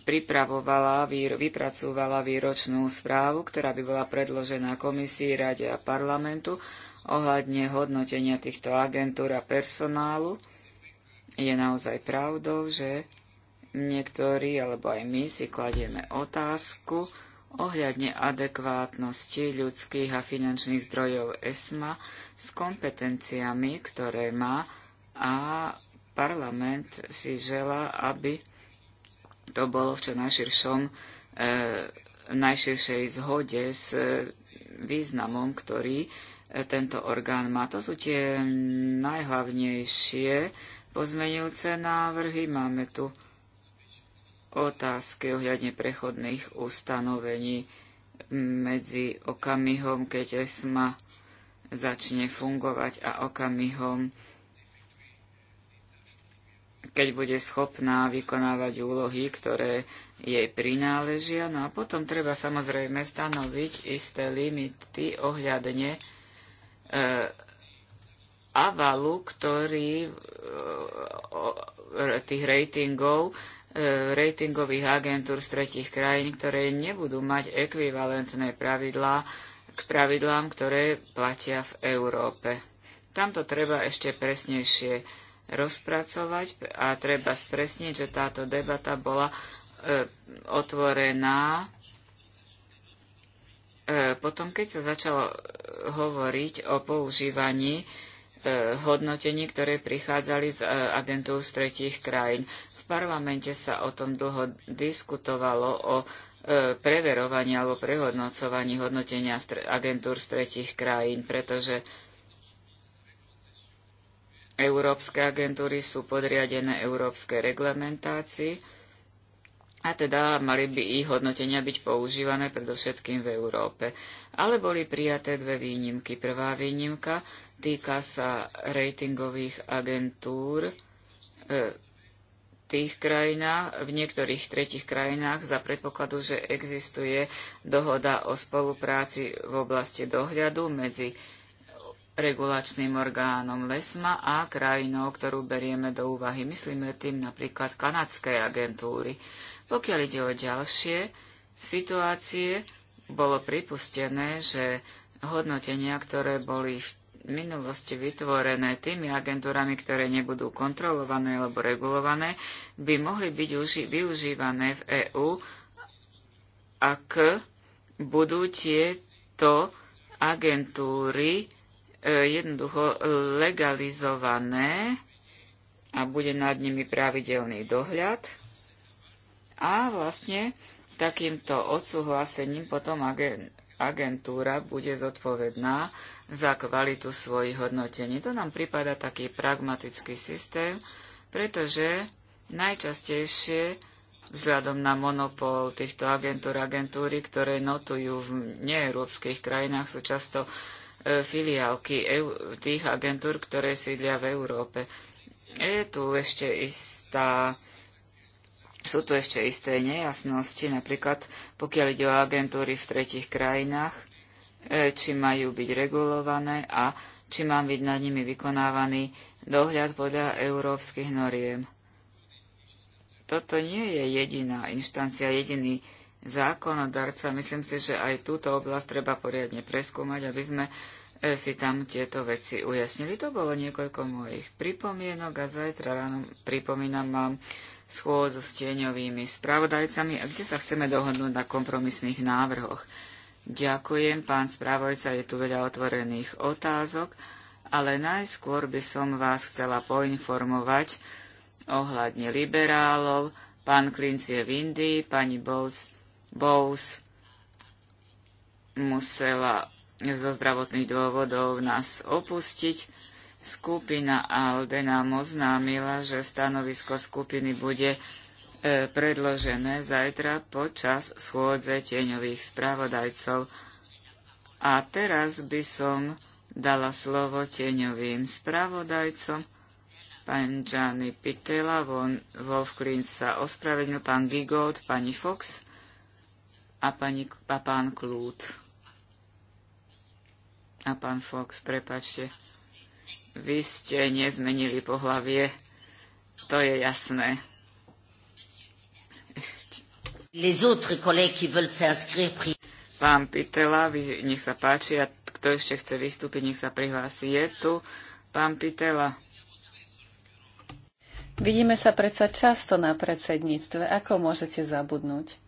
pripravovala, vypracúvala výročnú správu, ktorá by bola predložená komisii, rade a parlamentu ohľadne hodnotenia týchto agentúr a personálu. Je naozaj pravdou, že niektorí, alebo aj my si kladieme otázku ohľadne adekvátnosti ľudských a finančných zdrojov ESMA s kompetenciami, ktoré má a parlament si želá, aby to bolo v čo najširšom, e, najširšej zhode s e, významom, ktorý e, tento orgán má. To sú tie najhlavnejšie pozmenujúce návrhy. Máme tu otázky ohľadne prechodných ustanovení medzi okamihom, keď ESMA začne fungovať a okamihom, keď bude schopná vykonávať úlohy, ktoré jej prináležia. No a potom treba samozrejme stanoviť isté limity ohľadne e, avalu, ktorý e, e tých ratingov, e, ratingových agentúr z tretich krajín, ktoré nebudú mať ekvivalentné pravidlá k pravidlám, ktoré platia v Európe. Tamto treba ešte presnejšie rozpracovať a treba spresniť, že táto debata bola e, otvorená. E, potom, keď sa začalo hovoriť o používaní e, hodnotení, ktoré prichádzali z e, agentúr z tretích krajín. V parlamente sa o tom dlho diskutovalo, o e, preverovaní alebo prehodnocovaní hodnotenia agentúr z tretích krajín, pretože Európske agentúry sú podriadené európskej reglementácii a teda mali by ich hodnotenia byť používané predovšetkým v Európe. Ale boli prijaté dve výnimky. Prvá výnimka týka sa ratingových agentúr e, tých krajinách, v niektorých tretich krajinách za predpokladu, že existuje dohoda o spolupráci v oblasti dohľadu medzi regulačným orgánom LESMA a krajinou, ktorú berieme do úvahy. Myslíme tým napríklad kanadskej agentúry. Pokiaľ ide o ďalšie situácie, bolo pripustené, že hodnotenia, ktoré boli v minulosti vytvorené tými agentúrami, ktoré nebudú kontrolované alebo regulované, by mohli byť využívané v EÚ, ak budú tieto agentúry E, jednoducho e, legalizované a bude nad nimi pravidelný dohľad. A vlastne takýmto odsúhlasením potom agentúra bude zodpovedná za kvalitu svojich hodnotení. To nám prípada taký pragmatický systém, pretože najčastejšie vzhľadom na monopol týchto agentúr, agentúry, ktoré notujú v neeurópskych krajinách, sú často E, filiálky tých agentúr, ktoré sídlia v Európe. Je tu ešte istá sú tu ešte isté nejasnosti, napríklad pokiaľ ide o agentúry v tretich krajinách, e, či majú byť regulované a či má byť nad nimi vykonávaný dohľad podľa európskych noriem. Toto nie je jediná inštancia, jediný zákonodarca. Myslím si, že aj túto oblasť treba poriadne preskúmať, aby sme e, si tam tieto veci ujasnili. To bolo niekoľko mojich pripomienok a zajtra ráno, pripomínam, vám schôd so stieňovými spravodajcami, kde sa chceme dohodnúť na kompromisných návrhoch. Ďakujem, pán spravodajca, je tu veľa otvorených otázok, ale najskôr by som vás chcela poinformovať ohľadne liberálov. Pán Klinc je v Indii, pani Bolc Bowes musela zo zdravotných dôvodov nás opustiť. Skupina ALDE nám oznámila, že stanovisko skupiny bude e, predložené zajtra počas schôdze tieňových spravodajcov. A teraz by som dala slovo tieňovým spravodajcom. Pán Gianni Pitela, von, Wolf Klint sa ospravedlnil, pán Gigold, pani Fox a, pani, a pán Klút. A pán Fox, prepačte. Vy ste nezmenili pohlavie. To je jasné. Les autres collègues qui veulent s'inscrire, Pán Pitela, vy, nech sa páči, a kto ešte chce vystúpiť, nech sa prihlási. Je tu pán Pitela. Vidíme sa predsa často na predsedníctve. Ako môžete zabudnúť?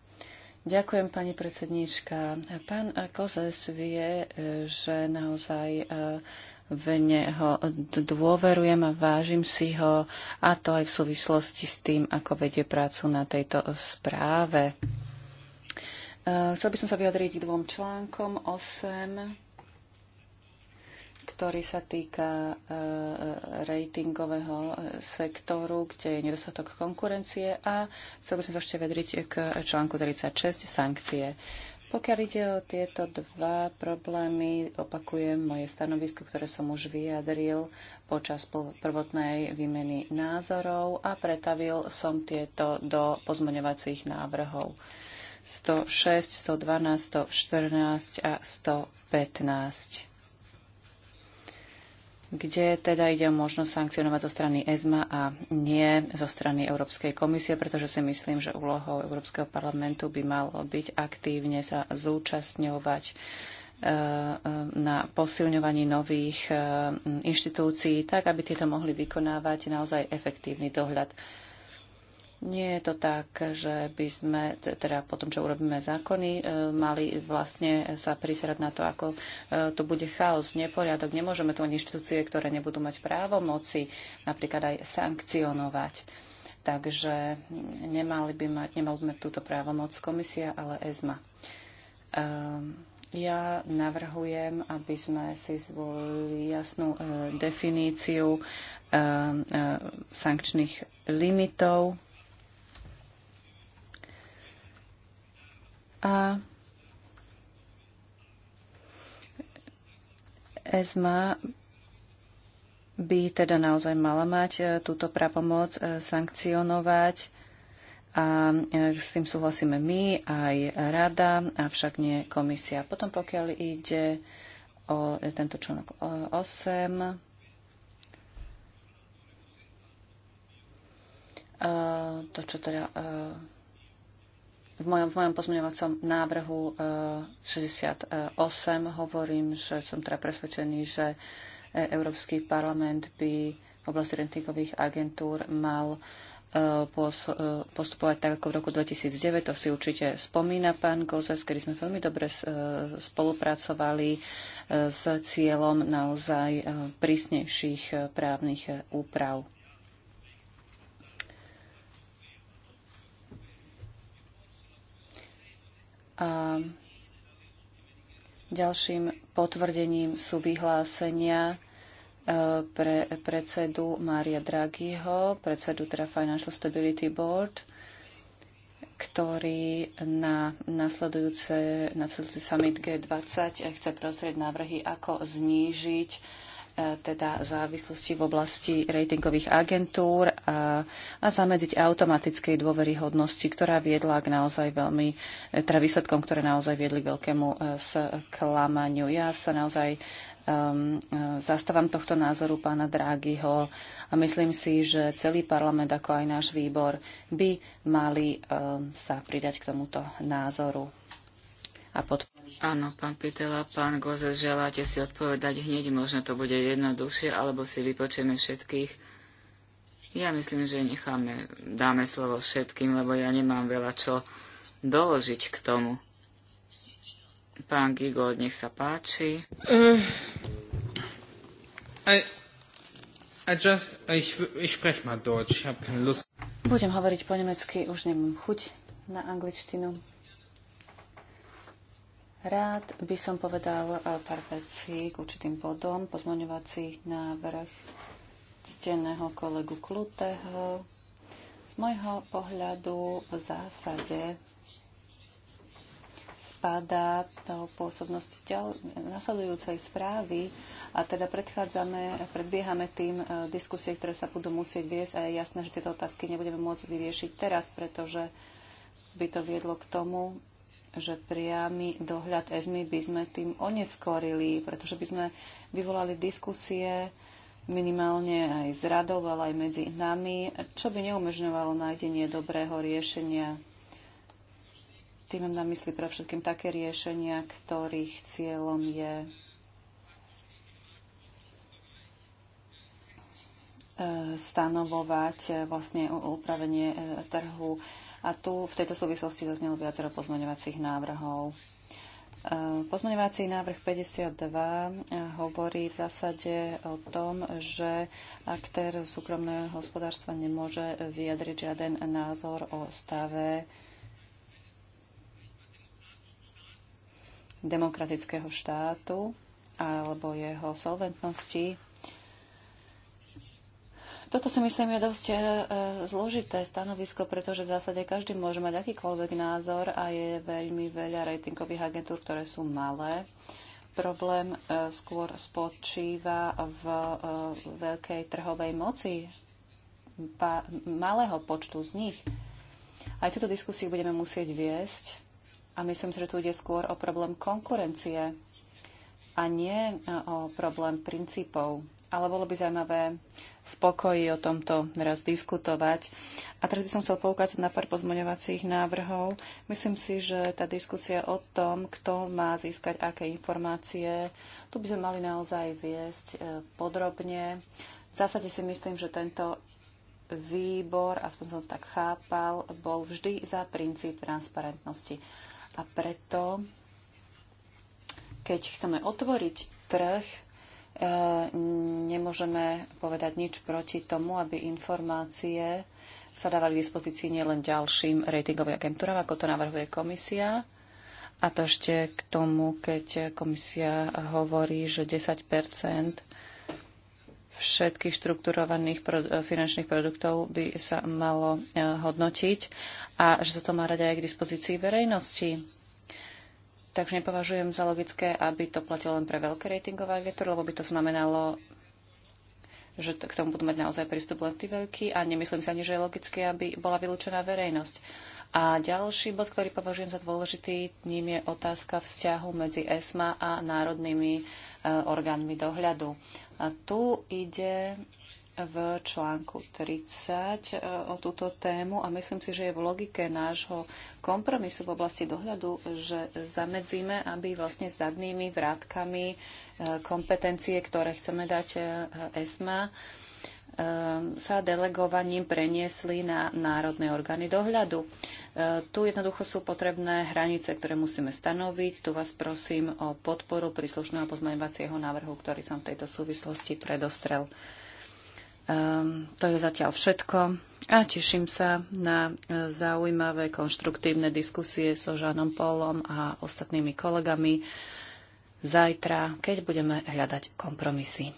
Ďakujem, pani predsednička. Pán Kozes vie, že naozaj e, v neho dôverujem a vážim si ho, a to aj v súvislosti s tým, ako vedie prácu na tejto správe. E, chcel by som sa vyjadriť k dvom článkom 8 ktorý sa týka e, e, ratingového sektoru, kde je nedostatok konkurencie a chcel by som sa ešte vedriť k článku 36 sankcie. Pokiaľ ide o tieto dva problémy, opakujem moje stanovisko, ktoré som už vyjadril počas prvotnej výmeny názorov a pretavil som tieto do pozmoňovacích návrhov 106, 112, 114 a 115 kde teda ide o možnosť sankcionovať zo strany ESMA a nie zo strany Európskej komisie, pretože si myslím, že úlohou Európskeho parlamentu by malo byť aktívne sa zúčastňovať e, e, na posilňovaní nových e, inštitúcií, tak aby tieto mohli vykonávať naozaj efektívny dohľad. Nie je to tak, že by sme, teda po tom, čo urobíme zákony, e, mali vlastne sa priserať na to, ako e, to bude chaos, neporiadok. Nemôžeme tu ani inštitúcie, ktoré nebudú mať právo moci napríklad aj sankcionovať. Takže nemali by mať, nemali by mať túto právomoc komisia, ale ESMA. Ehm, ja navrhujem, aby sme si zvolili jasnú e, definíciu ehm, sankčných limitov A ESMA by teda naozaj mala mať e, túto pravomoc e, sankcionovať a e, s tým súhlasíme my, aj rada, avšak nie komisia. Potom pokiaľ ide o tento článok 8, to, čo teda v mojom, v mojom pozmeňovacom návrhu 68 eh, hovorím, že som teda presvedčený, že eh, Európsky parlament by v oblasti rentingových agentúr mal eh, postupovať tak ako v roku 2009. To si určite spomína pán Gozes, kedy sme veľmi dobre spolupracovali s cieľom naozaj prísnejších právnych úprav. A ďalším potvrdením sú vyhlásenia e, pre predsedu Mária Draghiho, predsedu teda Financial Stability Board, ktorý na nasledujúce, nasledujúce summit G20 chce prosrieť návrhy, ako znížiť E, teda závislosti v oblasti ratingových agentúr a, e, a zamedziť automatickej dôveryhodnosti, ktorá viedla k naozaj veľmi, e, teda výsledkom, ktoré naozaj viedli k veľkému sklamaniu. Ja sa naozaj um, zastávam tohto názoru pána Drágyho a myslím si, že celý parlament, ako aj náš výbor, by mali um, sa pridať k tomuto názoru a podporovať. Áno, pán Pitela, pán Gozes, želáte si odpovedať hneď, možno to bude jednoduchšie, alebo si vypočujeme všetkých. Ja myslím, že necháme, dáme slovo všetkým, lebo ja nemám veľa čo doložiť k tomu. Pán Gigo, nech sa páči. Uh, Budem hovoriť po nemecky, už nemám chuť na angličtinu. Rád by som povedal eh, pár vecí k určitým bodom. Pozmoňovací návrh steného kolegu kluteho, Z môjho pohľadu v zásade spadá do pôsobnosti nasledujúcej správy a teda predchádzame, predbiehame tým eh, diskusie, ktoré sa budú musieť viesť a je jasné, že tieto otázky nebudeme môcť vyriešiť teraz, pretože by to viedlo k tomu, že priamy dohľad ESMI by sme tým oneskorili, pretože by sme vyvolali diskusie minimálne aj s radou, ale aj medzi nami, čo by neumožňovalo nájdenie dobrého riešenia. Tým mám na mysli pre všetkým také riešenia, ktorých cieľom je e, stanovovať e, vlastne upravenie e, trhu a tu v tejto súvislosti zaznelo viacero pozmeňovacích návrhov. E, pozmeňovací návrh 52 e, hovorí v zásade o tom, že aktér súkromného hospodárstva nemôže vyjadriť žiaden názor o stave demokratického štátu alebo jeho solventnosti toto si myslím je dosť e, e, zložité stanovisko, pretože v zásade každý môže mať akýkoľvek názor a je veľmi veľa ratingových agentúr, ktoré sú malé. Problém e, skôr spočíva v veľkej trhovej moci malého počtu z nich. Aj túto diskusiu budeme musieť viesť a myslím že tu ide skôr o problém konkurencie a nie o problém princípov. Ale bolo by zaujímavé v pokoji o tomto raz diskutovať. A teraz by som chcel poukázať na pár pozmoňovacích návrhov. Myslím si, že tá diskusia o tom, kto má získať aké informácie, tu by sme mali naozaj viesť e, podrobne. V zásade si myslím, že tento výbor, aspoň som to tak chápal, bol vždy za princíp transparentnosti. A preto, keď chceme otvoriť trh, E, nemôžeme povedať nič proti tomu, aby informácie sa dávali k dispozícii nielen ďalším ratingovým agentúram, ako to navrhuje komisia. A to ešte k tomu, keď komisia hovorí, že 10 všetkých štrukturovaných e, finančných produktov by sa malo e, hodnotiť a že sa to má rada aj k dispozícii verejnosti. Takže nepovažujem za logické, aby to platilo len pre veľké ratingové agentúry, lebo by to znamenalo, že k tomu budú mať naozaj prístup len tí veľkí a nemyslím si ani, že je logické, aby bola vylúčená verejnosť. A ďalší bod, ktorý považujem za dôležitý, ním je otázka vzťahu medzi ESMA a národnými e, orgánmi dohľadu. A tu ide v článku 30 e, o túto tému a myslím si, že je v logike nášho kompromisu v oblasti dohľadu, že zamedzíme, aby vlastne s zadnými vrátkami e, kompetencie, ktoré chceme dať e, ESMA, sa delegovaním preniesli na národné orgány dohľadu. Tu jednoducho sú potrebné hranice, ktoré musíme stanoviť. Tu vás prosím o podporu príslušného pozmeňovacieho návrhu, ktorý som v tejto súvislosti predostrel. Um, to je zatiaľ všetko a teším sa na e, zaujímavé konštruktívne diskusie so Žanom Polom a ostatnými kolegami zajtra, keď budeme hľadať kompromisy.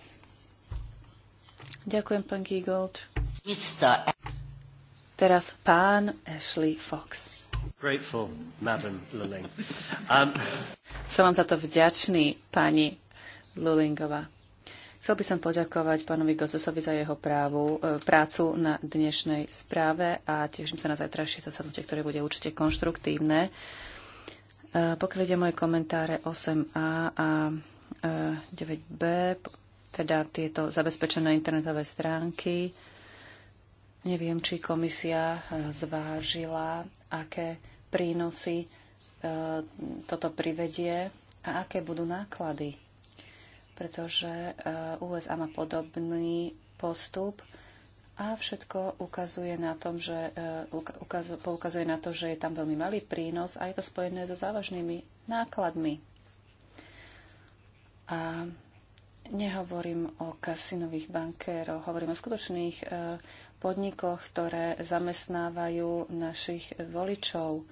Ďakujem, pán Giegold. E- Teraz pán Ashley Fox. Grateful, madam Luling. (laughs) Um... Som vám za to vďačný, pani Lulingová. Chcel by som poďakovať pánovi Gozosovi za jeho právu, e, prácu na dnešnej správe a teším sa na zajtrajšie zasadnutie, ktoré bude určite konštruktívne. E, pokiaľ ide moje komentáre 8a a 9b, e, teda tieto zabezpečené internetové stránky, neviem, či komisia zvážila, aké prínosy toto privedie a aké budú náklady pretože eh, USA má podobný postup a všetko ukazuje na tom, že, eh, poukazuje na to, že je tam veľmi malý prínos a je to spojené so závažnými nákladmi. A nehovorím o kasinových bankéroch, hovorím o skutočných eh, podnikoch, ktoré zamestnávajú našich voličov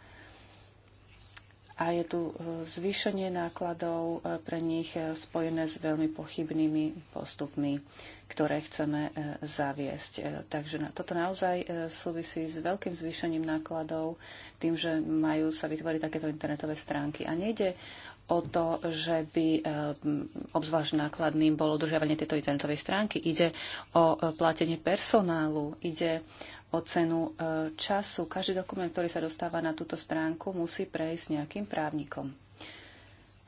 a je tu e, zvýšenie nákladov e, pre nich e, spojené s veľmi pochybnými postupmi, ktoré chceme zaviesť. Takže toto naozaj súvisí s veľkým zvýšením nákladov, tým, že majú sa vytvoriť takéto internetové stránky. A nejde o to, že by obzvlášť nákladným bolo udržiavanie tejto internetovej stránky. Ide o platenie personálu, ide o cenu e, času. Každý dokument, ktorý sa dostáva na túto stránku, musí prejsť nejakým právnikom.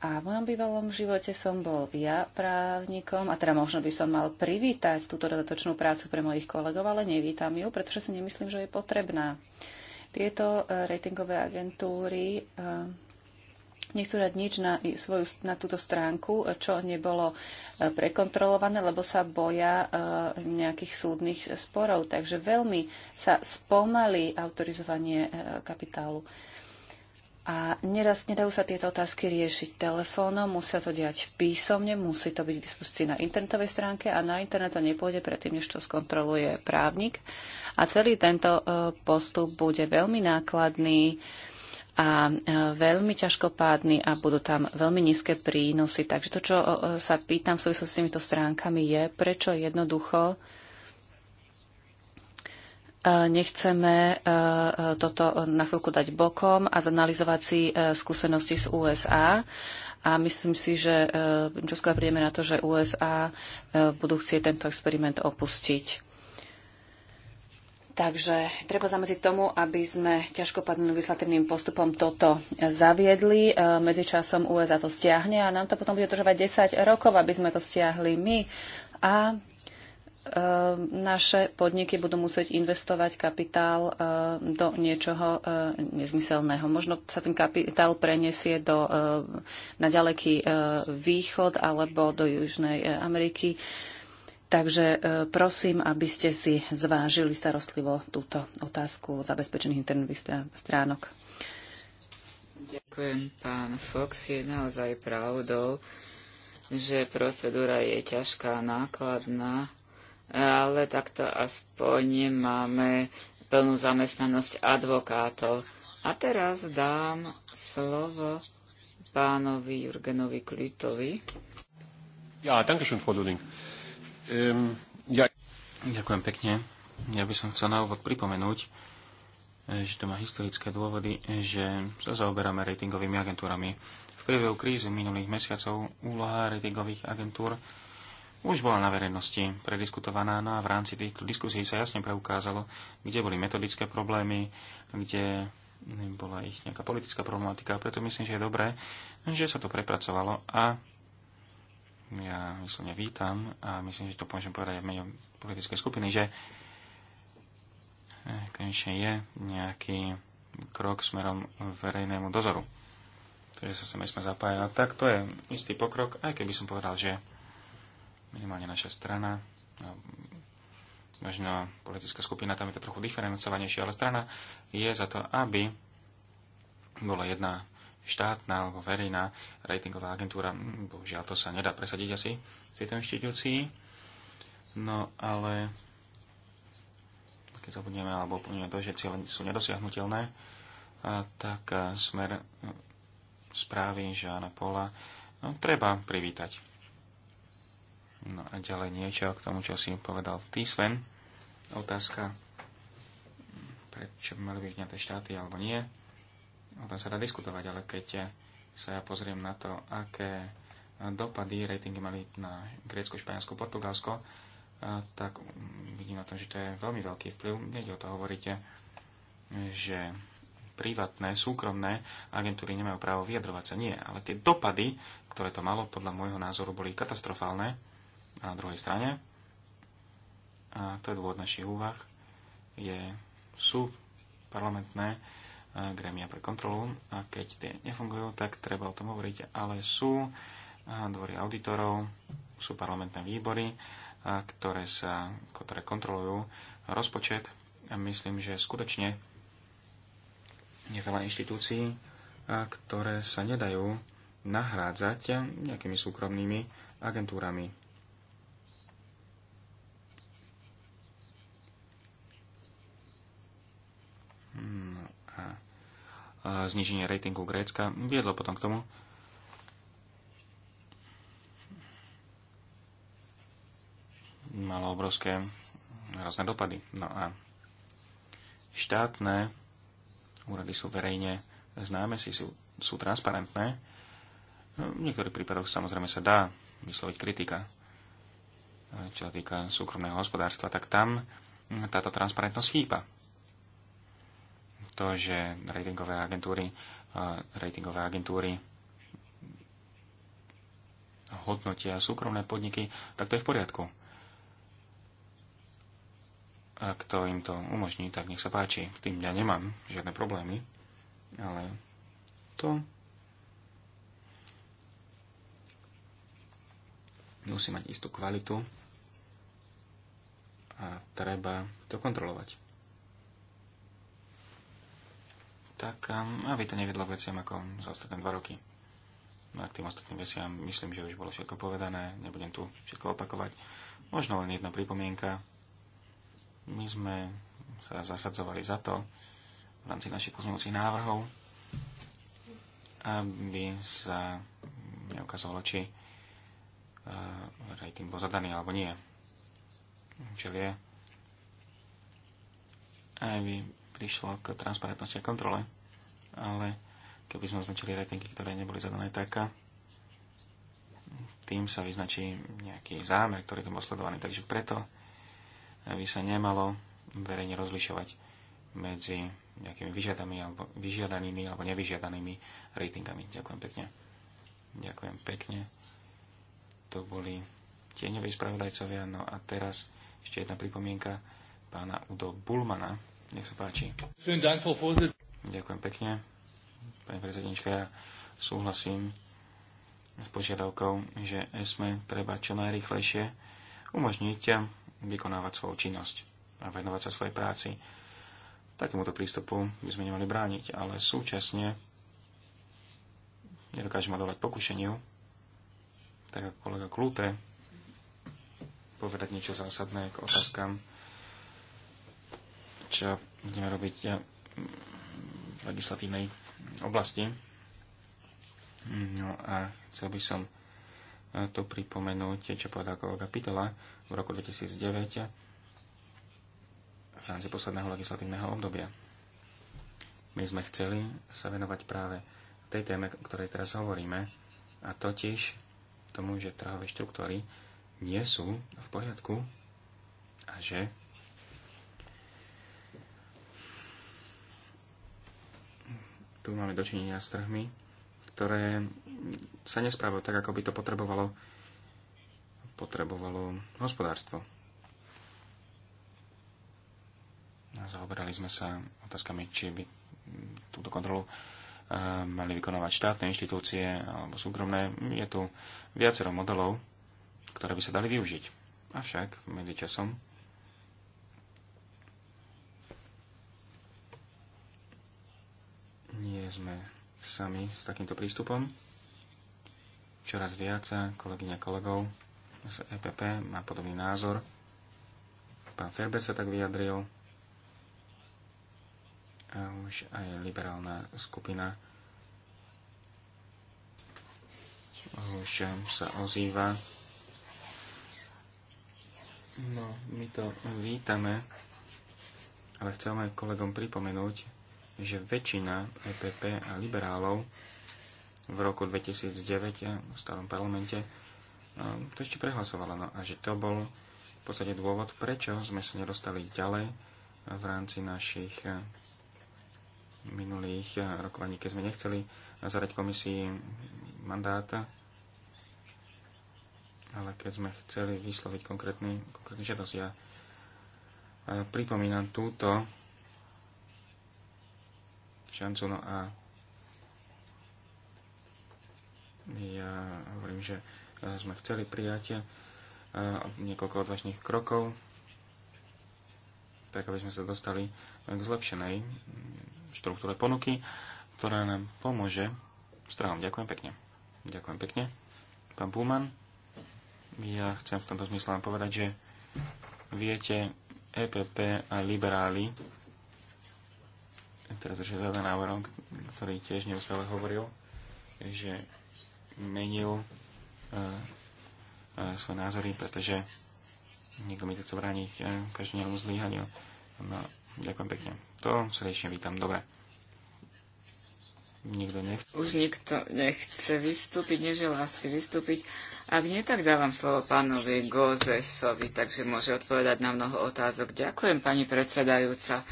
A v mojom bývalom živote som bol ja právnikom a teda možno by som mal privítať túto dodatočnú prácu pre mojich kolegov, ale nevítam ju, pretože si nemyslím, že je potrebná. Tieto e, ratingové agentúry e, nechcú dať nič na, svoju, na túto stránku, čo nebolo e, prekontrolované, lebo sa boja e, nejakých súdnych sporov. Takže veľmi sa spomalí autorizovanie e, kapitálu. A neraz nedajú sa tieto otázky riešiť telefónom, musia to diať písomne, musí to byť k dispozícii na internetovej stránke a na internet to nepôjde predtým, než to skontroluje právnik. A celý tento postup bude veľmi nákladný, a e, veľmi ťažkopádny a budú tam veľmi nízke prínosy. Takže to, čo e, sa pýtam v súvislosti s týmito stránkami, je, prečo jednoducho e, nechceme toto na chvíľku dať bokom a zanalizovať si skúsenosti z USA. A myslím si, že čo skôr prídeme na to, že USA budú chcieť tento experiment opustiť. Takže treba zamedziť tomu, aby sme ťažkopadným legislatívnym postupom toto zaviedli. E, medzičasom USA to stiahne a nám to potom bude trvať 10 rokov, aby sme to stiahli my. A e, naše podniky budú musieť investovať kapitál e, do niečoho nezmyselného. Možno sa ten kapitál preniesie do, na ďaleký východ alebo do Južnej Ameriky Takže e, prosím, aby ste si zvážili starostlivo túto otázku zabezpečených internetových stránok. Ďakujem, pán Fox. Je naozaj pravdou, že procedúra je ťažká, nákladná, ale takto aspoň máme plnú zamestnanosť advokátov. A teraz dám slovo pánovi Jurgenovi Klitovi. Ja, danke schön, Frau Um, ja... Ďakujem pekne. Ja by som chcel na úvod pripomenúť, eh, že to má historické dôvody, že sa zaoberáme ratingovými agentúrami. V priebehu krízy minulých mesiacov úloha ratingových agentúr už bola na verejnosti prediskutovaná, no a v rámci týchto diskusí sa jasne preukázalo, kde boli metodické problémy, kde bola ich nejaká politická problematika. A preto myslím, že je dobré, že sa to prepracovalo a ja vyslovne vítam a myslím, že to môžem povedať aj v mene politickej skupiny, že eh, konečne je nejaký krok smerom verejnému dozoru. Takže sa sme zapájali. A tak to je istý pokrok, aj keby som povedal, že minimálne naša strana, no, možno politická skupina, tam je to trochu diferencovanejšie, ale strana je za to, aby bola jedna štátna alebo verejná ratingová agentúra. Mm, Bohužiaľ, to sa nedá presadiť asi v tejto inštitúcii. No ale keď zabudneme alebo úplne to, že cieľe sú nedosiahnutelné, tak smer správy Žána Pola no, treba privítať. No a ďalej niečo k tomu, čo si povedal ty, Sven. Otázka, prečo mali by štáty alebo nie o tom sa dá diskutovať, ale keď sa ja pozriem na to, aké dopady ratingy mali na Grécko, Španielsko, Portugalsko, tak vidím na tom, že to je veľmi veľký vplyv. Nede o to hovoríte, že privátne, súkromné agentúry nemajú právo vyjadrovať sa. Nie, ale tie dopady, ktoré to malo, podľa môjho názoru, boli katastrofálne. A na druhej strane, a to je dôvod našich úvah, je, sú parlamentné gremia pre kontrolu a keď tie nefungujú, tak treba o tom hovoriť, ale sú dvory auditorov, sú parlamentné výbory, ktoré, sa, ktoré kontrolujú rozpočet a myslím, že skutočne je veľa inštitúcií, ktoré sa nedajú nahrádzať nejakými súkromnými agentúrami. Hmm zniženie ratingu Grécka viedlo potom k tomu, malo obrovské rôzne dopady. No a štátne úrady sú verejne známe, si sú, sú transparentné. No, v niektorých prípadoch samozrejme sa dá vysloviť kritika, čo sa týka súkromného hospodárstva, tak tam táto transparentnosť chýba to, že ratingové agentúry, ratingové agentúry hodnotia súkromné podniky, tak to je v poriadku. Ak to im to umožní, tak nech sa páči. V tým ja nemám žiadne problémy, ale to musí mať istú kvalitu a treba to kontrolovať. tak ehm, aby to nevedlo veciam ako za ostatné dva roky. No a k tým ostatným veciam myslím, že už bolo všetko povedané, nebudem tu všetko opakovať. Možno len jedna pripomienka. My sme sa zasadzovali za to v rámci našich pozmeňujúcich návrhov, aby sa neukázalo, či uh, rating bol zadaný alebo nie. Čelie. Aj vy prišlo k transparentnosti a kontrole, ale keby sme označili ratingy, ktoré neboli zadané taká. tým sa vyznačí nejaký zámer, ktorý tam bol sledovaný. Takže preto by sa nemalo verejne rozlišovať medzi nejakými vyžiadami alebo, vyžiadanými alebo nevyžiadanými ratingami. Ďakujem pekne. Ďakujem pekne. To boli tieňoví spravodajcovia. No a teraz ešte jedna pripomienka pána Udo Bulmana. Nech sa páči. Ďakujem pekne. Pani prezidentčka, ja súhlasím s požiadavkou, že ESME treba čo najrychlejšie umožniť vykonávať svoju činnosť a venovať sa svojej práci. Takémuto prístupu by sme nemali brániť, ale súčasne nedokážeme dovať pokušeniu, tak ako kolega Klute, povedať niečo zásadné k otázkam čo budeme robiť v legislatívnej oblasti. No a chcel by som e, tu pripomenúť, čo povedal kolega Pitola v roku 2009 v rámci posledného legislatívneho obdobia. My sme chceli sa venovať práve tej téme, o ktorej teraz hovoríme, a totiž tomu, že trhové štruktúry nie sú v poriadku a že tu máme dočinenia s trhmi, ktoré sa nesprávajú tak, ako by to potrebovalo, potrebovalo hospodárstvo. A zaoberali sme sa otázkami, či by túto kontrolu eh, mali vykonávať štátne inštitúcie alebo súkromné. Je tu viacero modelov, ktoré by sa dali využiť. Avšak medzičasom nie sme sami s takýmto prístupom. Čoraz viac kolegyňa kolegov z EPP má podobný názor. Pán Ferber sa tak vyjadril. A už aj liberálna skupina už sa ozýva. No, my to vítame, ale chceme kolegom pripomenúť, že väčšina EPP a liberálov v roku 2009 v starom parlamente ehm, to ešte prehlasovala. No a že to bol v podstate dôvod, prečo sme sa nedostali ďalej v rámci našich ehm, minulých ehm, rokovaní, keď sme nechceli zadať komisii mandáta, ale keď sme chceli vysloviť konkrétny, konkrétny žiadosť. Ja pripomínam túto Šancono a ja hovorím, že e, sme chceli prijať e, niekoľko odvážnych krokov, tak aby sme sa dostali e, k zlepšenej mm, štruktúre ponuky, ktorá nám pomôže strahom. Ďakujem pekne. Ďakujem pekne. Pán Pullman, ja chcem v tomto zmysle vám povedať, že viete, EPP a liberáli teraz ešte za návrhom, ktorý tiež neustále hovoril, že menil e, e, svoje názory, pretože niekto mi to chce brániť e, každému zlíhaniu. No, ďakujem pekne. To srdečne vítam. Dobre. Nikto nechce. Už nikto nechce vystúpiť, neželá si vystúpiť. Ak nie, tak dávam slovo pánovi Gozesovi, takže môže odpovedať na mnoho otázok. Ďakujem, pani predsedajúca.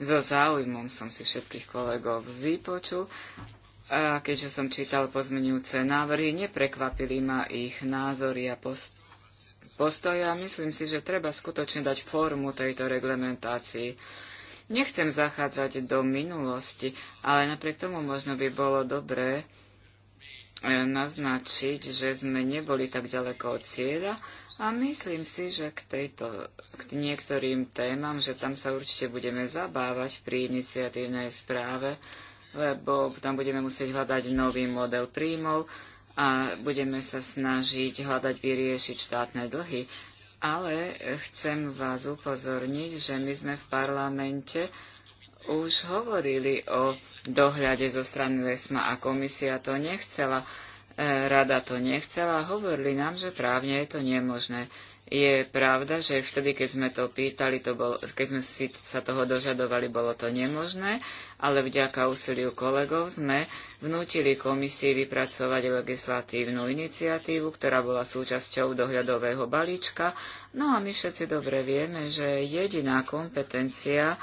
So záujmom som si všetkých kolegov vypočul a keďže som čítal pozmenujúce návrhy, neprekvapili ma ich názory a post- postoje a myslím si, že treba skutočne dať formu tejto reglementácii. Nechcem zachádzať do minulosti, ale napriek tomu možno by bolo dobré, E, naznačiť, že sme neboli tak ďaleko od cieľa a myslím si, že k, tejto, k niektorým témam, že tam sa určite budeme zabávať pri iniciatívnej správe, lebo tam budeme musieť hľadať nový model príjmov a budeme sa snažiť hľadať vyriešiť štátne dlhy. Ale chcem vás upozorniť, že my sme v parlamente už hovorili o dohľade zo strany Lesma a komisia to nechcela, e, rada to nechcela a hovorili nám, že právne je to nemožné. Je pravda, že vtedy, keď sme to pýtali, to bolo, keď sme si sa toho dožadovali, bolo to nemožné, ale vďaka úsiliu kolegov sme vnútili komisii vypracovať legislatívnu iniciatívu, ktorá bola súčasťou dohľadového balíčka. No a my všetci dobre vieme, že jediná kompetencia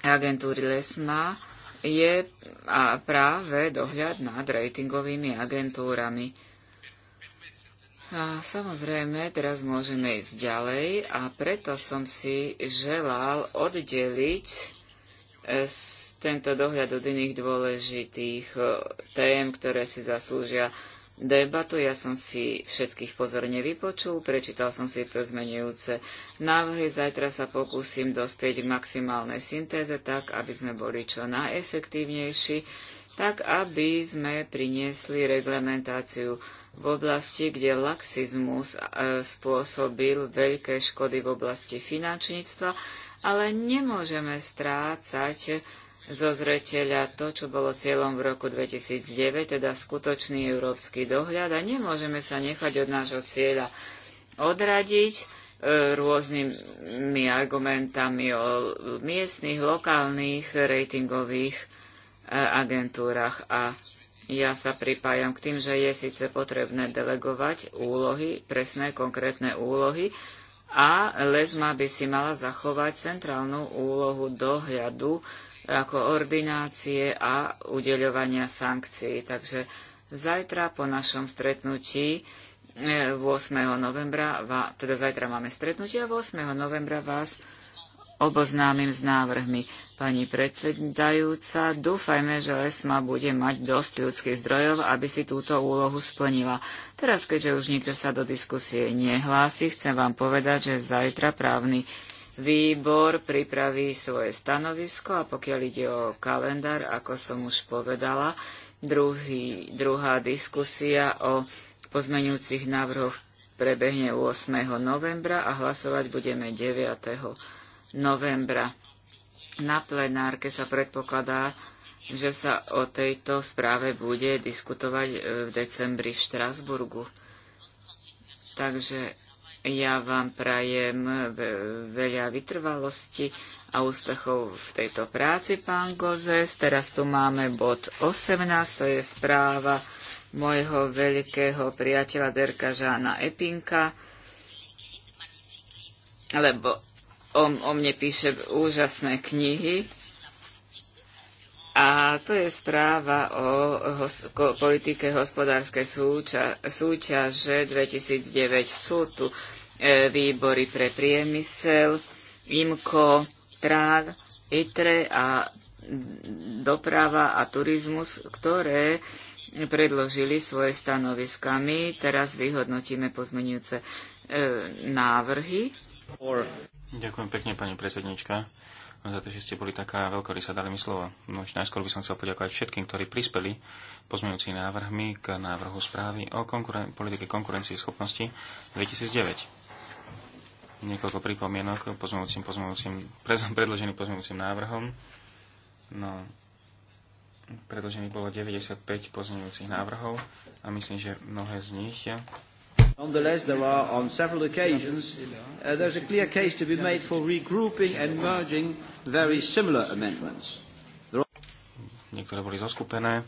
agentúry LESMA je a práve dohľad nad ratingovými agentúrami. A samozrejme, teraz môžeme ísť ďalej a preto som si želal oddeliť e, tento dohľad od iných dôležitých e, tém, ktoré si zaslúžia debatu. Ja som si všetkých pozorne vypočul, prečítal som si pozmenujúce návrhy. Zajtra sa pokúsim dospieť k maximálnej syntéze, tak aby sme boli čo najefektívnejší, tak aby sme priniesli reglementáciu v oblasti, kde laxizmus e, spôsobil veľké škody v oblasti finančníctva, ale nemôžeme strácať zo zreteľa to, čo bolo cieľom v roku 2009, teda skutočný európsky dohľad a nemôžeme sa nechať od nášho cieľa odradiť e, rôznymi argumentami o miestnych, lokálnych rejtingových e, agentúrach. A ja sa pripájam k tým, že je síce potrebné delegovať úlohy, presné konkrétne úlohy, a lesma by si mala zachovať centrálnu úlohu dohľadu ako ordinácie a udeľovania sankcií. Takže zajtra po našom stretnutí 8. Eh, novembra, teda zajtra máme stretnutie a 8. novembra vás oboznámim s návrhmi. Pani predsedajúca, dúfajme, že ESMA bude mať dosť ľudských zdrojov, aby si túto úlohu splnila. Teraz, keďže už nikto sa do diskusie nehlási, chcem vám povedať, že zajtra právny Výbor pripraví svoje stanovisko a pokiaľ ide o kalendár, ako som už povedala, druhý, druhá diskusia o pozmeňujúcich návrhoch prebehne 8. novembra a hlasovať budeme 9. novembra. Na plenárke sa predpokladá, že sa o tejto správe bude diskutovať e, v decembri v Štrasburgu. Takže ja vám prajem veľa vytrvalosti a úspechov v tejto práci, pán Gozes. Teraz tu máme bod 18, to je správa môjho veľkého priateľa Derka Žána Epinka, lebo on o mne píše úžasné knihy. A to je správa o hos- ko- politike hospodárskej súťaže 2009. Sú tu E, výbory pre priemysel, IMKO, TRÁV, ITRE a doprava a turizmus, ktoré predložili svoje stanoviska. My teraz vyhodnotíme pozmenujúce e, návrhy. Ďakujem pekne, pani predsednička, za to, že ste boli taká veľkorysá, dali mi slovo. No, najskôr by som chcel poďakovať všetkým, ktorí prispeli pozmenujúci návrhmi k návrhu správy o konkuren- politike konkurencie schopnosti 2009 niekoľko pripomienok pozmúcim, pozmúcim, predložený pozmúcim návrhom. No, predložených bolo 95 pozmeňujúcich návrhov a myslím, že mnohé z nich Nonetheless, there are on several occasions, uh, there's a clear case to be made for regrouping and merging very similar amendments. Are... Niektoré boli zoskupené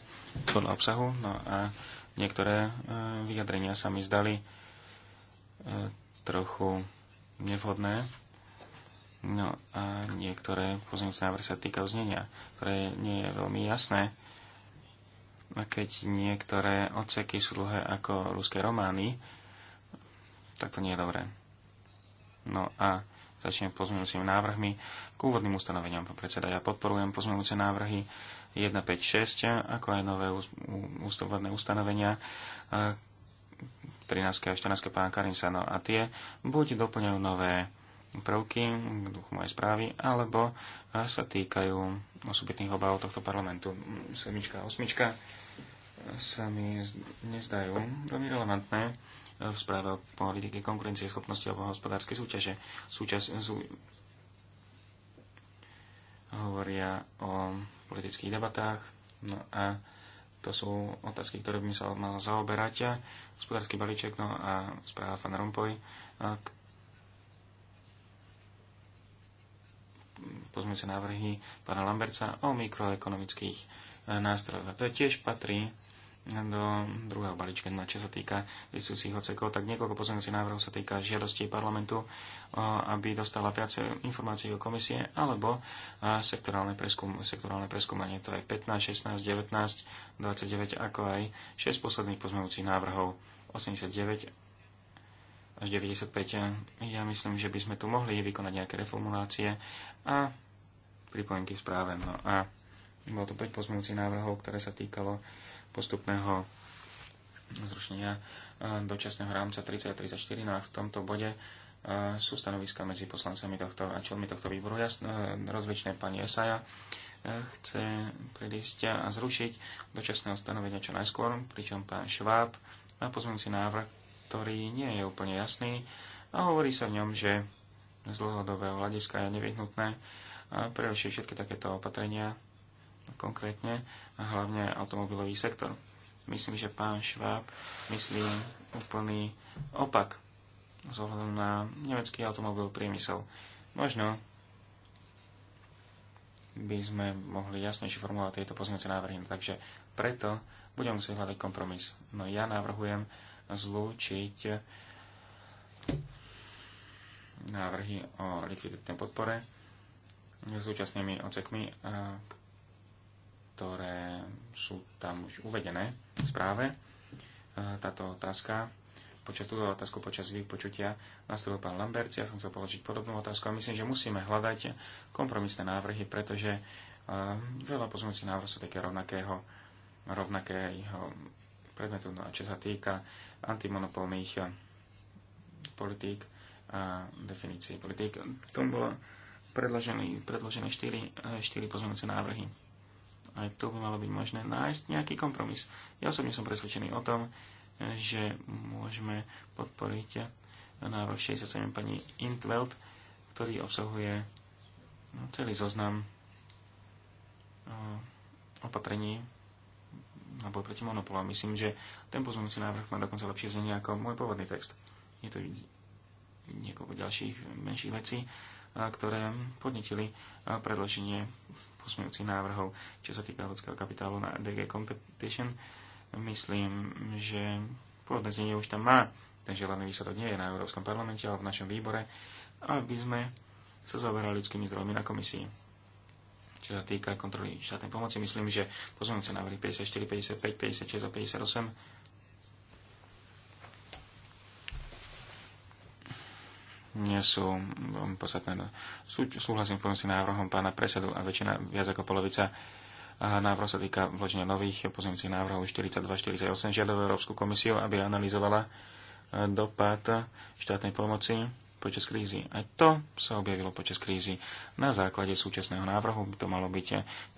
podľa obsahu, no a niektoré uh, vyjadrenia sa mi zdali uh, trochu nevhodné. No a niektoré pozemnice návrhy sa týkajú znenia, ktoré nie je veľmi jasné. A keď niektoré odseky sú dlhé ako ruské romány, tak to nie je dobré. No a začnem pozmeňujúcimi návrhmi k úvodným ustanoveniam. Pán predseda, ja podporujem pozmeňujúce návrhy 1, 5, 6, ako aj nové ústavné ustanovenia, 13. a 14. pána Karinsa. No a tie buď doplňajú nové prvky k duchu mojej správy, alebo eh, sa týkajú osobitných obáv tohto parlamentu. Sedmička a osmička eh, sa mi nezdajú veľmi relevantné eh, v správe o politike konkurencie schopnosti alebo hospodárskej súťaže. Súčas, sú, hovoria o politických debatách, no a to sú otázky, ktoré by sa mal zaoberať. Hospodársky balíček no a správa Fan Rompuy. sa návrhy pána Lamberca o mikroekonomických e, nástrojoch. A to tiež patrí do druhého balíčka, na čo sa týka existujúcich odsekov, tak niekoľko pozornosti návrhov sa týka žiadosti parlamentu, aby dostala viacej informácií o komisie, alebo sektorálne, preskum, sektorálne preskúmanie, to je 15, 16, 19, 29, ako aj 6 posledných pozmeňujúcich návrhov, 89 až 95. Ja myslím, že by sme tu mohli vykonať nejaké reformulácie a pripojenky v správe. No a bolo to 5 pozmeňujúcich návrhov, ktoré sa týkalo postupného zrušenia eh, dočasného rámca 30 a 34. No a v tomto bode eh, sú stanoviska medzi poslancami tohto a členmi tohto výboru. Jasné, eh, rozličné pani Esaja chce predísť a zrušiť dočasné stanovenia čo najskôr, pričom pán Šváb má pozmeňujúci návrh, ktorý nie je úplne jasný a hovorí sa v ňom, že z dlhodobého hľadiska je nevyhnutné prerušiť všetky takéto opatrenia konkrétne a hlavne automobilový sektor. Myslím, že pán Šváb myslí úplný opak z na nemecký automobil priemysel. Možno by sme mohli jasnejšie formulovať tieto pozmeňujúce návrhy. Takže preto budem musieť hľadať kompromis. No ja navrhujem zlúčiť návrhy o likviditnej podpore s účastnými ocekmi, ktoré sú tam už uvedené v správe. E, táto otázka, počas túto otázku počas vypočutia nastavil pán Lambert, ja som chcel položiť podobnú otázku a myslím, že musíme hľadať kompromisné návrhy, pretože e, veľa pozmeňujúcich návrhov sú také rovnakého, rovnakého predmetu, no a čo sa týka antimonopolných e, politík a definícií politík. Tomu bolo predložené 4, 4 pozmeňujúce návrhy aj tu by malo byť možné nájsť nejaký kompromis. Ja osobne som presvedčený o tom, že môžeme podporiť návrh 67 pani Intveld, ktorý obsahuje no, celý zoznam e, opatrení na boj proti monopolu. Myslím, že ten pozmeňujúci návrh má dokonca lepšie znenie ako môj pôvodný text. Je to niekoľko ďalších menších vecí, ktoré podnetili predloženie posmejúcich návrhov, čo sa týka ľudského kapitálu na DG Competition. Myslím, že pôvodné znenie už tam má, ten želaný výsledok nie je na Európskom parlamente, ale v našom výbore, aby sme sa zaoberali ľudskými zdrojmi na komisii. Čo sa týka kontroly štátnej pomoci, myslím, že pozmeňujúce návrhy 54, 55, 56 a 58 nie sú veľmi podstatné. Sú, súhlasím s návrhom pána presadu a väčšina, viac ako polovica návrh sa týka vloženia nových pozemcích návrhov 42-48 žiadajú Európsku komisiu, aby analyzovala e, dopad štátnej pomoci počas krízy. Aj to sa objavilo počas krízy. Na základe súčasného návrhu by to malo byť,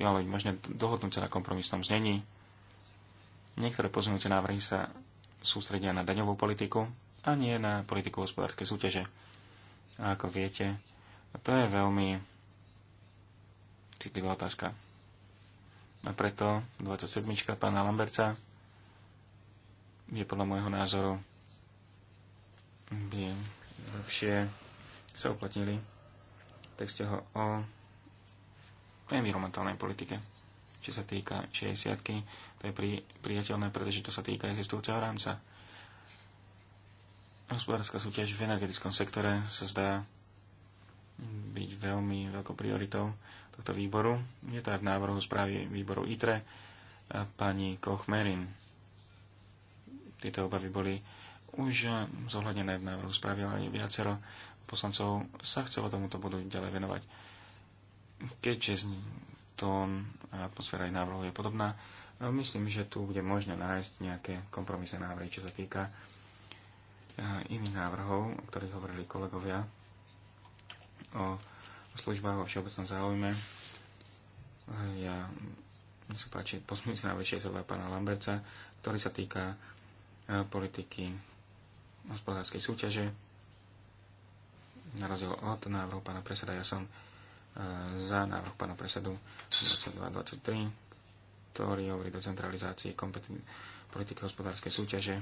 by malo byť možné dohodnúť sa na kompromisnom znení. Niektoré pozemujúce návrhy sa sústredia na daňovú politiku a nie na politiku hospodárskej súťaže. A ako viete, to je veľmi citlivá otázka. A preto 27. pána Lamberca je podľa môjho názoru by lepšie sa uplatnili v texte ho o environmentálnej politike. Či sa týka 60 to je pri, priateľné, pretože to sa týka existujúceho rámca hospodárska súťaž v energetickom sektore sa zdá byť veľmi veľkou prioritou tohto výboru. Je to aj v návrhu správy výboru ITRE pani Kochmerin. Tieto obavy boli už zohľadnené v návrhu správy, ale aj viacero poslancov sa chcelo tomuto bodu ďalej venovať. Keďže tón a atmosféra aj návrhu je podobná, no myslím, že tu bude možné nájsť nejaké kompromisné návrhy, čo sa týka iných návrhov, o ktorých hovorili kolegovia, o službách vo všeobecnom záujme. Ja mi sa páči na návrh Šezová pána Lamberca, ktorý sa týka e, politiky hospodárskej súťaže. Na rozdiel od návrhu pána preseda, ja som e, za návrh pána presedu 2223, ktorý hovorí do centralizácii kompeten- politiky hospodárskej súťaže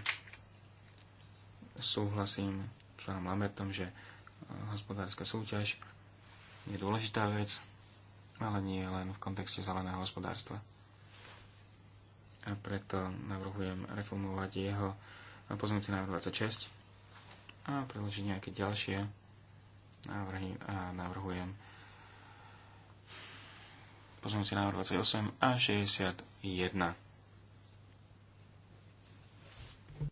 súhlasím s pánom Lambertom, že eh, hospodárska súťaž je dôležitá vec, ale nie len v kontexte zeleného hospodárstva. A preto navrhujem reformovať jeho pozmúci na 26 a predložiť nejaké ďalšie návrhy a navrhujem pozmúci na 28 a 61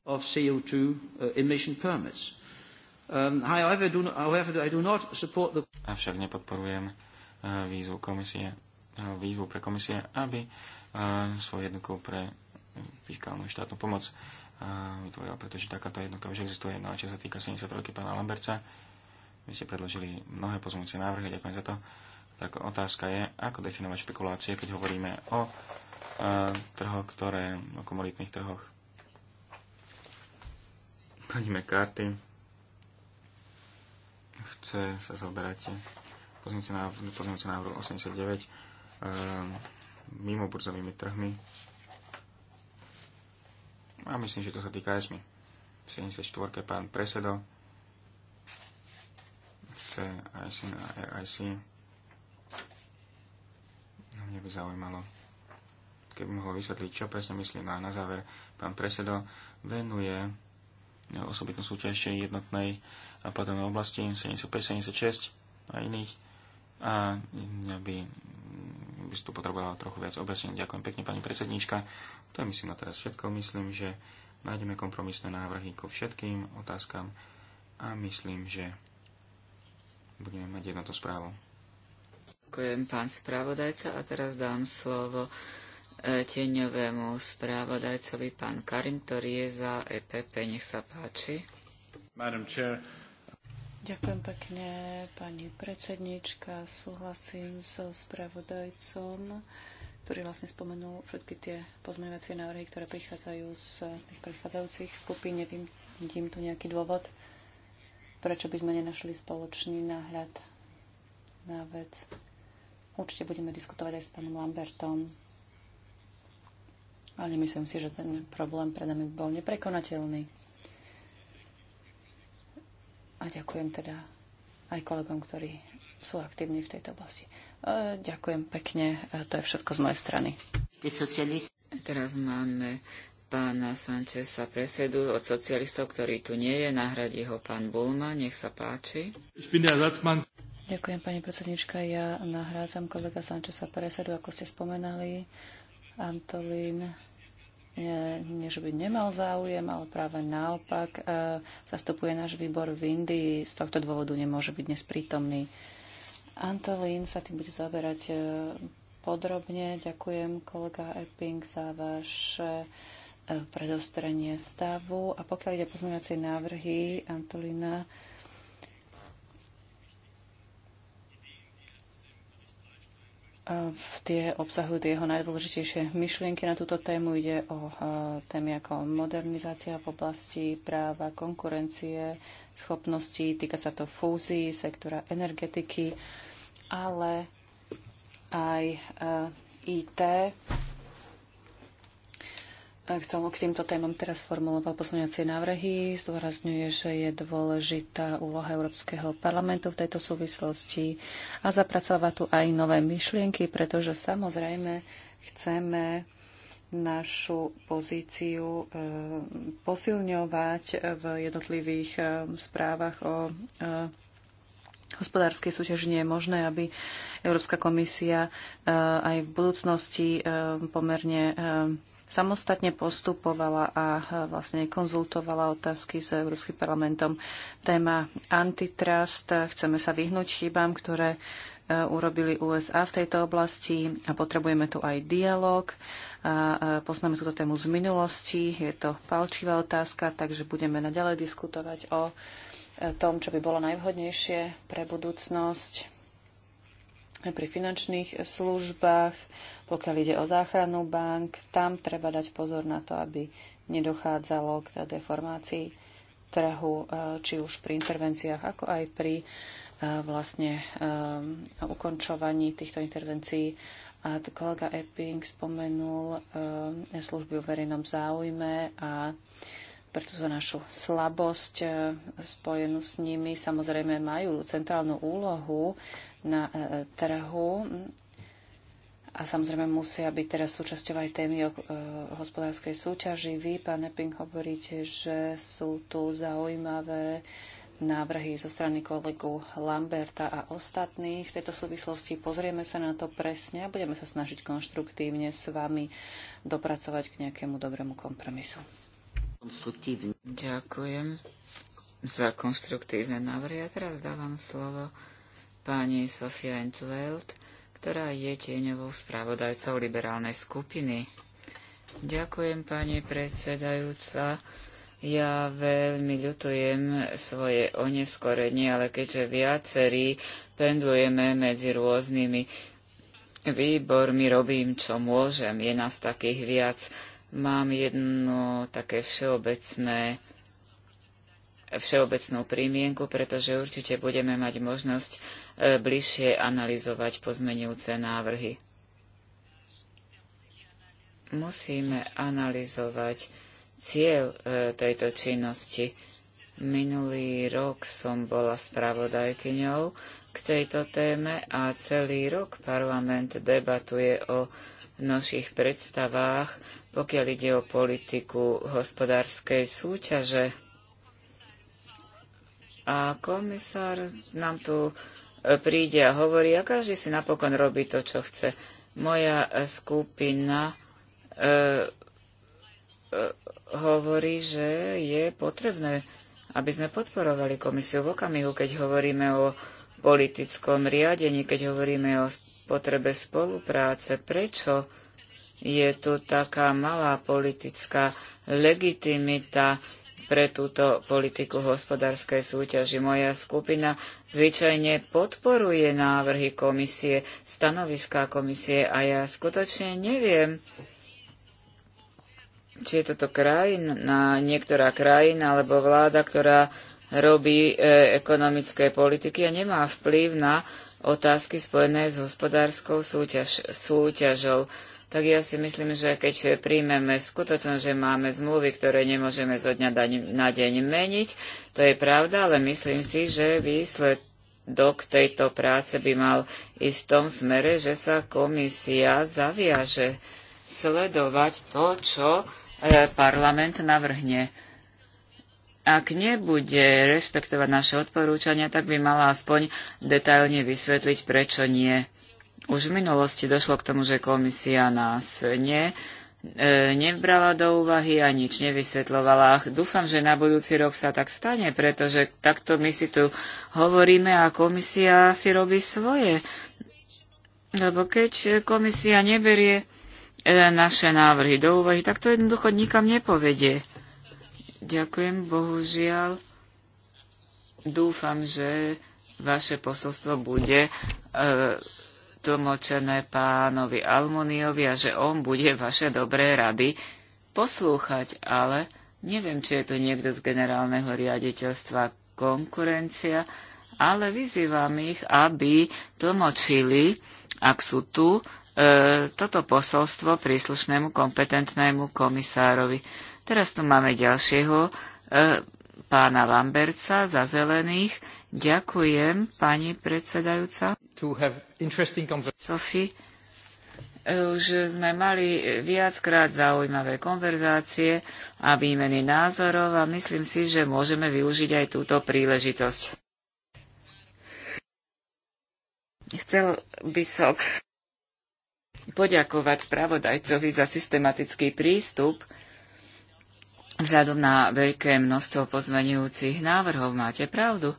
of CO2 uh, emission permits. Um, however, do, not, however, I do not support the... Avšak nepodporujem uh, výzvu, komisie, uh, výzvu pre komisie, aby uh, svoju jednotku pre fiskálnu štátnu pomoc uh, vytvorila, pretože takáto jednotka už existuje. No a čo sa týka 73. pána Lamberca, vy ste predložili mnohé pozmúcie návrhy, ďakujem za to. Tak otázka je, ako definovať špekulácie, keď hovoríme o uh, trhoch, ktoré, o komoditných trhoch, karty. V chce sa Pozmite na návrhu 89 mimo burzovými trhmi. A myslím, že to sa týka ESMI. V 74. pán presedo C IC na RIC. Mne by zaujímalo, keby mohol vysvetliť, čo presne myslím, no a na záver pán presedo venuje osobitnú súťaž jednotnej a potom oblasti 7576 a iných a by, by tu potrebovala trochu viac objasnení. Ďakujem pekne, pani predsednička. To je myslím na teraz všetko. Myslím, že nájdeme kompromisné návrhy ko všetkým otázkam a myslím, že budeme mať jednotnú správu. Ďakujem, pán spravodajca, a teraz dám slovo E, tieňovému správodajcovi pán Karim, ktorý je za EPP. Nech sa páči. Ďakujem pekne, pani predsednička. Súhlasím so spravodajcom, ktorý vlastne spomenul všetky tie pozmeňovacie návrhy, ktoré prichádzajú z tých prichádzajúcich skupín. Nevím, vidím tu nejaký dôvod, prečo by sme nenašli spoločný náhľad na vec. Určite budeme diskutovať aj s pánom Lambertom ale myslím si, že ten problém pred nami bol neprekonateľný. A ďakujem teda aj kolegom, ktorí sú aktívni v tejto oblasti. E, ďakujem pekne, e, to je všetko z mojej strany. Teraz máme pána Sančesa presedu od socialistov, ktorý tu nie je. Nahradí ho pán Bulma. Nech sa páči. Ďakujem, pani predsednička. Ja nahrádzam kolega Sančesa presedu, ako ste spomenali. Antolín nie, že by nemal záujem, ale práve naopak e, zastupuje náš výbor v Indii. Z tohto dôvodu nemôže byť dnes prítomný. Antolín sa tým bude zaberať e, podrobne. Ďakujem kolega Epping za vaše e, predostrenie stavu. A pokiaľ ide pozmeňovacie návrhy Antolína, v tie obsahujú tie jeho najdôležitejšie myšlienky na túto tému. Ide o e, témy ako modernizácia v oblasti práva, konkurencie, schopnosti, týka sa to fúzií, sektora energetiky, ale aj IT, e, k, tomu, k týmto témam teraz formuloval pozmeňacie návrhy. Zdôrazňuje, že je dôležitá úloha Európskeho parlamentu v tejto súvislosti a zapracovať tu aj nové myšlienky, pretože samozrejme chceme našu pozíciu e, posilňovať v jednotlivých e, správach o e, hospodárskej súťaži nie je možné, aby Európska komisia aj v budúcnosti pomerne samostatne postupovala a e, vlastne konzultovala otázky s Európskym parlamentom. Téma antitrust, e, chceme sa vyhnúť chybám, ktoré e, urobili USA v tejto oblasti a potrebujeme tu aj dialog. A poznáme túto tému z minulosti, je to palčivá otázka, takže budeme naďalej diskutovať o tom, čo by bolo najvhodnejšie pre budúcnosť pri finančných službách, pokiaľ ide o záchranu bank, tam treba dať pozor na to, aby nedochádzalo k deformácii trhu, e, či už pri intervenciách, ako aj pri e, vlastne e, ukončovaní týchto intervencií. A kolega Epping spomenul služby v verejnom záujme a pre túto našu slabosť e, spojenú s nimi. Samozrejme majú centrálnu úlohu na e, trhu a samozrejme musia byť teraz súčasťou aj témy o e, hospodárskej súťaži. Vy, pán Epping, hovoríte, že sú tu zaujímavé návrhy zo strany kolegu Lamberta a ostatných. V tejto súvislosti pozrieme sa na to presne a budeme sa snažiť konštruktívne s vami dopracovať k nejakému dobrému kompromisu. Ďakujem za konštruktívne návrhy. Ja teraz dávam slovo pani Sofia Entveld, ktorá je tieňovou správodajcou liberálnej skupiny. Ďakujem, pani predsedajúca. Ja veľmi ľutujem svoje oneskorenie, ale keďže viacerí pendlujeme medzi rôznymi výbormi, robím, čo môžem. Je nás takých viac. Mám jednu také všeobecné všeobecnú prímienku, pretože určite budeme mať možnosť e, bližšie analyzovať pozmenujúce návrhy. Musíme analyzovať cieľ e, tejto činnosti. Minulý rok som bola spravodajkyňou k tejto téme a celý rok parlament debatuje o našich predstavách pokiaľ ide o politiku hospodárskej súťaže. A komisár nám tu e, príde a hovorí, a každý si napokon robí to, čo chce. Moja skupina e, e, hovorí, že je potrebné, aby sme podporovali komisiu v okamihu, keď hovoríme o politickom riadení, keď hovoríme o potrebe spolupráce. Prečo je tu taká malá politická legitimita pre túto politiku hospodárskej súťaži. Moja skupina zvyčajne podporuje návrhy komisie, stanoviská komisie a ja skutočne neviem, či je toto krajina, niektorá krajina alebo vláda, ktorá robí e, ekonomické politiky a nemá vplyv na otázky spojené s hospodárskou súťaž, súťažou tak ja si myslím, že keď príjmeme skutočnosť, že máme zmluvy, ktoré nemôžeme zo dňa na deň meniť, to je pravda, ale myslím si, že výsledok tejto práce by mal ísť v tom smere, že sa komisia zaviaže sledovať to, čo e, parlament navrhne. Ak nebude rešpektovať naše odporúčania, tak by mala aspoň detailne vysvetliť, prečo nie. Už v minulosti došlo k tomu, že komisia nás ne, e, nebrala do úvahy a nič nevysvetlovala. Dúfam, že na budúci rok sa tak stane, pretože takto my si tu hovoríme a komisia si robí svoje. Lebo keď komisia neberie e, naše návrhy do úvahy, tak to jednoducho nikam nepovedie. Ďakujem, bohužiaľ. Dúfam, že vaše posolstvo bude e, tlmočené pánovi Almoniovi a že on bude vaše dobré rady poslúchať, ale neviem, či je tu niekto z generálneho riaditeľstva konkurencia, ale vyzývam ich, aby tlmočili, ak sú tu, e, toto posolstvo príslušnému kompetentnému komisárovi. Teraz tu máme ďalšieho e, pána Lamberca za zelených, Ďakujem, pani predsedajúca. Sophie, eh, už sme mali viackrát zaujímavé konverzácie a výmeny názorov a myslím si, že môžeme využiť aj túto príležitosť. Chcel by som poďakovať spravodajcovi za systematický prístup. Vzhľadom na veľké množstvo pozmenujúcich návrhov máte pravdu.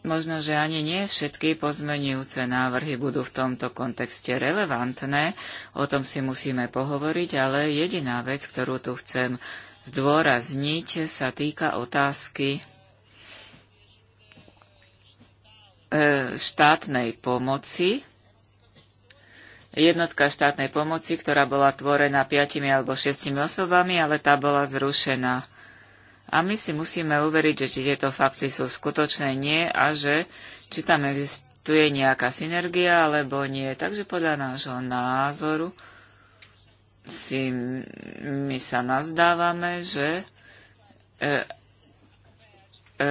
Možno, že ani nie všetky pozmenujúce návrhy budú v tomto kontexte relevantné, o tom si musíme pohovoriť, ale jediná vec, ktorú tu chcem zdôrazniť, sa týka otázky e, štátnej pomoci, jednotka štátnej pomoci, ktorá bola tvorená piatimi alebo šestimi osobami, ale tá bola zrušená. A my si musíme uveriť, že či tieto fakty sú skutočné, nie a že či tam existuje nejaká synergia alebo nie. Takže podľa nášho názoru si my sa nazdávame, že e, e,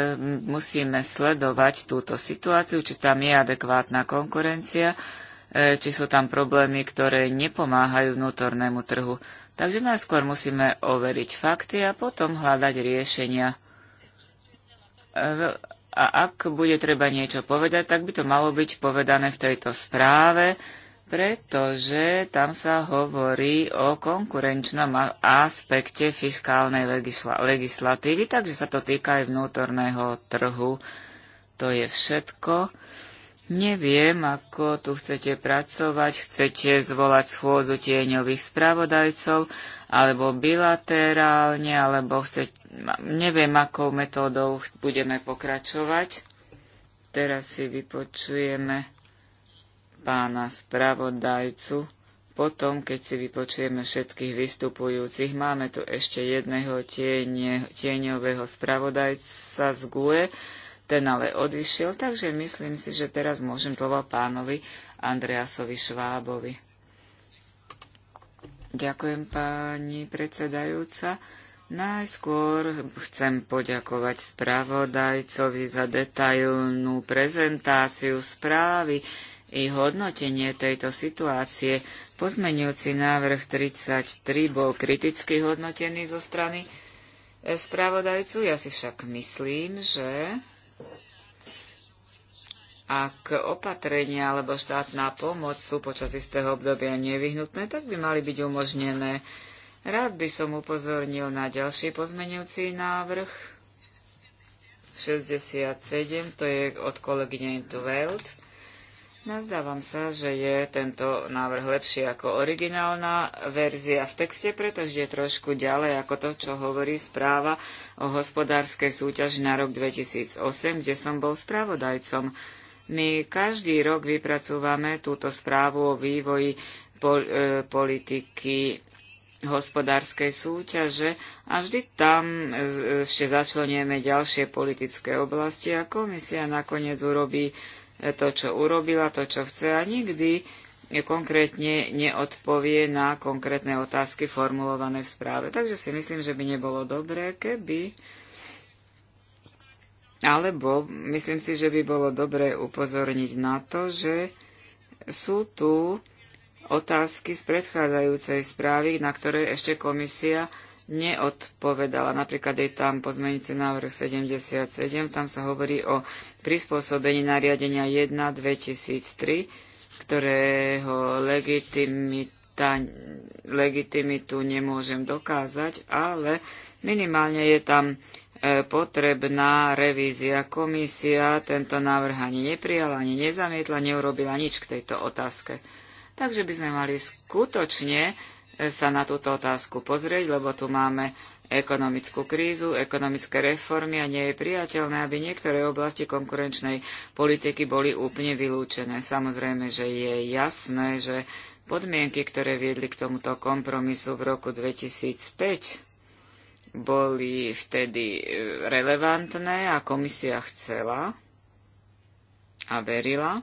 musíme sledovať túto situáciu, či tam je adekvátna konkurencia, e, či sú tam problémy, ktoré nepomáhajú vnútornému trhu. Takže najskôr musíme overiť fakty a potom hľadať riešenia. A ak bude treba niečo povedať, tak by to malo byť povedané v tejto správe, pretože tam sa hovorí o konkurenčnom aspekte fiskálnej legisla- legislatívy, takže sa to týka aj vnútorného trhu. To je všetko. Neviem, ako tu chcete pracovať, chcete zvolať schôdzu tieňových spravodajcov, alebo bilaterálne, alebo chcete... Neviem, akou metódou budeme pokračovať. Teraz si vypočujeme pána spravodajcu. Potom, keď si vypočujeme všetkých vystupujúcich, máme tu ešte jedného tieňového spravodajca z GUE, ten ale odišiel, takže myslím si, že teraz môžem slova pánovi Andreasovi Švábovi. Ďakujem pani predsedajúca. Najskôr chcem poďakovať spravodajcovi za detailnú prezentáciu správy i hodnotenie tejto situácie. Pozmenujúci návrh 33 bol kriticky hodnotený zo strany spravodajcu. Ja si však myslím, že ak opatrenia alebo štátna pomoc sú počas istého obdobia nevyhnutné, tak by mali byť umožnené. Rád by som upozornil na ďalší pozmenujúci návrh 67, to je od kolegyne Intveld. Nazdávam sa, že je tento návrh lepší ako originálna verzia v texte, pretože je trošku ďalej ako to, čo hovorí správa o hospodárskej súťaži na rok 2008, kde som bol spravodajcom. My každý rok vypracúvame túto správu o vývoji pol, e, politiky hospodárskej súťaže a vždy tam e, ešte začlenieme ďalšie politické oblasti a komisia nakoniec urobí e, to, čo urobila, to, čo chce a nikdy konkrétne neodpovie na konkrétne otázky formulované v správe. Takže si myslím, že by nebolo dobré, keby alebo myslím si, že by bolo dobré upozorniť na to, že sú tu otázky z predchádzajúcej správy, na ktoré ešte komisia neodpovedala. Napríklad je tam pozmenice návrh 77, tam sa hovorí o prispôsobení nariadenia 1 2003, ktorého legitimita, legitimitu nemôžem dokázať, ale minimálne je tam E, potrebná revízia. Komisia tento návrh ani neprijala, ani nezamietla, neurobila nič k tejto otázke. Takže by sme mali skutočne e, sa na túto otázku pozrieť, lebo tu máme ekonomickú krízu, ekonomické reformy a nie je priateľné, aby niektoré oblasti konkurenčnej politiky boli úplne vylúčené. Samozrejme, že je jasné, že podmienky, ktoré viedli k tomuto kompromisu v roku 2005 boli vtedy e, relevantné a komisia chcela a verila,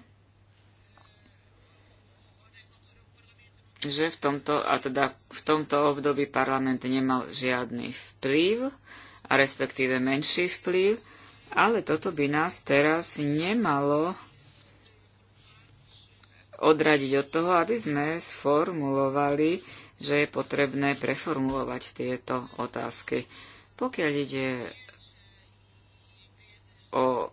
že v tomto, a teda v tomto období parlament nemal žiadny vplyv, a respektíve menší vplyv, ale toto by nás teraz nemalo odradiť od toho, aby sme sformulovali že je potrebné preformulovať tieto otázky. Pokiaľ ide o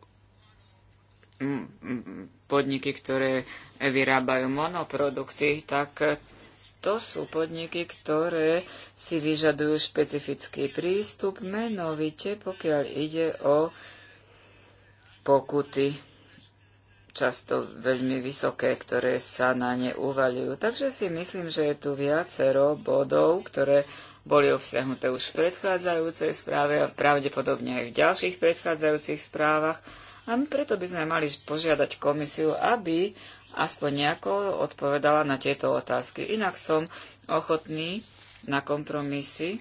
podniky, ktoré vyrábajú monoprodukty, tak to sú podniky, ktoré si vyžadujú špecifický prístup, menovite pokiaľ ide o pokuty často veľmi vysoké, ktoré sa na ne uvaľujú. Takže si myslím, že je tu viacero bodov, ktoré boli obsiahnuté už v predchádzajúcej správe a pravdepodobne aj v ďalších predchádzajúcich správach. A preto by sme mali požiadať komisiu, aby aspoň nejako odpovedala na tieto otázky. Inak som ochotný na kompromisy.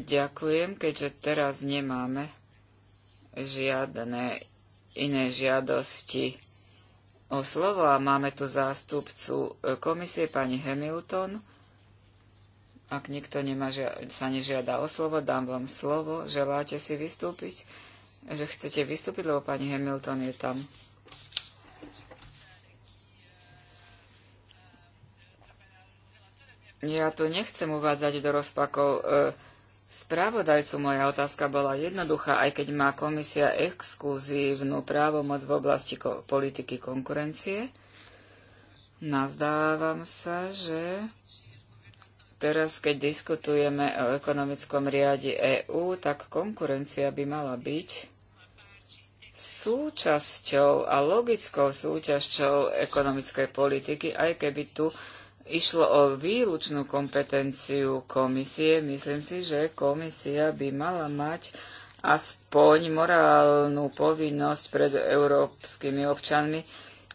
Ďakujem, keďže teraz nemáme žiadne iné žiadosti o slovo a máme tu zástupcu e, komisie pani Hamilton. Ak nikto nemá, sa nežiada o slovo, dám vám slovo. Želáte si vystúpiť? Že chcete vystúpiť, lebo pani Hamilton je tam. Ja tu nechcem uvádzať do rozpakov uh, spravodajcu. Moja otázka bola jednoduchá, aj keď má komisia exkluzívnu právomoc v oblasti ko- politiky konkurencie. Nazdávam sa, že teraz, keď diskutujeme o ekonomickom riade EÚ, tak konkurencia by mala byť súčasťou a logickou súčasťou ekonomickej politiky, aj keby tu išlo o výlučnú kompetenciu komisie, myslím si, že komisia by mala mať aspoň morálnu povinnosť pred európskymi občanmi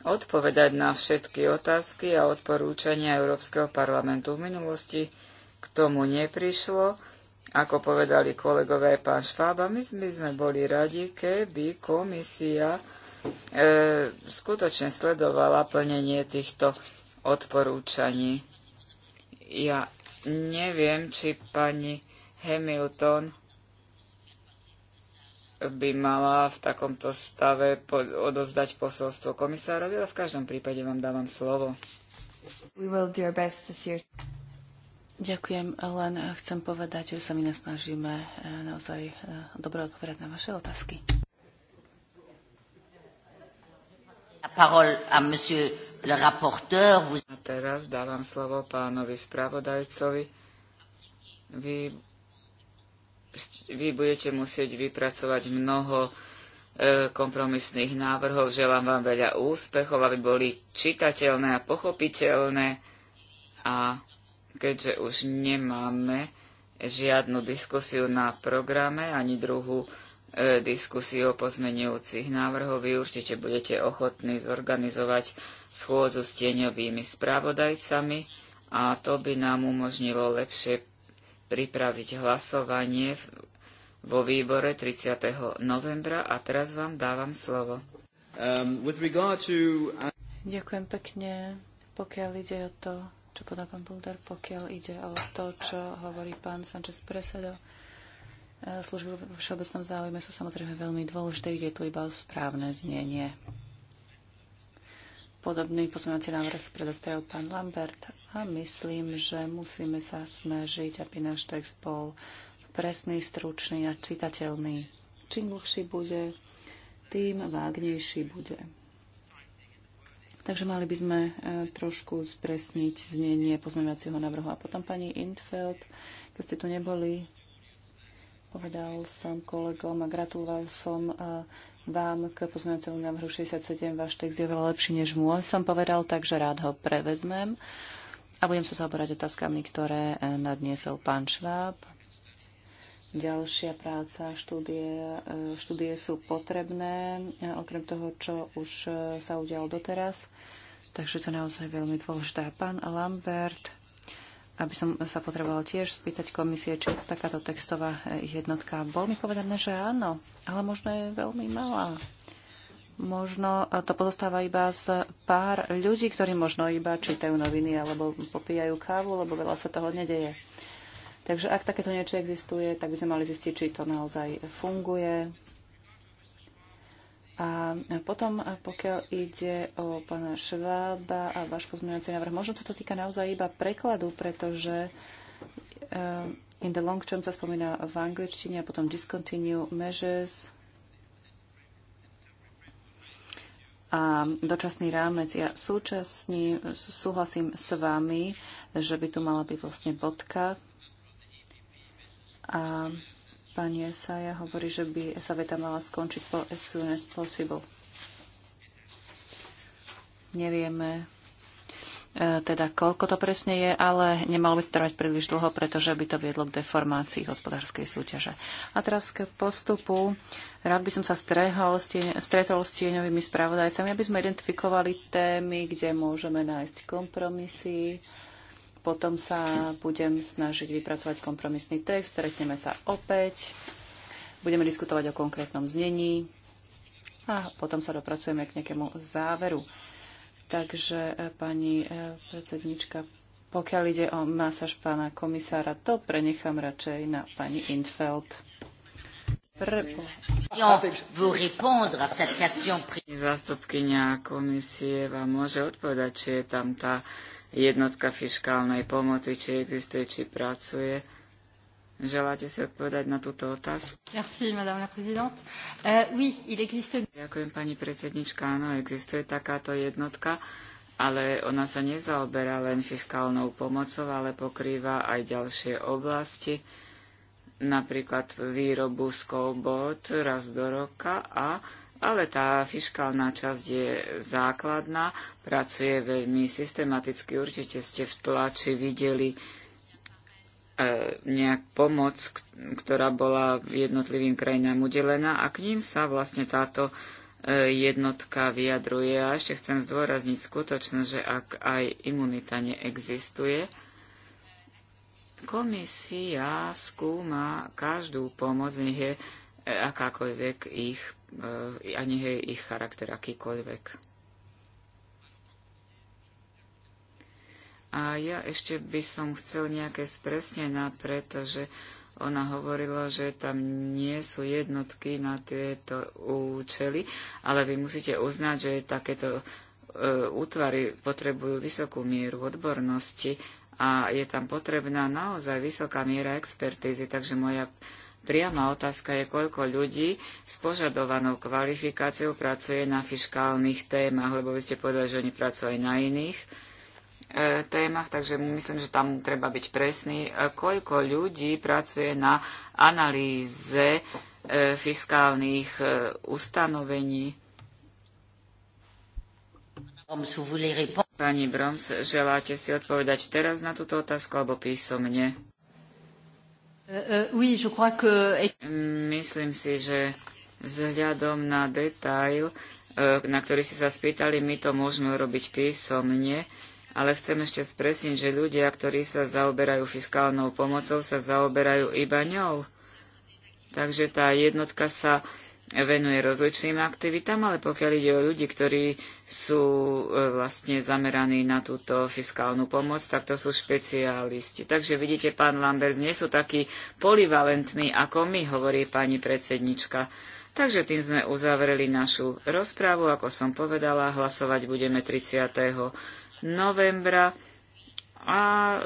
odpovedať na všetky otázky a odporúčania Európskeho parlamentu. V minulosti k tomu neprišlo. Ako povedali kolegové pán Švába, my sme boli radi, keby komisia e, skutočne sledovala plnenie týchto odporúčaní. Ja neviem, či pani Hamilton by mala v takomto stave odozdať posolstvo komisárovi, ale v každom prípade vám dávam slovo. We will do our best this year. Ďakujem, len chcem povedať, že sa my nasnažíme eh, naozaj eh, dobre odpovedať na vaše otázky. La parole à monsieur a teraz dávam slovo pánovi spravodajcovi. Vy, vy budete musieť vypracovať mnoho e, kompromisných návrhov. Želám vám veľa úspechov, aby boli čitateľné a pochopiteľné. A keďže už nemáme žiadnu diskusiu na programe ani druhú E, diskusiu o pozmenujúcich návrhoch. Vy určite budete ochotní zorganizovať schôdzu s tieňovými spravodajcami a to by nám umožnilo lepšie pripraviť hlasovanie vo výbore 30. novembra a teraz vám dávam slovo. Um, to... Uh, Ďakujem pekne. Pokiaľ ide o to, čo podá pán Bulder, pokiaľ ide o to, čo hovorí pán Sanchez Presedo, Služby v všeobecnom záujme sú samozrejme veľmi dôležité, ide tu iba o správne znenie. Podobný pozmeňovací návrh predostrel pán Lambert a myslím, že musíme sa snažiť, aby náš text bol presný, stručný a čitateľný. Čím dlhší bude, tým vágnejší bude. Takže mali by sme e, trošku spresniť znenie pozmeňovacieho návrhu. A potom pani Intfeld, keď ste tu neboli, Povedal som kolegom a gratuloval som e, vám k pozmeňujúcemu návrhu 67. Váš text je veľa lepší než môj, som povedal, takže rád ho prevezmem. A budem sa zaoberať otázkami, ktoré e, nadniesol pán Šváb. Ďalšia práca, štúdie, e, štúdie sú potrebné, okrem toho, čo už sa udialo doteraz. Takže to naozaj veľmi dôležité. Pán Lambert aby som sa potrebovala tiež spýtať komisie, či je to takáto textová eh, jednotka. Bol mi povedané, že áno, ale možno je veľmi malá. Možno eh, to pozostáva iba z pár ľudí, ktorí možno iba čítajú noviny alebo popíjajú kávu, lebo veľa sa toho nedeje. Takže ak takéto niečo existuje, tak by sme mali zistiť, či to naozaj funguje, a potom, pokiaľ ide o pána Švába a váš pozmeňovací návrh, možno sa to týka naozaj iba prekladu, pretože eh, in the long term sa spomína v angličtine a potom discontinue measures a dočasný rámec. Ja súčasne súhlasím s vami, že by tu mala byť vlastne bodka. A Pani Esaja hovorí, že by sa veta mala skončiť po as soon as possible. Nevieme, e, teda koľko to presne je, ale nemalo by to trvať príliš dlho, pretože by to viedlo k deformácii hospodárskej súťaže. A teraz k postupu. Rád by som sa strehol, stieň, stretol s tieňovými spravodajcami, aby sme identifikovali témy, kde môžeme nájsť kompromisy, potom sa budem snažiť vypracovať kompromisný text, stretneme sa opäť, budeme diskutovať o konkrétnom znení a potom sa dopracujeme k nejakému záveru. Takže, eh, pani eh, predsednička, pokiaľ ide o masáž pána komisára, to prenechám radšej na pani Infeld. Prvo. Zástupkynia komisie vám môže odpovedať, či je tam tá jednotka fiskálnej pomoci, či existuje, či pracuje. Želáte si odpovedať na túto otázku? Merci, madame la présidente. Uh, oui, il existe... Ďakujem, pani predsednička. Áno, existuje takáto jednotka, ale ona sa nezaoberá len fiskálnou pomocou, ale pokrýva aj ďalšie oblasti, napríklad výrobu skolbot raz do roka a ale tá fiskálna časť je základná, pracuje veľmi systematicky. Určite ste v tlači videli e, nejak pomoc, ktorá bola jednotlivým krajinám udelená a k ním sa vlastne táto e, jednotka vyjadruje. A ešte chcem zdôrazniť skutočnosť, že ak aj imunita neexistuje, komisia skúma každú pomoc, nech je E, akákoľvek ich, e, ani je ich charakter akýkoľvek. A ja ešte by som chcel nejaké spresnená, pretože ona hovorila, že tam nie sú jednotky na tieto účely, ale vy musíte uznať, že takéto e, útvary potrebujú vysokú mieru odbornosti a je tam potrebná naozaj vysoká miera expertízy, takže moja Priama otázka je, koľko ľudí s požadovanou kvalifikáciou pracuje na fiškálnych témach, lebo vy ste povedali, že oni pracujú aj na iných e, témach, takže myslím, že tam treba byť presný. E, koľko ľudí pracuje na analýze e, fiskálnych e, ustanovení? Pani Broms, želáte si odpovedať teraz na túto otázku alebo písomne? Eh, eh, Myslím si, že vzhľadom na detail, eh, na ktorý si sa spýtali, my to môžeme urobiť písomne, ale chcem ešte spresniť, že ľudia, ktorí sa zaoberajú fiskálnou pomocou, sa zaoberajú iba ňou. Takže tá jednotka sa venuje rozličným aktivitám, ale pokiaľ ide o ľudí, ktorí sú e, vlastne zameraní na túto fiskálnu pomoc, tak to sú špecialisti. Takže vidíte, pán Lambert, nie sú takí polivalentní, ako my, hovorí pani predsednička. Takže tým sme uzavreli našu rozprávu. Ako som povedala, hlasovať budeme 30. novembra a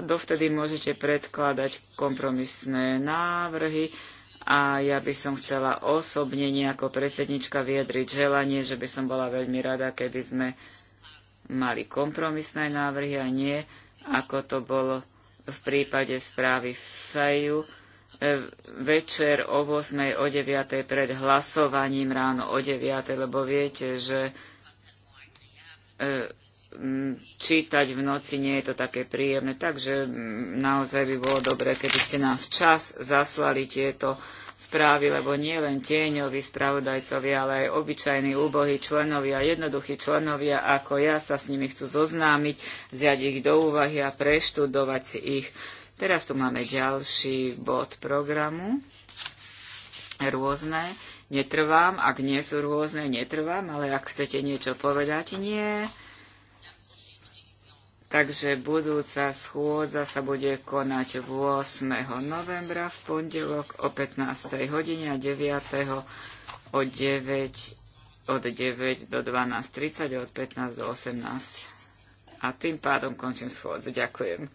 dovtedy môžete predkladať kompromisné návrhy a ja by som chcela osobne nejako predsednička vyjadriť želanie, že by som bola veľmi rada, keby sme mali kompromisné návrhy a nie, ako to bolo v prípade správy Feju, e, večer o 8. o 9. pred hlasovaním ráno o 9. lebo viete, že e, čítať v noci nie je to také príjemné, takže naozaj by bolo dobré, keby ste nám včas zaslali tieto správy, lebo nie len tieňoví spravodajcovia, ale aj obyčajní úbohí členovia, jednoduchí členovia ako ja sa s nimi chcú zoznámiť, zjať ich do úvahy a preštudovať si ich. Teraz tu máme ďalší bod programu. Rôzne. Netrvám, ak nie sú rôzne, netrvám, ale ak chcete niečo povedať, nie. Takže budúca schôdza sa bude konať 8. novembra v pondelok o 15. hodine a 9. o 9 od 9 do 12.30 od 15 do 18. A tým pádom končím schôdzu. Ďakujem.